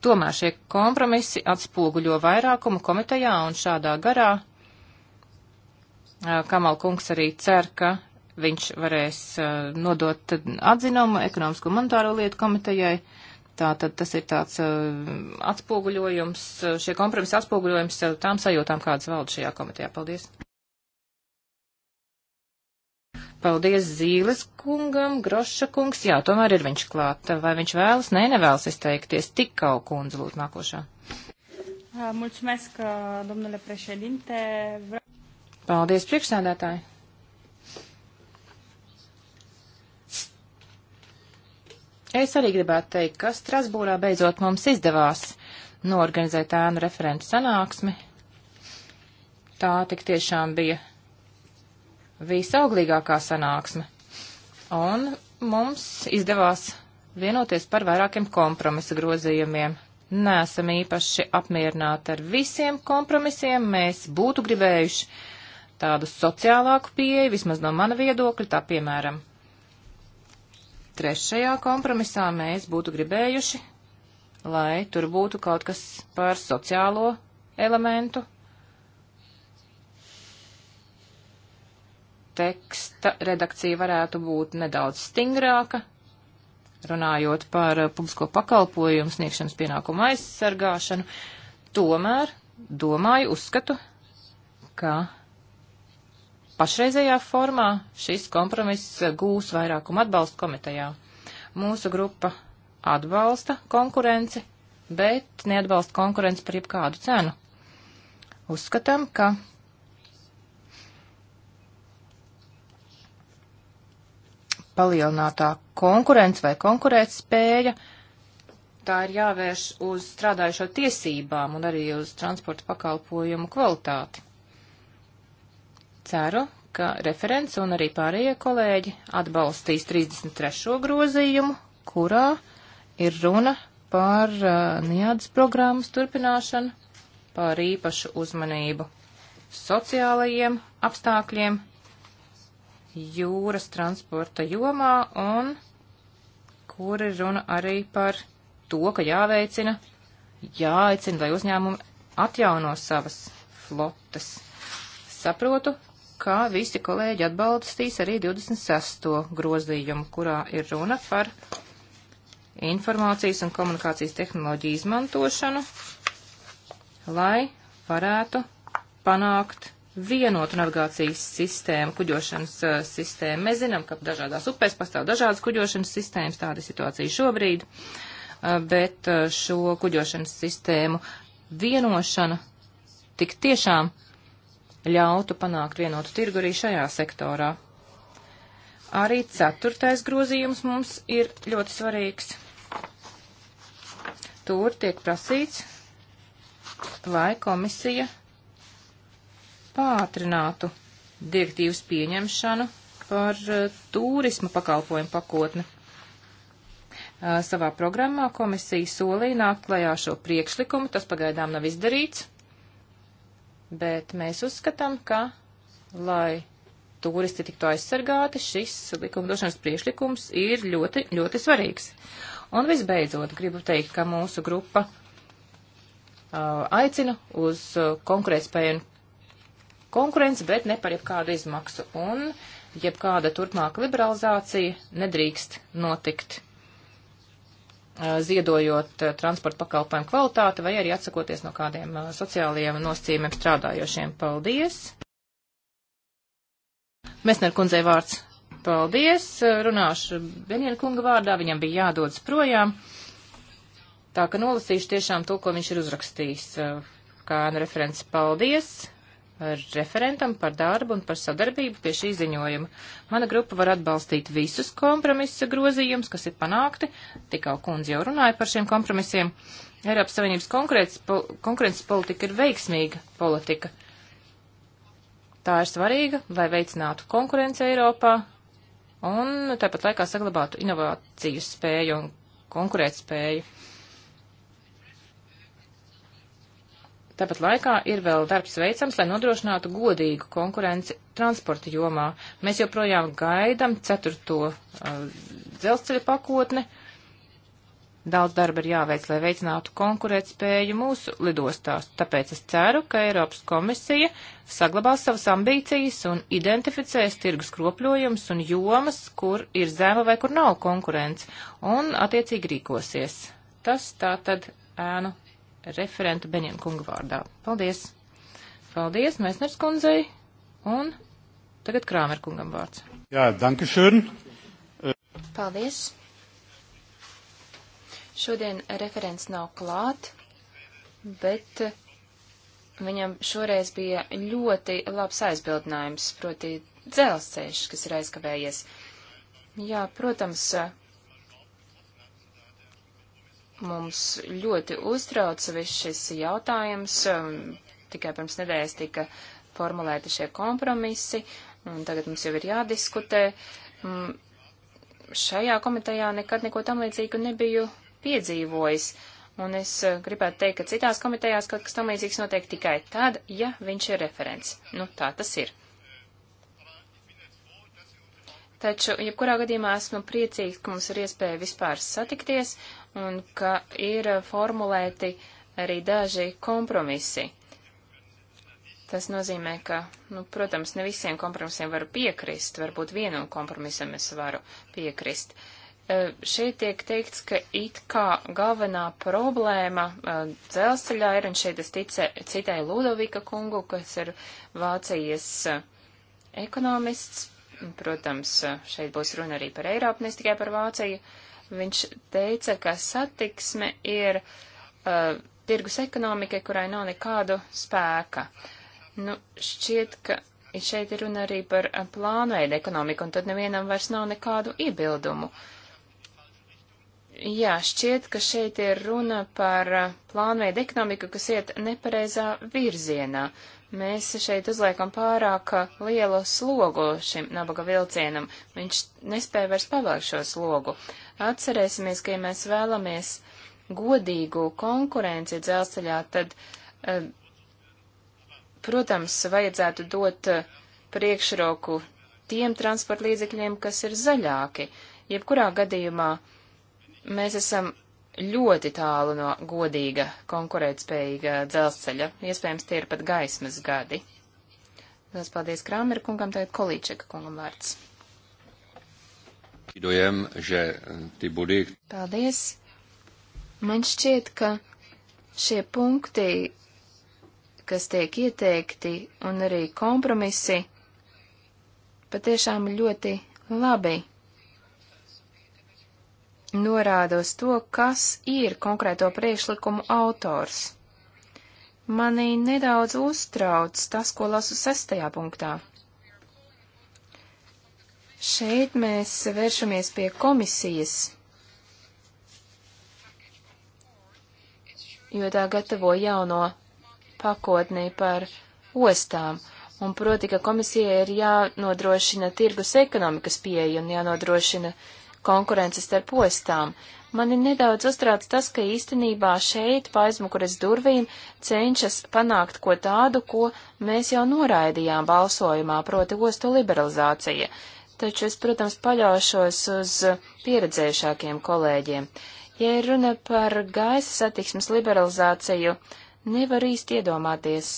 Tomēr šie kompromisi atspoguļo vairākumu komitejā un šādā garā Kamal kungs arī cer, ka viņš varēs nodot atzinumu ekonomisko monetāro lietu komitejai. Tātad tas ir tāds atspoguļojums, šie kompromisi atspoguļojums tām sajūtām, kādas valda šajā komitejā. Paldies! Paldies Zīles kungam, Groša kungs. Jā, tomēr ir viņš klāt. Vai viņš vēlas? Nē, nevēlas izteikties. Tikau kundze, lūdzu, nākošā. Mulțumesc, domnule președinte. Paldies, priekšsēdētāji. Es arī gribētu teikt, ka Strasbūrā beidzot mums izdevās norganizēt ēnu referentu sanāksmi. Tā tik tiešām bija visauglīgākā sanāksme. Un mums izdevās vienoties par vairākiem kompromisa grozījumiem. Nesam īpaši apmierināti ar visiem kompromisiem. Mēs būtu gribējuši tādu sociālāku pieeju, vismaz no mana viedokļa, tā piemēram. Trešajā kompromisā mēs būtu gribējuši, lai tur būtu kaut kas par sociālo elementu, teksta redakcija varētu būt nedaudz stingrāka, runājot par publisko pakalpojumu sniegšanas pienākumu aizsargāšanu. Tomēr domāju, uzskatu, ka pašreizējā formā šis kompromiss gūs vairākumu atbalstu komitejā. Mūsu grupa atbalsta konkurenci, bet neatbalsta konkurenci par jebkādu cenu. Uzskatām, ka palielinātā konkurence vai konkurētspēja, tā ir jāvērš uz strādājušo tiesībām un arī uz transporta pakalpojumu kvalitāti. Ceru, ka referents un arī pārējie kolēģi atbalstīs 33. grozījumu, kurā ir runa par uh, niādas programmas turpināšanu, par īpašu uzmanību sociālajiem apstākļiem jūras transporta jomā un kur ir runa arī par to, ka jāveicina, jāaicina, lai uzņēmumi atjauno savas flotes. Saprotu, ka visi kolēģi atbalstīs arī 26. grozījumu, kurā ir runa par informācijas un komunikācijas tehnoloģiju izmantošanu, lai varētu panākt vienotu navigācijas sistēmu, kuģošanas uh, sistēmu. Mēs zinām, ka dažādās upēs pastāv dažādas kuģošanas sistēmas, tāda ir situācija šobrīd, uh, bet uh, šo kuģošanas sistēmu vienošana tik tiešām ļautu panākt vienotu tirgu arī šajā sektorā. Arī ceturtais grozījums mums ir ļoti svarīgs. Tur tiek prasīts, lai komisija pātrinātu direktīvas pieņemšanu par uh, turisma pakalpojumu pakotni. Uh, savā programmā komisija solīja nākt klajā šo priekšlikumu, tas pagaidām nav izdarīts, bet mēs uzskatām, ka, lai turisti tiktu aizsargāti, šis likumdošanas priekšlikums ir ļoti, ļoti svarīgs. Un visbeidzot, gribu teikt, ka mūsu grupa uh, aicina uz konkurētspēju un konkurenci, bet ne par jebkādu izmaksu. Un jebkāda turpmāka liberalizācija nedrīkst notikt ziedojot transporta pakalpojumu kvalitāti vai arī atsakoties no kādiem sociālajiem nosacījumiem strādājošiem. Paldies! Mesner kundzei vārds. Paldies! Runāšu Benjana kunga vārdā, viņam bija jādodas projām. Tā ka nolasīšu tiešām to, ko viņš ir uzrakstījis. Kā referents, paldies! referentam par darbu un par sadarbību pie šī ziņojuma. Mana grupa var atbalstīt visus kompromisa grozījumus, kas ir panākti, tikau kundze jau runāja par šiem kompromisiem. Eiropas Savienības po, konkurences politika ir veiksmīga politika. Tā ir svarīga, lai veicinātu konkurenci Eiropā un tāpat laikā saglabātu inovāciju spēju un konkurēt spēju. Tāpat laikā ir vēl darbs veicams, lai nodrošinātu godīgu konkurenci transporta jomā. Mēs joprojām gaidam ceturto uh, dzelzceļa pakotni. Daudz darba ir jāveic, lai veicinātu konkurētspēju mūsu lidostās, tāpēc es ceru, ka Eiropas komisija saglabās savas ambīcijas un identificēs tirgus kropļojums un jomas, kur ir zema vai kur nav konkurence, un attiecīgi rīkosies. Tas tā tad ēnu referentu Benjana kunga vārdā. Paldies! Paldies, Mēsners kundzei! Un tagad Krāmer kungam vārds. Jā, danke schön! Paldies! Šodien referents nav klāt, bet viņam šoreiz bija ļoti labs aizbildinājums, proti dzelzceļš, kas ir aizkavējies. Jā, protams, Mums ļoti uztrauc viss šis jautājums. Um, tikai pirms nedēļas tika formulēti šie kompromisi, un tagad mums jau ir jādiskutē. Mm, šajā komitejā nekad neko tam līdzīgu nebiju piedzīvojis. Un es uh, gribētu teikt, ka citās komitejās kaut kas tamlīdzīgs notiek tikai tad, ja viņš ir referents. Nu, tā tas ir. Taču, jebkurā gadījumā esmu priecīgs, ka mums ir iespēja vispār satikties, un ka ir formulēti arī daži kompromisi. Tas nozīmē, ka, nu, protams, ne visiem kompromisiem varu piekrist, varbūt vienam kompromisam es varu piekrist. E, šeit tiek teikts, ka it kā galvenā problēma e, dzelzceļā ir, un šeit es tice, citēju Ludovika kungu, kas ir Vācijas e, ekonomists, protams, šeit būs runa arī par Eiropu, ne tikai par Vāciju. Uh, Viņš teica, ka satiksme ir uh, tirgus ekonomika, kurai nav nekādu spēka. Nu, šķiet, ka šeit ir runa arī par uh, plānveidu ekonomiku, un tad nevienam vairs nav nekādu iebildumu. Jā, šķiet, ka šeit ir runa par uh, plānveidu ekonomiku, kas iet nepareizā virzienā. Mēs šeit uzliekam pārāk uh, lielu slogu šim nabaga vilcienam. Viņš nespēja vairs pavēlēt šo slogu. Atcerēsimies, ka ja mēs vēlamies godīgu konkurenci dzelzceļā, tad, eh, protams, vajadzētu dot eh, priekšroku tiem transporta līdzekļiem, kas ir zaļāki. Jebkurā gadījumā mēs esam ļoti tālu no godīga, konkurētspējīga dzelzceļa. Iespējams, tie ir pat gaismas gadi. Lielas paldies Krāmeru kungam, tagad Kolīčeka kungam vārds. Dojem, že eh, ty body. Paldies. Man šķiet, ka šie punkti, kas tiek ieteikti, un arī kompromisi, patiešām ļoti labi norāda uz to, kas ir konkrēto priekšlikumu autors. Mani nedaudz uztrauc tas, ko lasu sestajā punktā. Šeit mēs vēršamies pie komisijas, jo tā gatavo jauno pakotni par ostām. Un proti, ka komisija ir jānodrošina tirgus ekonomikas pieeja un jānodrošina konkurences starp ostām. Mani nedaudz uztrauc tas, ka īstenībā šeit, paizmukuras durvīm, cenšas panākt ko tādu, ko mēs jau noraidījām balsojumā, proti ostu liberalizācija taču es, protams, paļaušos uz pieredzējušākiem kolēģiem. Ja ir runa par gaisa satiksmes liberalizāciju, nevar īsti iedomāties.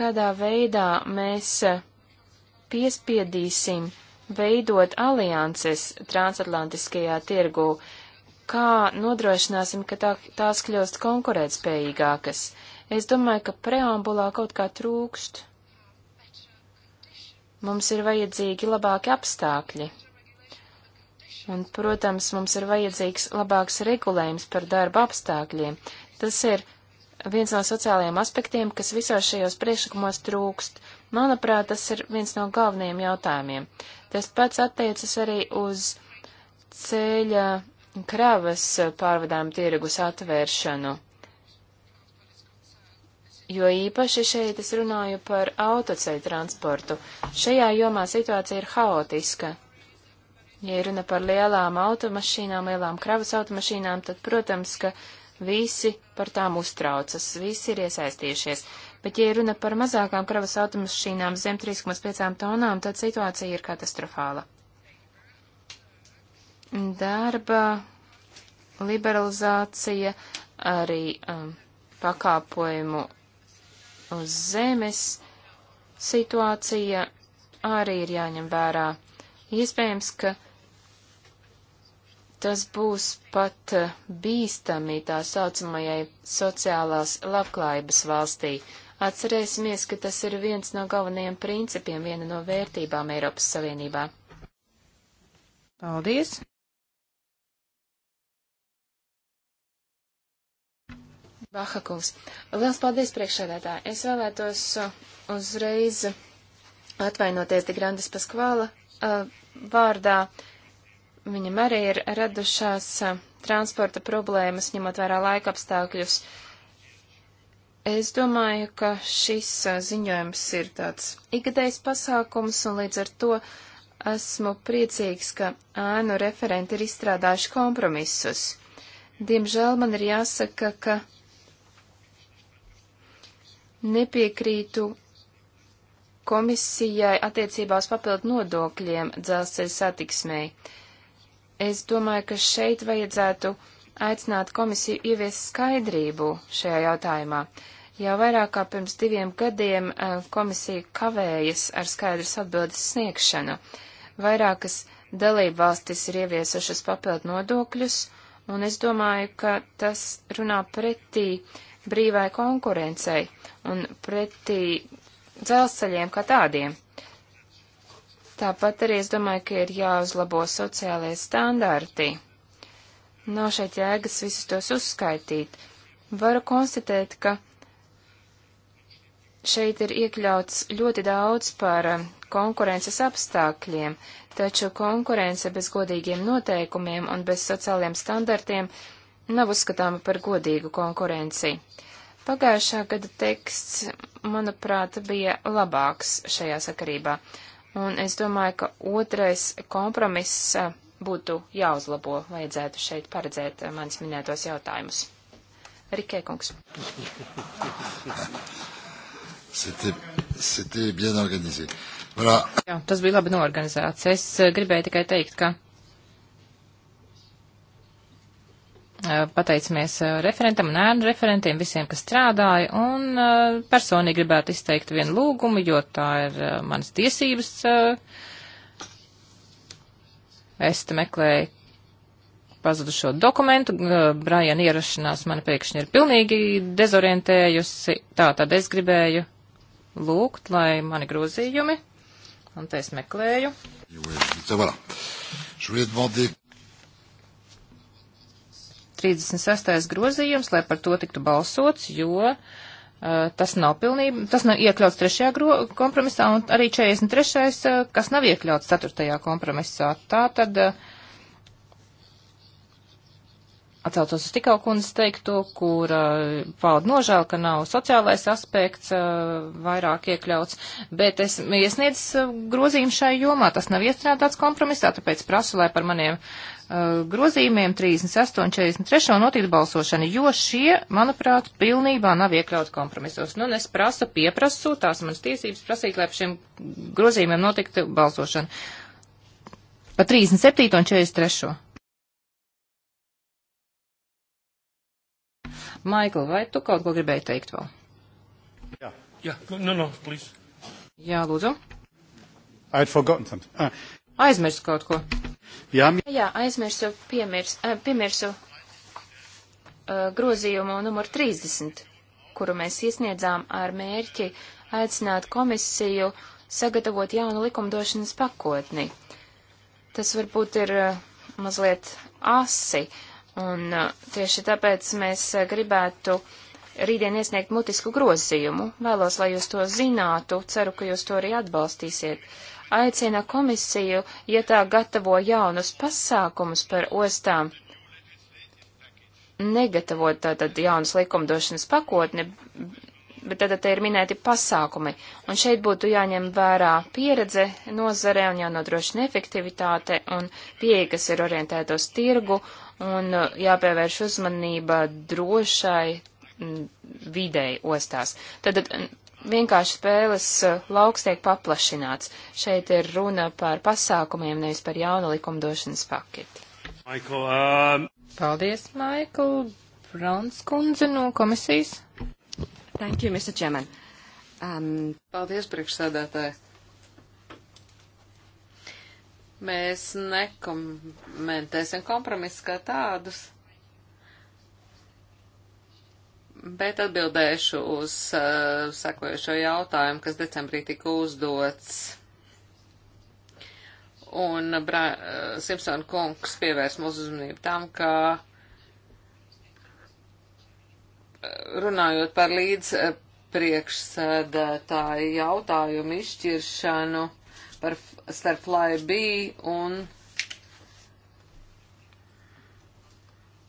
Kādā veidā mēs piespiedīsim veidot alianses transatlantiskajā tirgū, kā nodrošināsim, ka tā, tās kļūst konkurētspējīgākas. Es domāju, ka preambulā kaut kā trūkst. Mums ir vajadzīgi labāki apstākļi. Un, protams, mums ir vajadzīgs labāks regulējums par darba apstākļiem. Tas ir viens no sociālajiem aspektiem, kas visos šajos priekšlikumos trūkst. Manuprāt, tas ir viens no galvenajiem jautājumiem. Tas pats attiecas arī uz ceļa kravas pārvadām tirgus atvēršanu jo īpaši šeit es runāju par autoceļu transportu. Šajā jomā situācija ir haotiska. Ja runa par lielām automašīnām, lielām kravas automašīnām, tad, protams, ka visi par tām uztraucas, visi ir iesaistījušies. Bet, ja runa par mazākām kravas automašīnām zem 3,5 tonām, tad situācija ir katastrofāla. Darba liberalizācija, arī um, pakāpojumu uz zemes situācija arī ir jāņem vērā. Iespējams, ka tas būs pat eh, bīstami tā saucamajai sociālās labklājības valstī. Atcerēsimies, ka tas ir viens no galvenajiem principiem, viena no vērtībām Eiropas Savienībā. Paldies! Bahakungs. Liels paldies priekšsēdētāji. Es vēlētos uh, uzreiz atvainoties Digrandes Paskvāla uh, vārdā. Viņam arī ir radušās uh, transporta problēmas, ņemot vērā laika apstākļus. Es domāju, ka šis ziņojums ir tāds ikgadējs pasākums, un līdz ar to esmu priecīgs, ka ēnu referenti ir izstrādājuši kompromisus. Diemžēl man ir jāsaka, ka nepiekrītu komisijai attiecībā uz papildu nodokļiem dzelzceļa satiksmei. Es domāju, ka šeit vajadzētu aicināt komisiju ievies skaidrību šajā jautājumā. Jau vairāk kā pirms diviem gadiem eh, komisija kavējas ar skaidras atbildes sniegšanu. Vairākas dalība valstis ir ieviesušas papildu nodokļus, un es domāju, ka tas runā pretī uh, brīvai konkurencei un pretī dzelzceļiem kā tādiem. Tāpat arī es domāju, ka ir jāuzlabo sociālajie standarti. Nav šeit jēgas visus tos uzskaitīt. Varu konstatēt, ka šeit ir iekļauts ļoti daudz par um, konkurences apstākļiem, taču konkurence bez godīgiem noteikumiem un bez sociāliem standartiem nav uzskatāma par godīgu konkurenci. Pagājušā gada teksts, manuprāt, bija labāks šajā sakarībā, un es domāju, ka otrais kompromiss eh, būtu jāuzlabo, vajadzētu šeit paredzēt eh, manis minētos jautājumus. Rikē kungs. Jā, tas bija labi norganizēts. Es eh, gribēju tikai teikt, ka Eh, pateicamies eh, referentam un ēnu referentiem, visiem, kas strādāja, un eh, personīgi gribētu izteikt vienu lūgumu, jo tā ir manas tiesības. Es te meklēju pazudušo dokumentu, Brajana ierašanās mani pēkšņi ir pilnīgi dezorientējusi, tā tad es gribēju lūgt, lai mani grozījumi, un te es meklēju. Jo, 36. grozījums, lai par to tiktu balsots, jo uh, tas nav pilnība, tas nav iekļauts trešajā gro, kompromisā un arī 43. Uh, kas nav iekļauts ceturtajā kompromisā. Tā tad uh, Atcaucos uz tikau kundzes teikto, kur uh, pauda nožēlu, ka nav sociālais aspekts uh, vairāk iekļauts, bet es iesniedz uh, grozījumu šai jomā, tas nav iestrādāts kompromisā, tāpēc prasu, lai par maniem eh, grozījumiem 36 un 43 notikt balsošana, jo šie, manuprāt, pilnībā nav iekļauti kompromisos. Nu, es prasu, pieprasu, tās manas tiesības prasīt, lai par šiem grozījumiem notiktu balsošana. Pa 37 un 43. Maikl, vai tu kaut ko gribēji teikt vēl? Jā, jā, no, nu, no, nu, please. Jā, lūdzu. I had forgotten something. Ah. Aizmirsu kaut ko. Jā, jā aizmirsu piemirs, eh, piemirsu uh, grozījumu numur 30, kuru mēs iesniedzām ar mērķi aicināt komisiju sagatavot jaunu likumdošanas pakotni. Tas varbūt ir uh, mazliet asi, uh, Un uh, tieši tāpēc mēs uh, gribētu rītdien iesniegt mutisku grozījumu. Vēlos, lai jūs to zinātu, ceru, ka jūs to arī atbalstīsiet. Aicina komisiju, ja tā gatavo jaunus pasākumus par ostām, negatavot tātad jaunas likumdošanas pakotni, bet tad te ir minēti pasākumi, un šeit būtu jāņem vērā pieredze nozarē un jānodrošina efektivitāte un pieeja, kas ir orientēta uz tirgu, un uh, jāpievērš uzmanība drošai mm, videi ostās. Tad mm, vienkārši spēles uh, lauks tiek paplašināts. Šeit ir runa par pasākumiem, nevis par jaunu likumdošanas paketi. Michael, um... Paldies, Maikl. Brons kundze no komisijas. Thank you, Mr. Chairman. Um... Paldies, priekšsēdētāji. Mēs nekomentēsim kompromisus kā tādus, bet atbildēšu uz uh, sekojošo jautājumu, kas decembrī tika uzdots. Un Bra Simpsona kungs pievērs mūsu uzmanību tam, ka runājot par līdz eh, priekšsēdētāju jautājumu izšķiršanu par starp Flybe un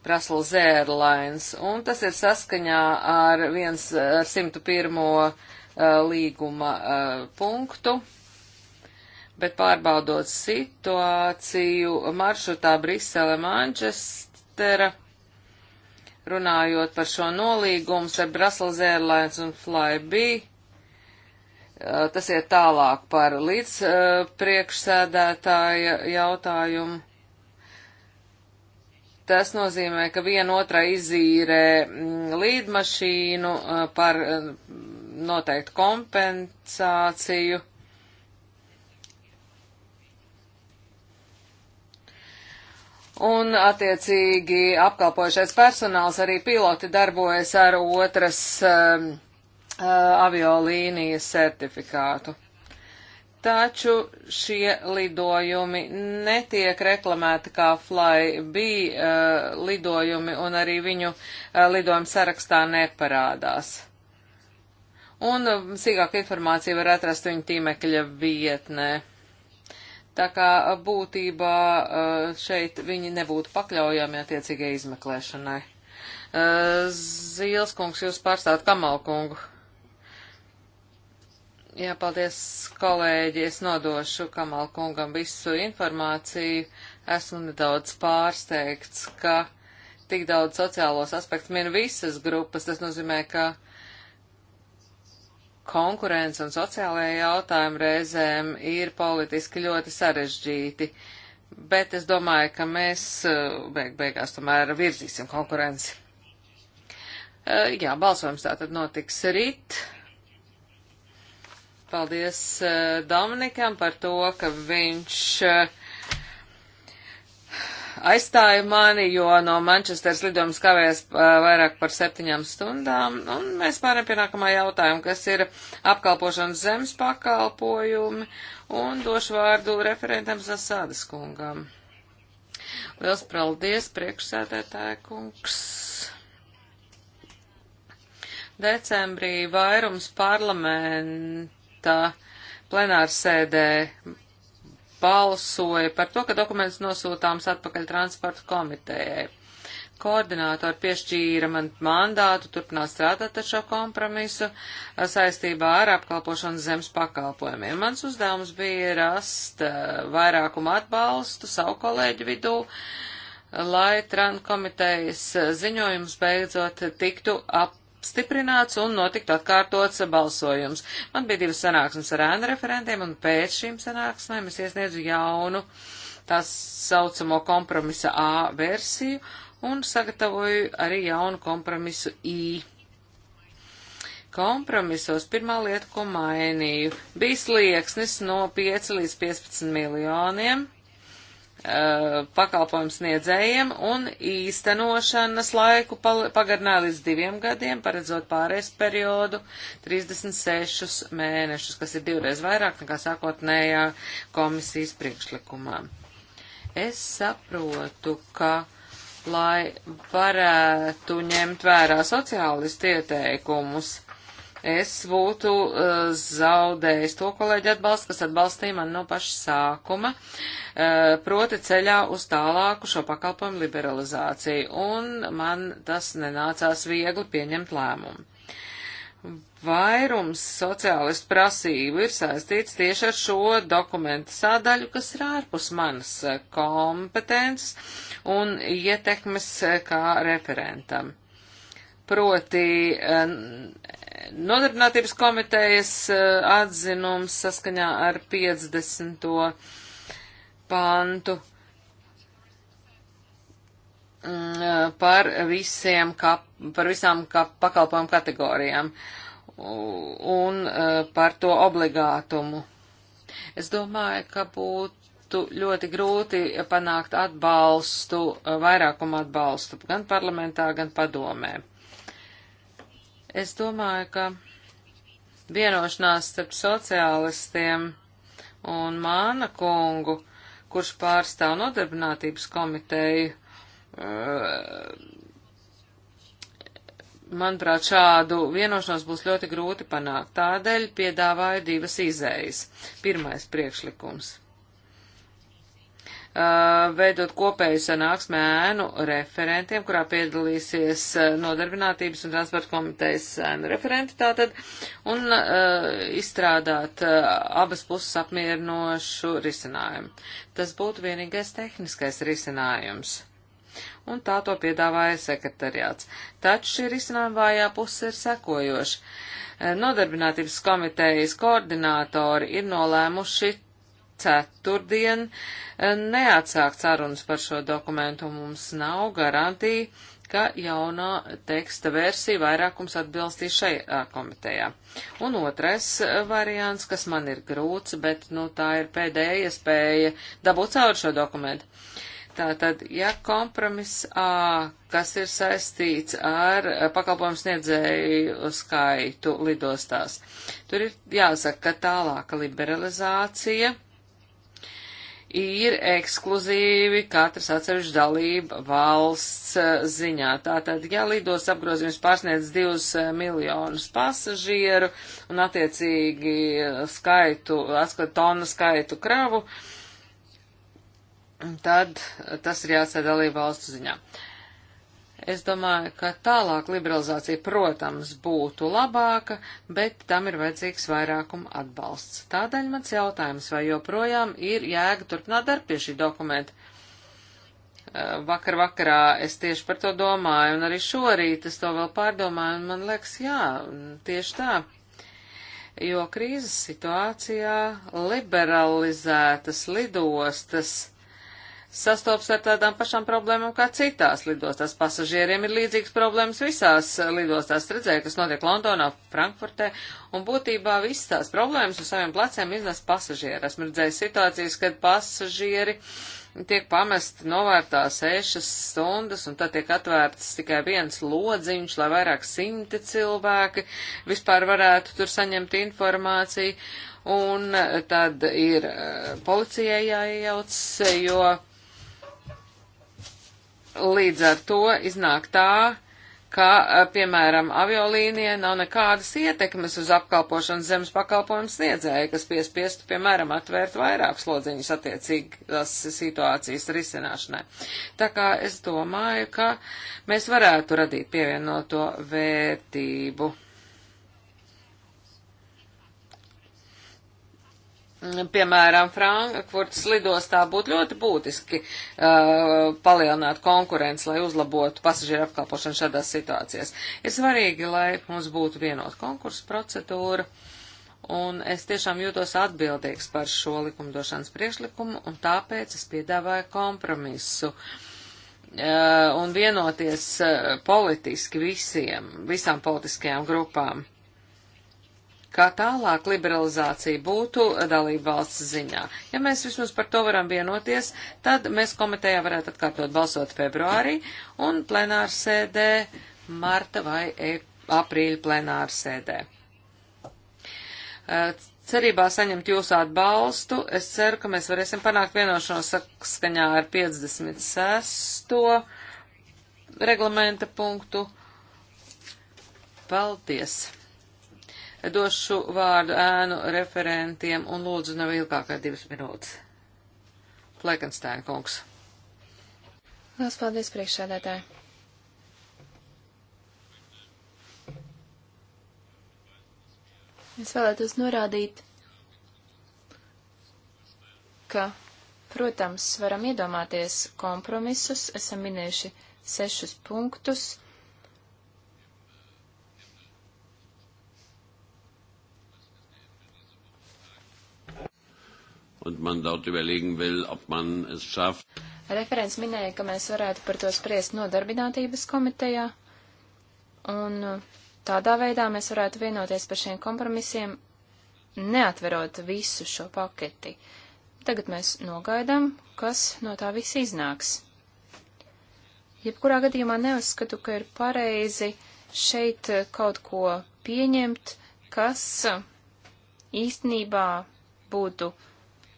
Brussels Airlines, un tas ir saskaņā ar 101. Eh, līguma eh, punktu, bet pārbaudot situāciju maršrutā Brisele Manchestera runājot par šo nolīgumu starp Brussels Airlines un Flybe. Tas iet tālāk par līdz priekšsēdētāja jautājumu. Tas nozīmē, ka viena otra izīrē mm, līdmašīnu par noteiktu kompensāciju. Un, attiecīgi, apkalpojušais personāls arī piloti darbojas ar otras um, uh, aviolīnijas certifikātu. Taču šie lidojumi netiek reklamēti kā flyby uh, lidojumi un arī viņu uh, lidojumu sarakstā neparādās. Un uh, sīkāka informācija var atrast viņu tīmekļa vietnē. Tā kā būtībā eh, šeit viņi nebūtu pakļaujami attiecīgai izmeklēšanai. Eh, Zīles kungs, jūs pārstāt Kamalkungu. Jā, paldies, kolēģi. Es nodošu Kamalkungam visu informāciju. Esmu nedaudz pārsteigts, ka tik daudz sociālos aspektus min visas grupas. Tas nozīmē, ka uh, konkurence un sociālajie jautājumi reizēm ir politiski ļoti sarežģīti, bet es domāju, ka mēs eh, beig beigās tomēr virzīsim konkurenci. Eh, jā, balsojums tātad notiks rīt. Paldies eh, Dominikam par to, ka viņš uh, aizstāja mani, jo no Manchesteras lidojums kavējas vairāk par septiņām stundām. Un mēs pārējām pie nākamā jautājuma, kas ir apkalpošanas zemes pakalpojumi. Un došu vārdu referentam Zasādas kungam. Liels paldies, priekšsēdētāja kungs. Decembrī vairums parlamenta plenārsēdē balsoja par to, ka dokuments nosūtāms atpakaļ transporta komitejai. Koordinātori piešķīra man mandātu turpināt strādāt ar šo kompromisu saistībā ar apkalpošanas zemes pakalpojumiem. Mans uzdevums bija rast vairākumu atbalstu savu kolēģu vidū, lai tran komitejas ziņojums beidzot tiktu ap apstiprināts un notikt atkārtots balsojums. Man bija divas sanāksmes ar ēnu referentiem, un pēc šīm sanāksmēm es iesniedzu jaunu tās saucamo kompromisa A versiju un sagatavoju arī jaunu kompromisu I. Kompromisos pirmā lieta, ko mainīju, bija slieksnis no 5 līdz 15 miljoniem Uh, pakalpojums sniedzējiem un īstenošanas laiku pagarināja līdz diviem gadiem, paredzot pārējais periodu 36 mēnešus, kas ir divreiz vairāk nekā sākotnējā komisijas priekšlikumā. Es saprotu, ka, lai varētu ņemt vērā sociālistu ieteikumus, es būtu uh, zaudējis to kolēģi atbalstu, kas atbalstīja man no paša sākuma, uh, proti ceļā uz tālāku šo pakalpojumu liberalizāciju, un man tas nenācās viegli pieņemt lēmumu. Vairums sociālistu prasību ir saistīts tieši ar šo dokumentu sādaļu, kas ir ārpus manas eh, kompetences un ietekmes kā referentam. Proti, Nodarbinātības komitejas e, atzinums saskaņā ar 50. pantu mm, e, par, visiem, kā, par visām kā, pakalpojumu kategorijām un e, par to obligātumu. Es domāju, ka būtu ļoti grūti panākt atbalstu, vairākumu atbalstu gan parlamentā, gan padomē. Es domāju, ka vienošanās starp sociālistiem un Māna kungu, kurš pārstāv nodarbinātības komiteju, eh, manuprāt, šādu vienošanos būs ļoti grūti panākt. Tādēļ piedāvāju divas izējas. Pirmais priekšlikums. Uh, veidot kopēju sanāksmē ēnu referentiem, kurā piedalīsies uh, nodarbinātības un transporta komitejas ēnu referenti tātad, un uh, izstrādāt abas puses apmierinošu risinājumu. Tas būtu vienīgais tehniskais risinājums un tā to piedāvāja sekretariāts. Taču šī risinājuma vājā puse ir sekojoša. Nodarbinātības komitejas koordinātori ir nolēmuši ceturtdien e, neatsākt sarunas par šo dokumentu. Mums nav garantija, ka jaunā teksta versija vairākums atbilstīs šajā e, komitejā. Un otrais e, variants, kas man ir grūts, bet nu, tā ir pēdējā iespēja dabūt cauri šo dokumentu. Tātad, ja kompromiss A, kas ir saistīts ar pakalpojumu sniedzēju skaitu lidostās, tur ir jāsaka, ka tālāka liberalizācija ir ekskluzīvi katras atsevišķas dalība valsts eh, ziņā. Tātad, ja lidos apgrozījums pārsniedz 2 eh, miljonus pasažieru un attiecīgi eh, skaitu, atskat tonu skaitu kravu, tad tas ir jāatstāj dalība valsts ziņā. Uh, Es domāju, ka tālāk liberalizācija, protams, būtu labāka, bet tam ir vajadzīgs vairākuma atbalsts. Tādēļ mans jautājums, vai joprojām ir jēga turpināt darbu pie šī dokumenta? Eh, vakar vakarā es tieši par to domāju, un arī šorīt es to vēl pārdomāju, un man liekas, jā, tieši tā jo krīzes situācijā liberalizētas lidostas sastopas ar tādām pašām problēmām kā citās lidostās. Pasažieriem ir līdzīgas problēmas visās lidostās. Redzēju, kas notiek Londonā, Frankfurtē, un būtībā visas tās problēmas uz saviem pleciem iznes pasažieri. Esmu redzējis situācijas, kad pasažieri tiek pamesti novērtā sešas stundas, un tad tiek atvērts tikai viens lodziņš, lai vairāk simti cilvēki vispār varētu tur saņemt informāciju. Un tad ir eh, policijai jāiejauc, jo Līdz ar to iznāk tā, ka, piemēram, aviolīnija nav nekādas ietekmes uz apkalpošanas zemes pakalpojumu sniedzēju, kas piespiestu, piemēram, atvērt vairākus lodziņus attiecīgās situācijas risināšanai. Tā kā es domāju, ka mēs varētu radīt pievienoto vērtību. Mm, piemēram, Frankfurtas lidostā būtu ļoti būtiski uh, palielināt konkurenci, lai uzlabotu pasažieru apkalpošanu šādās situācijās. Ir svarīgi, lai mums būtu vienot konkursu procedūra, un es tiešām jūtos atbildīgs par šo likumdošanas priekšlikumu, un tāpēc es piedāvāju kompromisu. Uh, un vienoties uh, politiski visiem, visām politiskajām grupām kā tālāk liberalizācija būtu dalību valsts ziņā. Ja mēs vismaz par to varam vienoties, tad mēs komitejā varētu atkārtot balsot februārī un plenāru sēdē marta vai e, aprīļa plenāru sēdē. Cerībā saņemt jūsu atbalstu, es ceru, ka mēs varēsim panākt vienošanos saskaņā ar 56. reglamenta punktu. Paldies! Došu vārdu ēnu referentiem un lūdzu nav ilgāk kā divas minūtes. Flekenstēna kungs. Lielas paldies priekšsēdētāji. Es vēlētos norādīt, ka, protams, varam iedomāties kompromisus, esam minējuši sešus punktus, und man dort überlegen will, ob man es schafft. Referents minēja, ka mēs varētu par to spriest nodarbinātības komitejā, un uh, tādā veidā mēs varētu vienoties par šiem kompromisiem, neatverot visu šo paketi. Tagad mēs nogaidām, kas no tā viss iznāks. Jebkurā gadījumā neuzskatu, ka ir pareizi šeit uh, kaut ko pieņemt, kas uh, īstenībā būtu uh,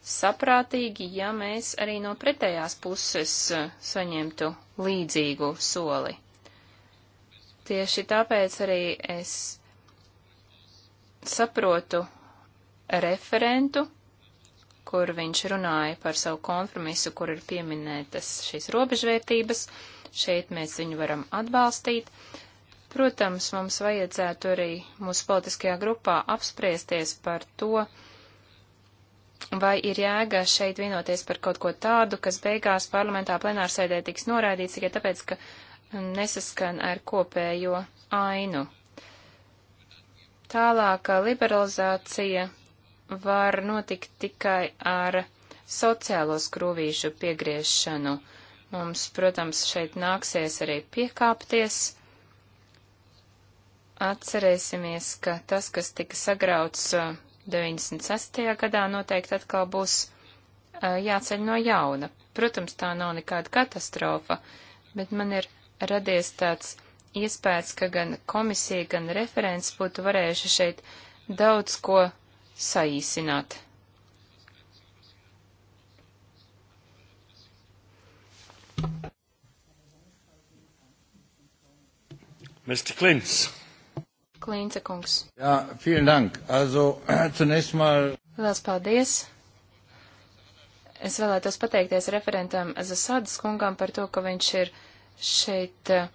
saprātīgi, ja mēs arī no pretējās puses eh, saņemtu līdzīgu soli. Tieši tāpēc arī es saprotu referentu, kur viņš runāja par savu kompromisu, kur ir pieminētas šīs robežvērtības. Šeit mēs viņu varam atbalstīt. Protams, mums vajadzētu arī mūsu politiskajā grupā apspriesties par to, uh, Vai ir jēga šeit vienoties par kaut ko tādu, kas beigās parlamentā plenārsēdē tiks noraidīts tikai tāpēc, ka mm, nesaskan ar kopējo ainu? Tālākā liberalizācija var notikt tikai ar sociālo skrūvīšu piegriešanu. Mums, protams, šeit nāksies arī piekāpties. Atcerēsimies, ka tas, kas tika sagrauts 96. gadā noteikti atkal būs uh, jāceļ no jauna. Protams, tā nav nekāda katastrofa, bet man ir radies tāds iespējas, ka gan komisija, gan referents būtu varējuši šeit daudz ko saīsināt. Mr. Klints. Klīnce kungs. Jā, vielen dank. Also, zunächst mal. Lielas paldies. Es vēlētos pateikties referentam Zasadas kungam par to, ka viņš ir šeit eh,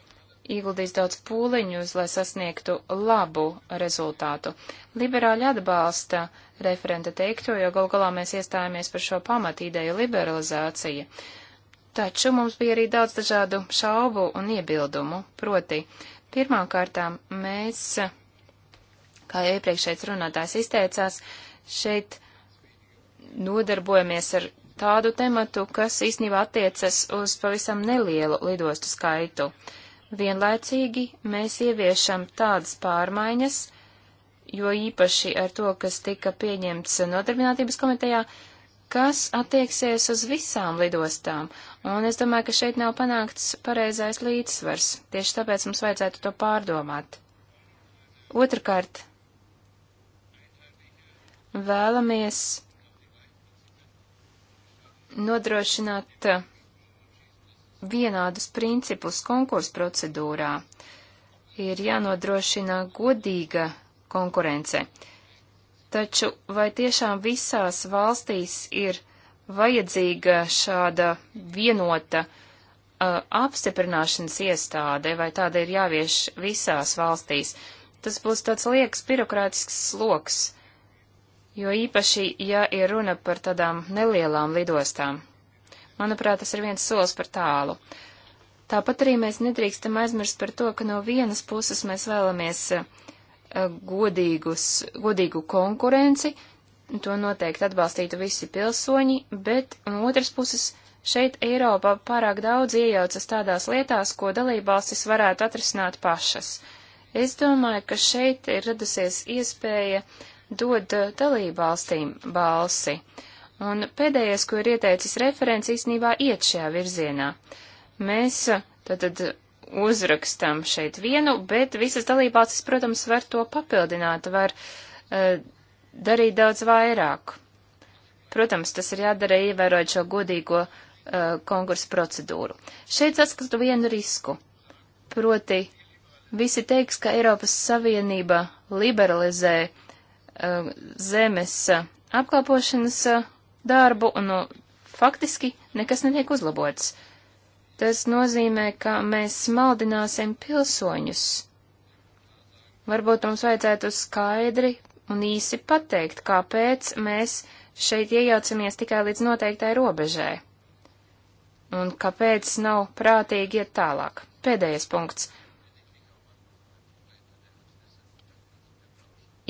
ieguldījis daudz pūliņus, lai sasniegtu labu rezultātu. Liberāļi atbalsta referenta teikto, jo gal galā mēs iestājāmies par šo pamatīdēju liberalizāciju. Taču mums bija arī daudz dažādu šaubu un iebildumu, proti, pirmkārtām mēs Kā jau iepriekšējais runātājs izteicās, šeit nodarbojamies ar tādu tematu, kas īstenībā attiecas uz pavisam nelielu lidostu skaitu. Vienlaicīgi mēs ieviešam tādas pārmaiņas, jo īpaši ar to, kas tika pieņemts nodarbinātības komitejā, kas attieksies uz visām lidostām, un es domāju, ka šeit nav panākts pareizais līdzsvars. Tieši tāpēc mums vajadzētu to pārdomāt. Otrakārt, vēlamies nodrošināt vienādus principus konkursu procedūrā. Ir jānodrošina godīga konkurence. Taču vai tiešām visās valstīs ir vajadzīga šāda vienota uh, apstiprināšanas iestāde, vai tāda ir jāvieš visās valstīs? Tas būs tāds liekas birokrātisks sloks jo īpaši, ja ir runa par tādām nelielām lidostām. Manuprāt, tas ir viens solis par tālu. Tāpat arī mēs nedrīkstam aizmirst par to, ka no vienas puses mēs vēlamies eh, godīgus, godīgu konkurenci, to noteikti atbalstītu visi pilsoņi, bet no otras puses šeit Eiropā pārāk daudz iejaucas tādās lietās, ko dalībvalstis varētu atrisināt pašas. Es domāju, ka šeit ir radusies iespēja uh, dod eh, dalībvalstīm balsi. Un pēdējais, ko ir ieteicis referents, īstenībā iet šajā virzienā. Mēs eh, tad uzrakstam šeit vienu, bet visas dalībvalstis, protams, var to papildināt, var uh, darīt daudz vairāk. Protams, tas ir jādara ievērojot šo godīgo uh, konkursu procedūru. Šeit saskatu vienu risku. Proti, visi teiks, ka Eiropas Savienība liberalizē uh, Um, zemes apkalpošanas uh, darbu, un no, nu, faktiski nekas netiek uzlabots. Tas nozīmē, ka mēs maldināsim pilsoņus. Varbūt mums vajadzētu skaidri un īsi pateikt, kāpēc mēs šeit iejaucamies tikai līdz noteiktai robežai. Un kāpēc nav prātīgi iet tālāk? Pēdējais punkts.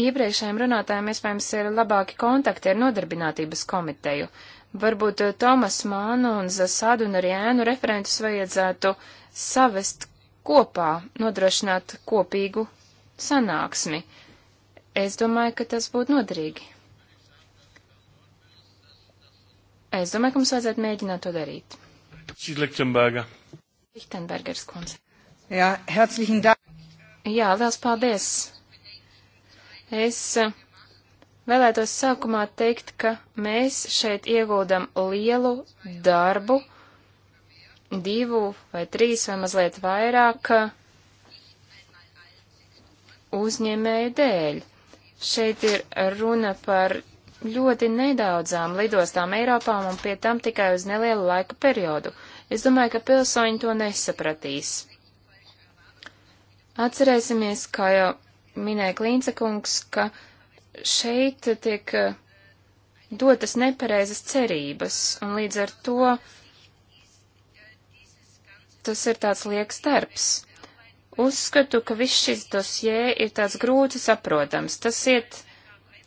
Iepriekšējiem runātājiem iespējams ir labāki kontakti ar nodarbinātības komiteju. Varbūt eh, Tomas Mānu un Zasadu un arī ēnu referentus vajadzētu savest kopā, nodrošināt kopīgu sanāksmi. Es domāju, ka tas būtu noderīgi. Es domāju, ka mums vajadzētu mēģināt to darīt. Lichtenberga. Lichtenbergers kundze. Jā, herzlichen dank. Jā, liels paldies. Es eh, vēlētos sākumā teikt, ka mēs šeit ieguldam lielu darbu, divu vai trīs vai mazliet vairāk eh, uzņēmēju dēļ. Šeit ir runa par ļoti nedaudzām lidostām Eiropām un pie tam tikai uz nelielu laika periodu. Es domāju, ka pilsoņi to nesapratīs. Atcerēsimies, kā jau minēja Klīncekungs, ka šeit tiek eh, dotas nepareizas cerības, un līdz ar to tas ir tāds liekas darbs. Uzskatu, ka viss šis dosie ir tāds grūti saprotams. Tas iet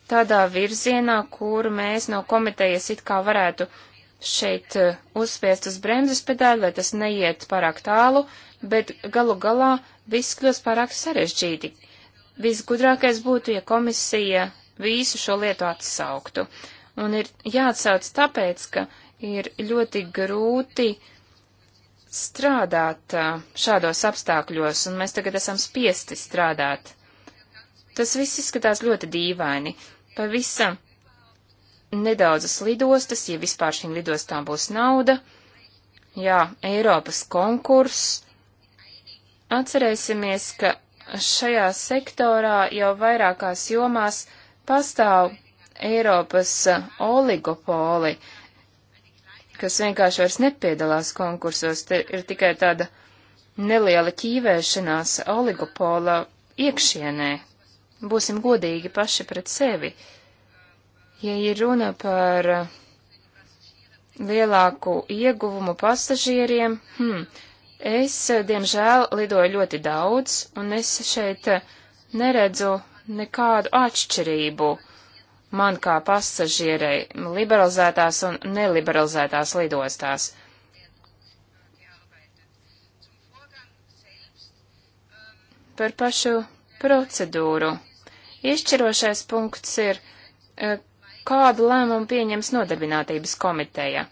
tādā virzienā, kur mēs no komitejas it kā varētu šeit eh, uzspiest uz bremzes pedāli, lai tas neiet pārāk tālu, bet galu galā viss kļūst pārāk sarežģīti visgudrākais būtu, ja komisija visu šo lietu atsauktu. Un ir jāatsauc tāpēc, ka ir ļoti grūti strādāt šādos apstākļos, un mēs tagad esam spiesti strādāt. Tas viss izskatās ļoti dīvaini. Pavisam nedaudzas lidostas, ja vispār šīm lidostām būs nauda. Jā, Eiropas konkurss. Atcerēsimies, ka šajā sektorā jau vairākās jomās pastāv Eiropas uh, oligopoli, kas vienkārši vairs nepiedalās konkursos, te ir tikai tāda neliela ķīvēšanās oligopola iekšienē. Būsim godīgi paši pret sevi. Ja ir runa par uh, lielāku ieguvumu pasažieriem, hmm, Es, eh, diemžēl, lidoju ļoti daudz, un es šeit eh, neredzu nekādu atšķirību man kā pasažierei liberalizētās un neliberalizētās lidostās. Par pašu procedūru. Izšķirošais punkts ir, eh, kādu lēmumu pieņems nodarbinātības komiteja.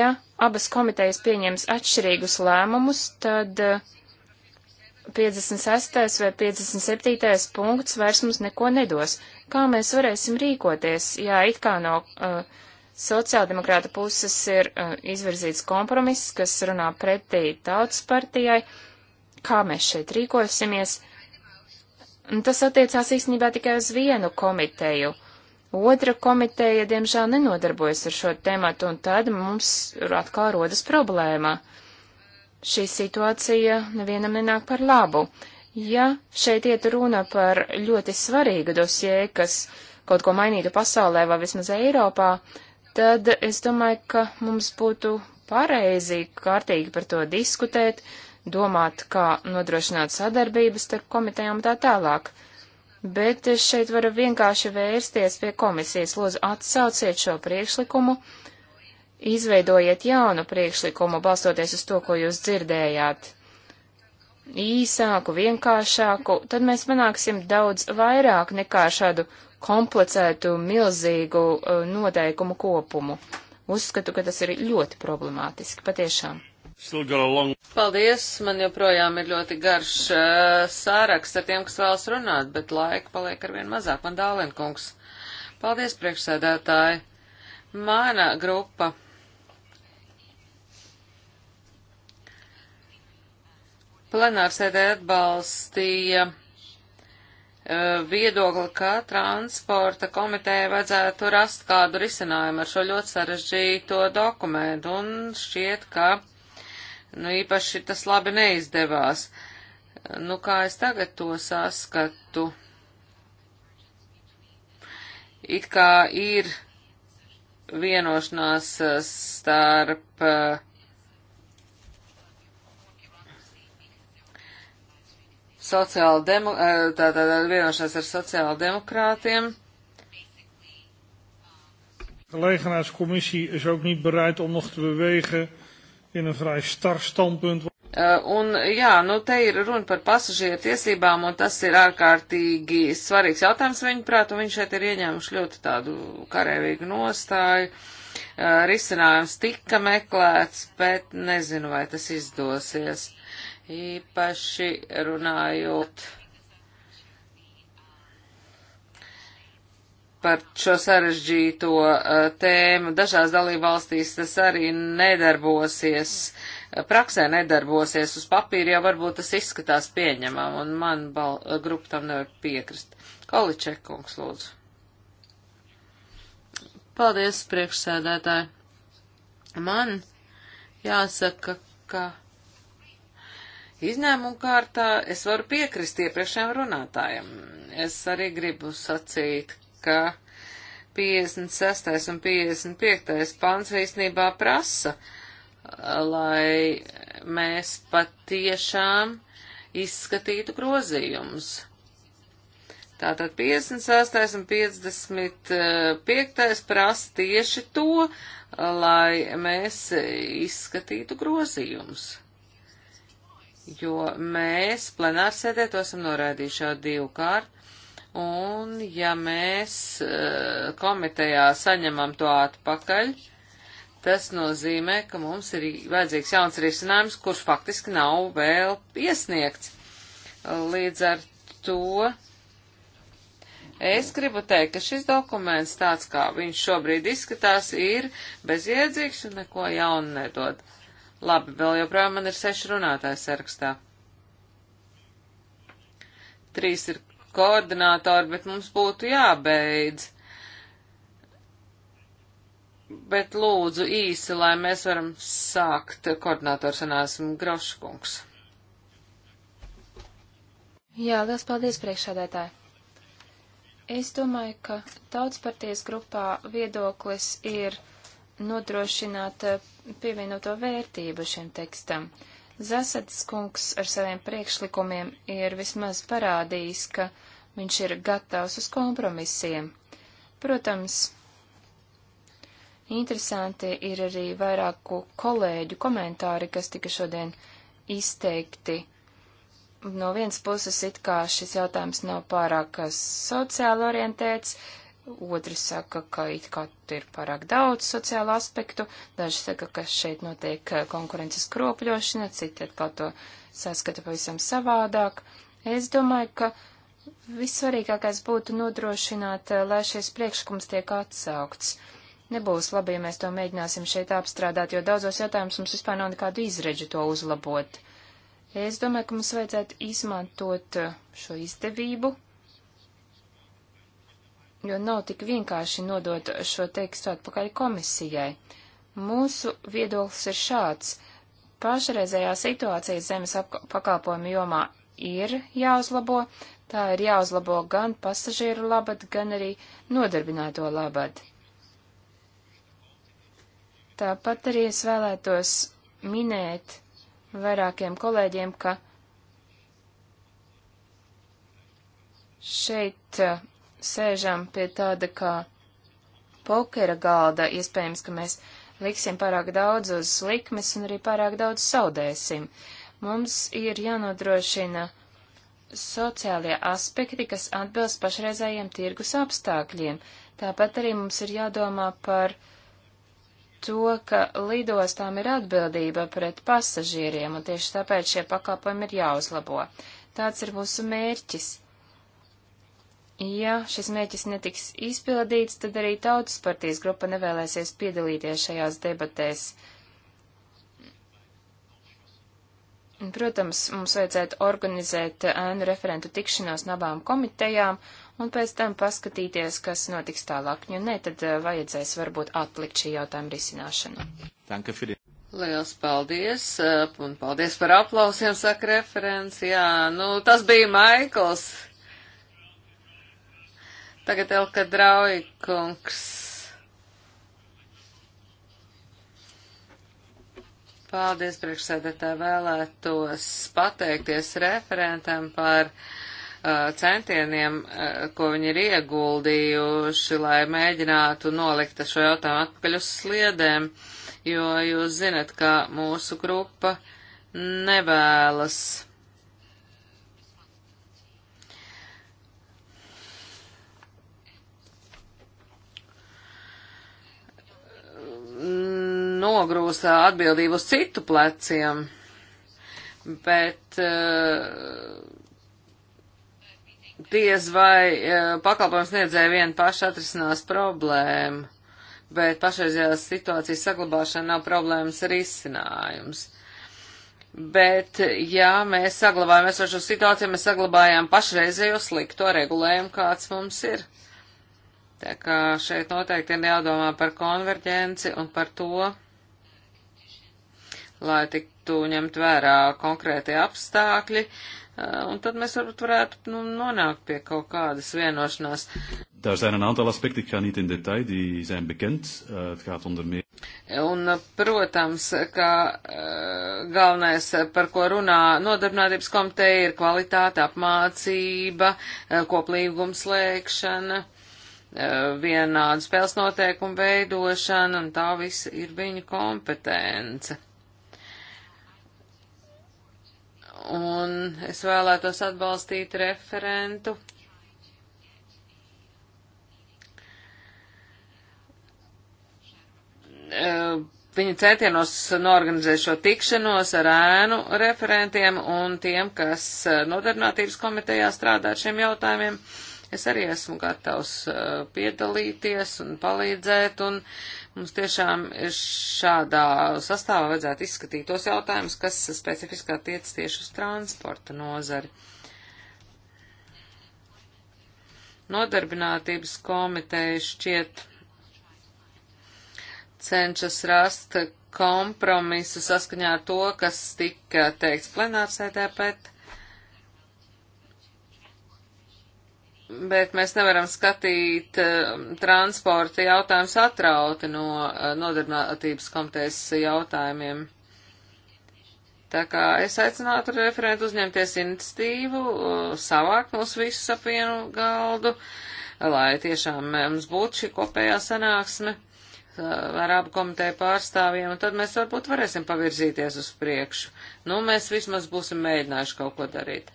Ja abas komitejas pieņems atšķirīgus lēmumus, tad 56. Eh, vai 57. punkts vairs mums neko nedos. Kā mēs varēsim rīkoties, ja it kā no uh, sociāldemokrāta puses ir uh, izvirzīts kompromiss, kas runā pretī tautas partijai, kā mēs šeit rīkosimies? Un tas attiecās īstenībā tikai uz vienu komiteju. Uh, Otra komiteja, diemžēl, nenodarbojas ar šo tēmatu, un tad mums atkal rodas problēma. Šī situācija nevienam nenāk par labu. Ja šeit iet runa par ļoti svarīgu dosie, kas kaut ko mainītu pasaulē vai vismaz Eiropā, tad es domāju, ka mums būtu pareizi kārtīgi par to diskutēt, domāt, kā nodrošināt sadarbības starp komitejām tā tālāk bet šeit varu vienkārši vērsties pie komisijas. Lūdzu, atsauciet šo priekšlikumu, izveidojiet jaunu priekšlikumu, balstoties uz to, ko jūs dzirdējāt. Īsāku, vienkāršāku, tad mēs panāksim daudz vairāk nekā šādu komplicētu, milzīgu uh, noteikumu kopumu. Uzskatu, ka tas ir ļoti problemātiski, patiešām. Paldies, man joprojām ir ļoti garš uh, eh, sāraksts ar tiem, kas vēlas runāt, bet laika paliek arvien mazāk. Man dālinkungs. Paldies, priekšsēdētāji. Mana grupa. Plenārsēdē atbalstīja eh, viedokli, ka transporta komiteja vajadzētu rast kādu risinājumu ar šo ļoti sarežģīto dokumentu, un šķiet, ka nu īpaši tas labi neizdevās. Nu, kā es tagad to saskatu, it kā ir vienošanās uh, starp uh, sociāla demo, uh, tā, tā, tā, vienošanās ar sociāla demokrātiem. Gelegenheidscommissie is ook niet bereid om nog te bewegen uh, in een vrij star standpunt. Eh, un jā, nu te ir runa par pasažieru tiesībām, un tas ir ārkārtīgi svarīgs jautājums viņuprāt, un viņš šeit ir ieņēmuši ļoti tādu karēvīgu nostāju. Eh, risinājums tika meklēts, bet nezinu, vai tas izdosies. Īpaši runājot par šo sarežģīto uh, tēmu. Dažās dalībvalstīs tas arī nedarbosies, uh, praksē nedarbosies, uz papīra jau varbūt tas izskatās pieņemam, un man bal, uh, grupa tam nevar piekrist. Količek, kungs, lūdzu. Paldies, priekšsēdētāji. Man jāsaka, ka izņēmumu kārtā es varu piekrist iepriekšējiem runātājiem. Es arī gribu sacīt, ka 56. un 55. pants īstenībā prasa, lai mēs patiešām izskatītu grozījumus. Tātad 56. un 55. prasa tieši to, lai mēs izskatītu grozījumus. Jo mēs plenārsēdē to esam noraidījuši jau divu kārtu Un ja mēs eh, komitejā saņemam to atpakaļ, tas nozīmē, ka mums ir vajadzīgs jauns risinājums, kurš faktiski nav vēl iesniegts. Līdz ar to es gribu teikt, ka šis dokuments tāds, kā viņš šobrīd izskatās, ir bezjēdzīgs un neko jaunu nedod. Labi, vēl joprojām man ir seši runātāji sarakstā. Trīs ir koordinātori, bet mums būtu jābeidz. Bet lūdzu īsi, lai mēs varam sākt koordinātoru sanāsim Groškungs. Jā, liels paldies priekšādētāji. Es domāju, ka tautspartijas grupā viedoklis ir nodrošināt eh, pievienoto vērtību šim tekstam. Uh, Zasats kungs ar saviem priekšlikumiem ir vismaz parādījis, ka viņš ir gatavs uz kompromisiem. Protams, interesanti ir arī vairāku kolēģu komentāri, kas tika šodien izteikti no vienas puses it kā šis jautājums nav pārāk uh, sociāli orientēts, Otri saka, ka it kā ir pārāk daudz sociālu aspektu, daži saka, ka šeit notiek eh, konkurences kropļošana, citi atkal to saskata pavisam savādāk. Es domāju, ka vissvarīgākais būtu nodrošināt, eh, lai šis priekšlikums tiek atsaukts. Nebūs labi, ja mēs to mēģināsim šeit apstrādāt, jo daudzos jautājumus mums vispār nav nekādu izredzi to uzlabot. Es domāju, ka mums vajadzētu izmantot eh, šo izdevību, jo nav tik vienkārši nodot šo tekstu atpakaļ komisijai. Mūsu viedoklis ir šāds. Pašreizējā situācija zemes pakalpojumu jomā ir jāuzlabo, tā ir jāuzlabo gan pasažieru labad, gan arī nodarbināto labad. Tāpat arī es vēlētos minēt vairākiem kolēģiem, ka šeit sēžam pie tāda kā pokera galda, iespējams, ka mēs liksim pārāk daudz uz likmes un arī pārāk daudz saudēsim. Mums ir jānodrošina sociālie aspekti, kas atbilst pašreizējiem tirgus apstākļiem. Tāpat arī mums ir jādomā par to, ka lidostām ir atbildība pret pasažieriem, un tieši tāpēc šie pakalpojumi ir jāuzlabo. Tāds ir mūsu mērķis. Ja šis mērķis netiks izpildīts, tad arī tautas partijas grupa nevēlēsies piedalīties šajās debatēs. Protams, mums vajadzētu organizēt ēnu referentu tikšanos no abām komitejām un pēc tam paskatīties, kas notiks tālāk. Ja nē, tad eh, vajadzēs varbūt atlikt šī jautājuma risināšanu. Liels paldies, eh, un paldies par aplausiem, saka referents. Jā, nu tas bija Maikls. Tagad Elka Draujikungs. Paldies, priekšsēdētā vēlētos pateikties referentam par uh, centieniem, uh, ko viņi ir ieguldījuši, lai mēģinātu nolikt šo jautājumu atpakaļ uz sliedēm, jo jūs zinat, ka mūsu grupa nevēlas nogrūst atbildību uz citu pleciem, bet eh, diez vai eh, pakalpojums niedzēja vien paši atrisinās problēmu, bet pašreizējās situācijas saglabāšana nav problēmas risinājums. Bet, ja mēs saglabājam esošo situāciju, mēs saglabājam pašreizējo slikto regulējumu, kāds mums ir. Uh, Tā kā šeit noteikti ir jādomā par konverģenci un par to, lai tiktu ņemt vērā konkrētie apstākļi, eh, un tad mēs varbūt varētu nu, nonākt pie kaut kādas vienošanās. Daar zijn een aantal aspecten, ik ga niet in detail, die zijn bekend. Uh, het gaat onder meer. Un, eh, protams, ka uh, galvenais, par ko runā nodarbinātības komiteja, ir kvalitāte, apmācība, uh, koplīgums slēgšana. Uh, Eh, vienādu spēles noteikumu veidošana, un tā viss ir viņa kompetence. Un es vēlētos atbalstīt referentu. Eh, viņa centienos norganizēt šo tikšanos ar ēnu referentiem un tiem, kas eh, nodarbinātības komitejā strādā ar šiem jautājumiem. Uh, Es arī esmu gatavs eh, piedalīties un palīdzēt, un mums tiešām šādā sastāvā vajadzētu izskatīt tos jautājumus, kas specifiskā tiec tieši uz transporta nozari. Nodarbinātības komiteja šķiet cenšas rast kompromisu saskaņā ar to, kas tika teikts plenārsēdē, bet Bet mēs nevaram skatīt uh, transporta jautājumus atrauti no uh, nodarbinātības komitejas jautājumiem. Tā kā es aicinātu referentu uzņemties iniciatīvu, uh, savākt mūs visus ap vienu galdu, lai tiešām mums būtu šī kopējā sanāksme uh, ar abu komiteju pārstāvjiem, un tad mēs varbūt varēsim pavirzīties uz priekšu. Nu, mēs vismaz būsim mēģinājuši kaut ko darīt.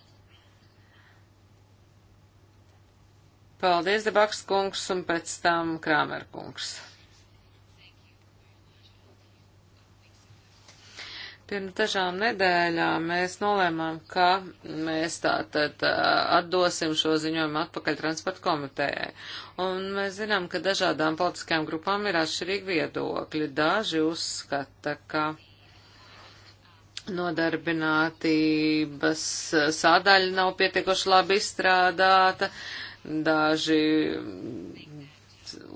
Paldies, Debaks kungs, un pēc tam Krāmer kungs. Pirms dažām nedēļām mēs nolēmām, ka mēs tātad atdosim šo ziņojumu atpakaļ transporta komitejai. Un mēs zinām, ka dažādām politiskajām grupām ir atšķirīgi viedokļi. Daži uzskata, ka nodarbinātības sādaļa nav pietiekoši labi izstrādāta, Daži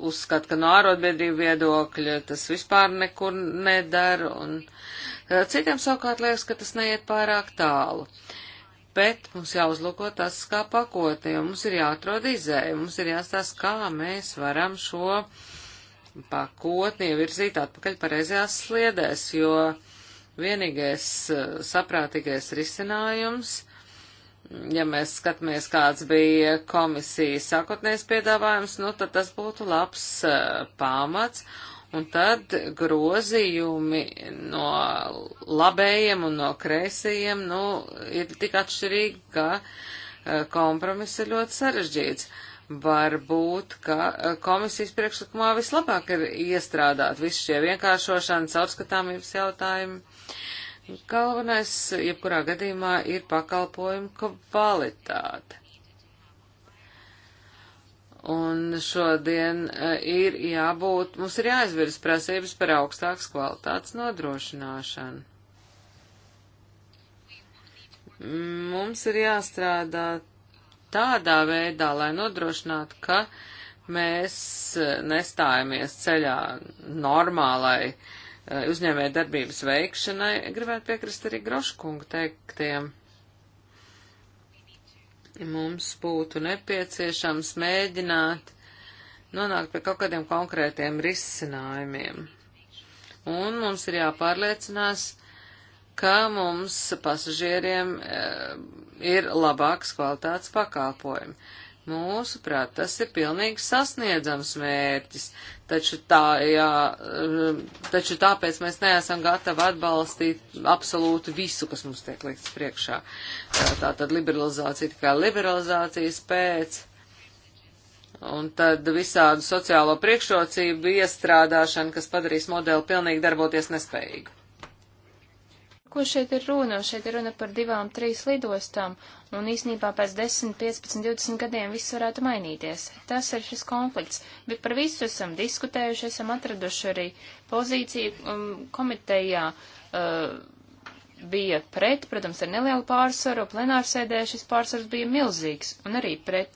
uzskata, ka no ārotbiedrību viedokļa tas vispār nekur nedara, un eh, citiem savukārt liekas, ka tas neiet pārāk tālu. Bet mums jāuzlūko tas kā pakotne, jo mums ir jāatrod izēja, mums ir jāstāsta, kā mēs varam šo pakotni virzīt atpakaļ pareizajās sliedēs, jo vienīgais eh, saprātīgais risinājums ja mēs skatāmies, kāds bija komisijas sākotnējs piedāvājums, nu, tad tas būtu labs uh, pamats. Un tad grozījumi no labējiem un no kreisajiem, nu, ir tik atšķirīgi, ka uh, kompromiss ir ļoti sarežģīts. Varbūt, ka uh, komisijas priekšlikumā vislabāk ir iestrādāt visu šie vienkāršošanas, apskatāmības jautājumi. Uh, Galvenais, jebkurā gadījumā, ir pakalpojumu kvalitāte. Un šodien eh, ir jābūt, mums ir jāizvirs prasības par augstākas kvalitātes nodrošināšanu. Mums ir jāstrādā tādā veidā, lai nodrošinātu, ka mēs eh, nestājamies ceļā normālai uh, Eh, uzņēmē darbības veikšanai, gribētu piekrist arī Groškungu teiktiem mums būtu nepieciešams mēģināt nonākt pie kaut kādiem konkrētiem risinājumiem. Un mums ir jāpārliecinās, ka mums pasažieriem e, ir labāks kvalitātes pakalpojumi. Mūsuprāt, tas ir pilnīgi sasniedzams mērķis, taču, tā, jā, um, taču tāpēc mēs neesam gatavi atbalstīt absolūti visu, kas mums tiek likts priekšā. Tā tad liberalizācija tikai liberalizācijas pēc, un tad visādu sociālo priekšrocību iestrādāšana, kas padarīs modeli pilnīgi darboties nespējīgu. Ko šeit ir runa? Šeit ir runa par divām, trīs lidostām, un īsnībā pēc 10, 15, 20 gadiem viss varētu mainīties. Tas ir šis konflikts, bet par visu esam diskutējuši, esam atraduši arī pozīciju um, komitejā. Uh, bija pret, protams, ar nelielu pārsvaru, plenārsēdē šis pārsvars bija milzīgs, un arī pret.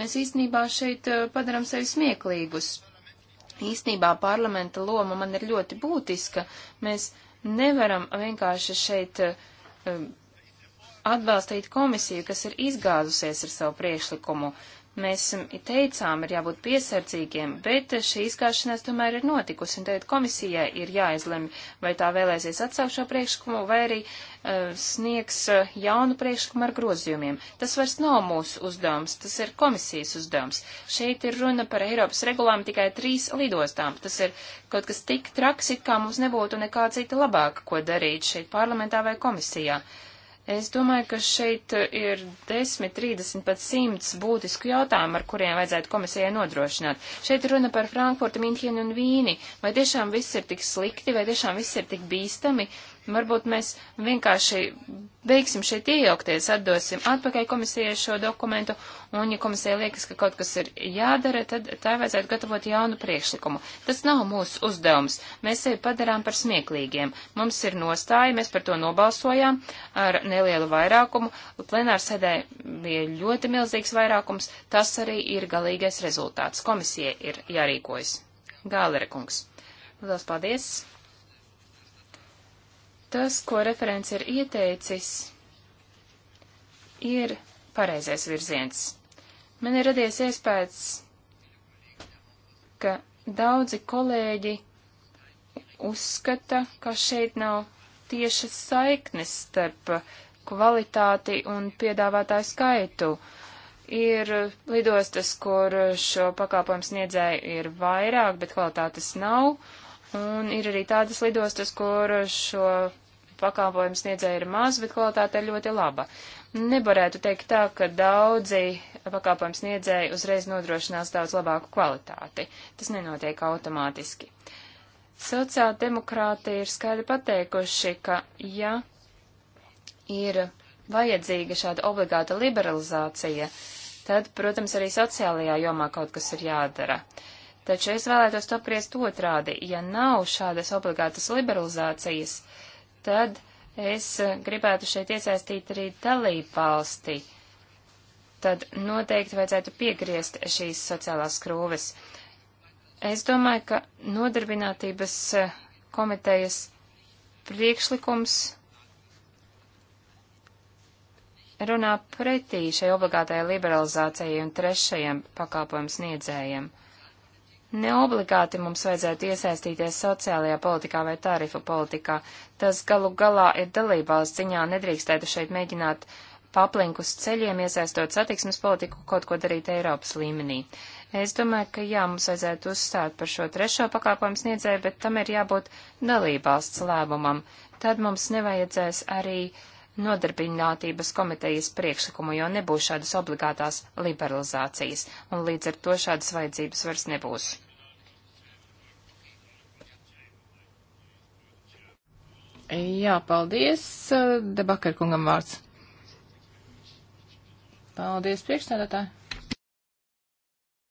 Mēs īstenībā šeit uh, padaram sevi smieklīgus. Īstenībā parlamenta loma man ir ļoti būtiska. Mēs uh, nevaram vienkārši šeit eh, atbalstīt komisiju, kas ir izgāzusies ar savu priekšlikumu. Mēs mm, teicām, ir jābūt piesardzīgiem, bet šī izkāšanās tomēr ir notikusi, un tagad komisijai ir jāizlemj, vai tā vēlēsies atsaukt šo priekšlikumu, vai arī uh, sniegs uh, jaunu priekšlikumu ar grozījumiem. Tas vairs nav mūsu uzdevums, tas ir komisijas uzdevums. Šeit ir runa par Eiropas regulām tikai trīs lidostām. Tas ir kaut kas tik traks, it kā mums nebūtu nekā cita labāka, ko darīt šeit parlamentā vai komisijā. Uh, Es domāju, ka šeit ir 10, 30 pat 100 būtisku jautājumu, ar kuriem vajadzētu komisijai nodrošināt. Šeit ir runa par Frankfurtu, Minhenu un Vīni. Vai tiešām viss ir tik slikti, vai tiešām viss ir tik bīstami, Varbūt mēs vienkārši beigsim šeit iejaukties, atdosim atpakaļ komisijai šo dokumentu, un ja komisija liekas, ka kaut kas ir jādara, tad tā vajadzētu gatavot jaunu priekšlikumu. Tas nav mūsu uzdevums. Mēs sevi padarām par smieklīgiem. Mums ir nostāja, mēs par to nobalsojām ar nelielu vairākumu. Plenārsēdē bija ļoti milzīgs vairākums. Tas arī ir galīgais rezultāts. Komisija ir jārīkojas. Gālera kungs. Lielas paldies! tas, ko referents ir ieteicis, ir pareizais virziens. Man ir radies iespējas, ka daudzi kolēģi uzskata, ka šeit nav tiešas saiknes starp kvalitāti un piedāvātāju skaitu. Ir lidostas, kur šo pakāpojumu sniedzēju ir vairāk, bet kvalitātes nav, un ir arī tādas lidostas, kur šo pakalpojumu sniedzēji ir maz, bet kvalitāte ir ļoti laba. Nevarētu teikt tā, ka daudzi pakalpojumu sniedzēji uzreiz nodrošinās daudz labāku kvalitāti. Tas nenotiek automātiski. Sociāldemokrāti ir skaidri pateikuši, ka ja ir vajadzīga šāda obligāta liberalizācija, tad, protams, arī sociālajā jomā kaut kas ir jādara. Taču es vēlētos to priest otrādi, ja nav šādas obligātas liberalizācijas, uh, tad es gribētu šeit iesaistīt arī dalību valsti. Tad noteikti vajadzētu piegriezt šīs sociālās skrūves. Es domāju, ka nodarbinātības eh, komitejas priekšlikums runā pretī šai obligātajai liberalizācijai un trešajam pakāpojumu sniedzējiem. Neobligāti mums vajadzētu iesaistīties sociālajā politikā vai tarifu politikā. Tas galu galā ir dalībvalsts ziņā, nedrīkstētu šeit mēģināt paplinkus ceļiem, iesaistot satiksmes politiku, kaut ko darīt Eiropas līmenī. Es domāju, ka jā, mums vajadzētu uzstāt par šo trešo pakāpojumu sniedzēju, bet tam ir jābūt dalībvalsts lēmumam. Tad mums nevajadzēs arī nodarbinātības komitejas priekšlikumu, jo nebūs šādas obligātās liberalizācijas, un līdz ar to šādas vajadzības vairs nebūs. Jā, paldies. Eh, Debakar kungam vārds. Paldies, priekšsēdētāji.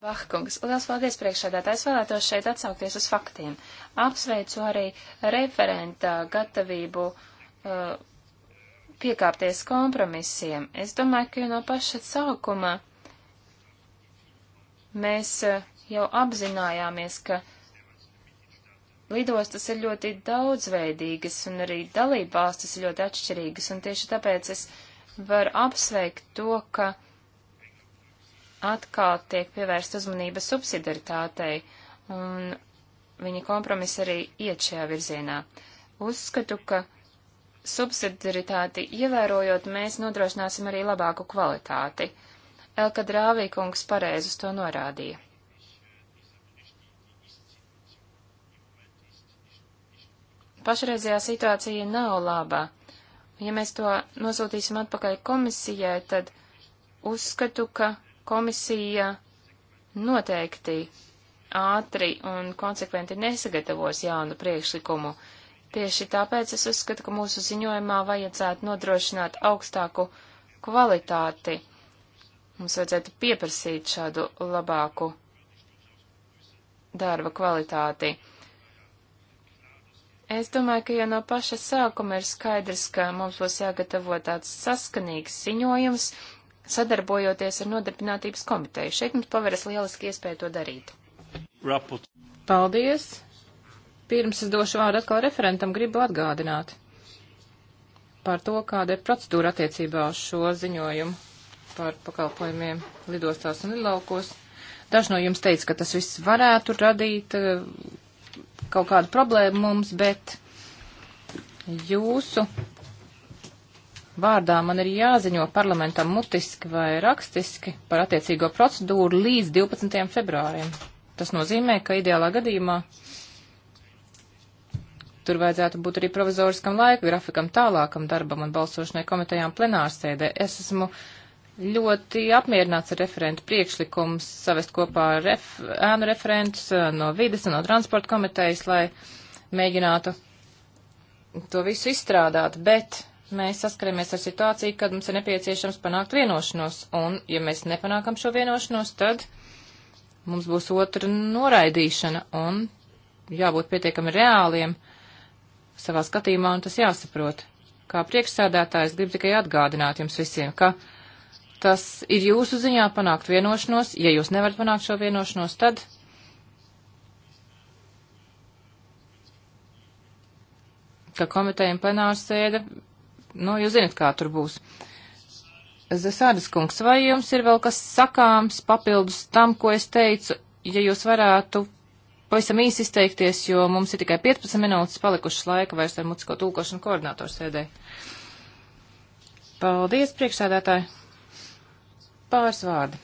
Vahkungs, liels paldies priekšsēdētāji. Es vēlētos šeit atsaukties uz faktiem. Apsveicu arī referenta gatavību uh, piekāpties kompromisiem. Es domāju, ka jau no paša sākuma mēs uh, jau apzinājāmies, ka lidostas ir ļoti daudzveidīgas un arī dalībvalstis ir ļoti atšķirīgas, un tieši tāpēc es varu apsveikt to, ka atkal tiek pievērsta uzmanība subsidaritātei, un viņa kompromis arī iet šajā virzienā. Uzskatu, ka subsidaritāti ievērojot, mēs nodrošināsim arī labāku kvalitāti. Elka Drāvīkungs pareiz uz to norādīja. Pašreizējā situācija nav labā. Ja mēs to nosūtīsim atpakaļ komisijai, tad uzskatu, ka komisija noteikti ātri un konsekventi nesagatavos jaunu priekšlikumu. Tieši tāpēc es uzskatu, ka mūsu ziņojumā vajadzētu nodrošināt augstāku kvalitāti. Mums vajadzētu pieprasīt šādu labāku darba kvalitāti. Es domāju, ka jau no paša sākuma ir skaidrs, ka mums būs jāgatavo tāds saskanīgs ziņojums, sadarbojoties ar nodarbinātības komiteju. Šeit mums paveras lieliski iespēja to darīt. Raput. Paldies! Pirms es došu vārdu atkal referentam, gribu atgādināt par to, kāda ir procedūra attiecībā uz šo ziņojumu par pakalpojumiem lidostās un lidlaukos. Daži no jums teica, ka tas viss varētu radīt uh, kaut kādu problēmu mums, bet jūsu vārdā man ir jāziņo parlamentam mutiski vai rakstiski par attiecīgo procedūru līdz 12. februārim. Tas nozīmē, ka ideālā gadījumā tur vajadzētu būt arī provizoriskam laika grafikam, tālākam darbam un balsošanai komitejām plenārsēdē. Es esmu uh, ļoti apmierināts ar referentu priekšlikumu savest kopā ref, ēnu referentus eh, no vides un no transporta komitejas, lai mēģinātu to visu izstrādāt, bet mēs saskaramies ar situāciju, kad mums ir nepieciešams panākt vienošanos, un ja mēs nepanākam šo vienošanos, tad mums būs otra noraidīšana, un jābūt pietiekami reāliem savā skatījumā, un tas jāsaprot. Kā priekšsēdētājs gribu tikai atgādināt jums visiem, ka tas ir jūsu ziņā panākt vienošanos. Ja jūs nevarat panākt šo vienošanos, tad. ka komiteja un plenāra sēde, nu, jūs zinat, kā tur būs. Zesādas kungs, vai jums ir vēl kas sakāms papildus tam, ko es teicu, ja jūs varētu pavisam īsi izteikties, jo mums ir tikai 15 minūtes palikušas laika vairs ar mutisko tūkošanu koordinātoru sēdē. Paldies, priekšsēdētāji! Pāris vārdi.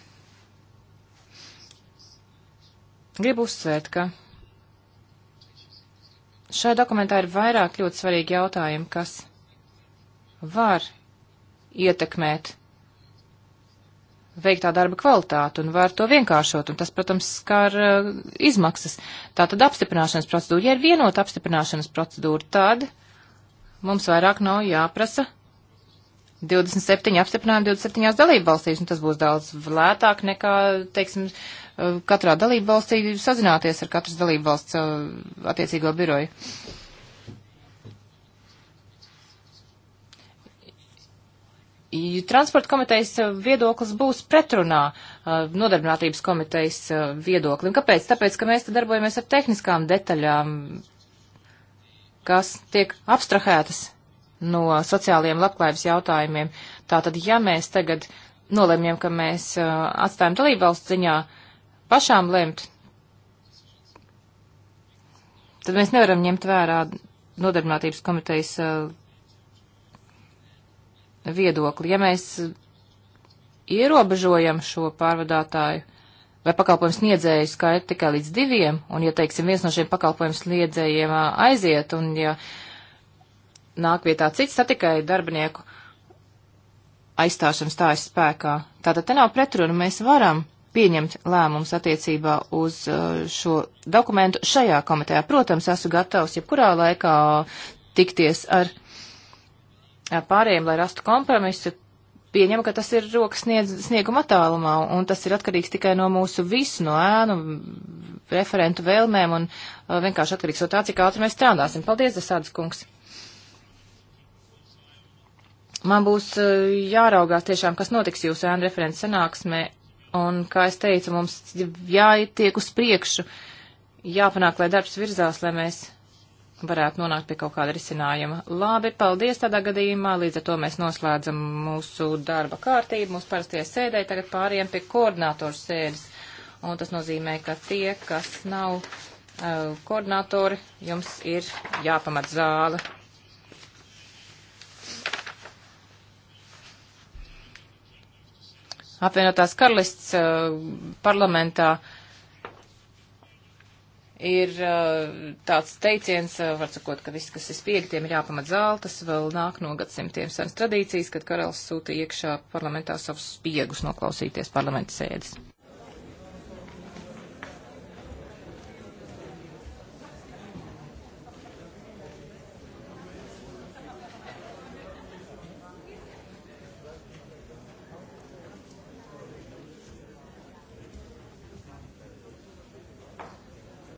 Gribu uzsvērt, ka šajā dokumentā ir vairāk ļoti svarīgi jautājumi, kas var ietekmēt veiktā darba kvalitāti un var to vienkāršot, un tas, protams, skar uh, izmaksas. Tātad apstiprināšanas procedūra, ja ir vienota apstiprināšanas procedūra, tad mums vairāk nav jāprasa 27 apstiprinājumu 27 dalību valstīs, un tas būs daudz lētāk nekā, teiksim, uh, katrā dalību valstī sazināties ar katras dalību valsts uh, attiecīgo biroju. Transporta komitejas uh, viedoklis būs pretrunā nodarbinātības komitejas viedoklim. Kāpēc? Tāpēc, ka mēs te darbojamies ar tehniskām detaļām, kas tiek abstrahētas no sociālajiem labklājības jautājumiem. Tātad, ja mēs tagad nolemjam, ka mēs uh, atstājam dalībvalsts ziņā pašām lemt, tad mēs nevaram ņemt vērā nodarbinātības komitejas uh, viedokli. Ja mēs ierobežojam šo pārvadātāju vai pakalpojumu sniedzēju skaitu tikai līdz diviem, un ja, teiksim, viens no šiem pakalpojumu sniedzējiem uh, aiziet, un ja nāk vietā cits, tā tikai darbinieku aizstāšana stājas spēkā. Tātad te nav pretrunu, mēs varam pieņemt lēmums attiecībā uz uh, šo dokumentu šajā komitejā. Protams, esmu gatavs jebkurā laikā tikties ar pārējiem, lai rastu kompromisu. Pieņemu, ka tas ir rokas sniedz, snieguma attālumā, un tas ir atkarīgs tikai no mūsu visu, no ēnu, referentu vēlmēm, un uh, vienkārši atkarīgs no tā, cik ātri mēs strādāsim. Paldies, Zasādas kungs! Man būs eh, jāraugās tiešām, kas notiks jūsu ēnu referents sanāksmē, un, kā es teicu, mums jātiek uz priekšu, jāpanāk, lai darbs virzās, lai mēs varētu nonākt pie kaut kāda risinājuma. Labi, paldies tādā gadījumā, līdz ar to mēs noslēdzam mūsu darba kārtību, mūsu parastie sēdē, tagad pāriem pie koordinātoru sēdes, un tas nozīmē, ka tie, kas nav uh, koordinātori, jums ir jāpamat zāle. apvienotās karalists uh, parlamentā ir uh, tāds teiciens, uh, var sakot, ka viss, kas ir spiegtiem, ir jāpamat zeltas, vēl nāk no gadsimtiem senas tradīcijas, kad karalis sūta iekšā parlamentā savus spiegus noklausīties parlamenta sēdes.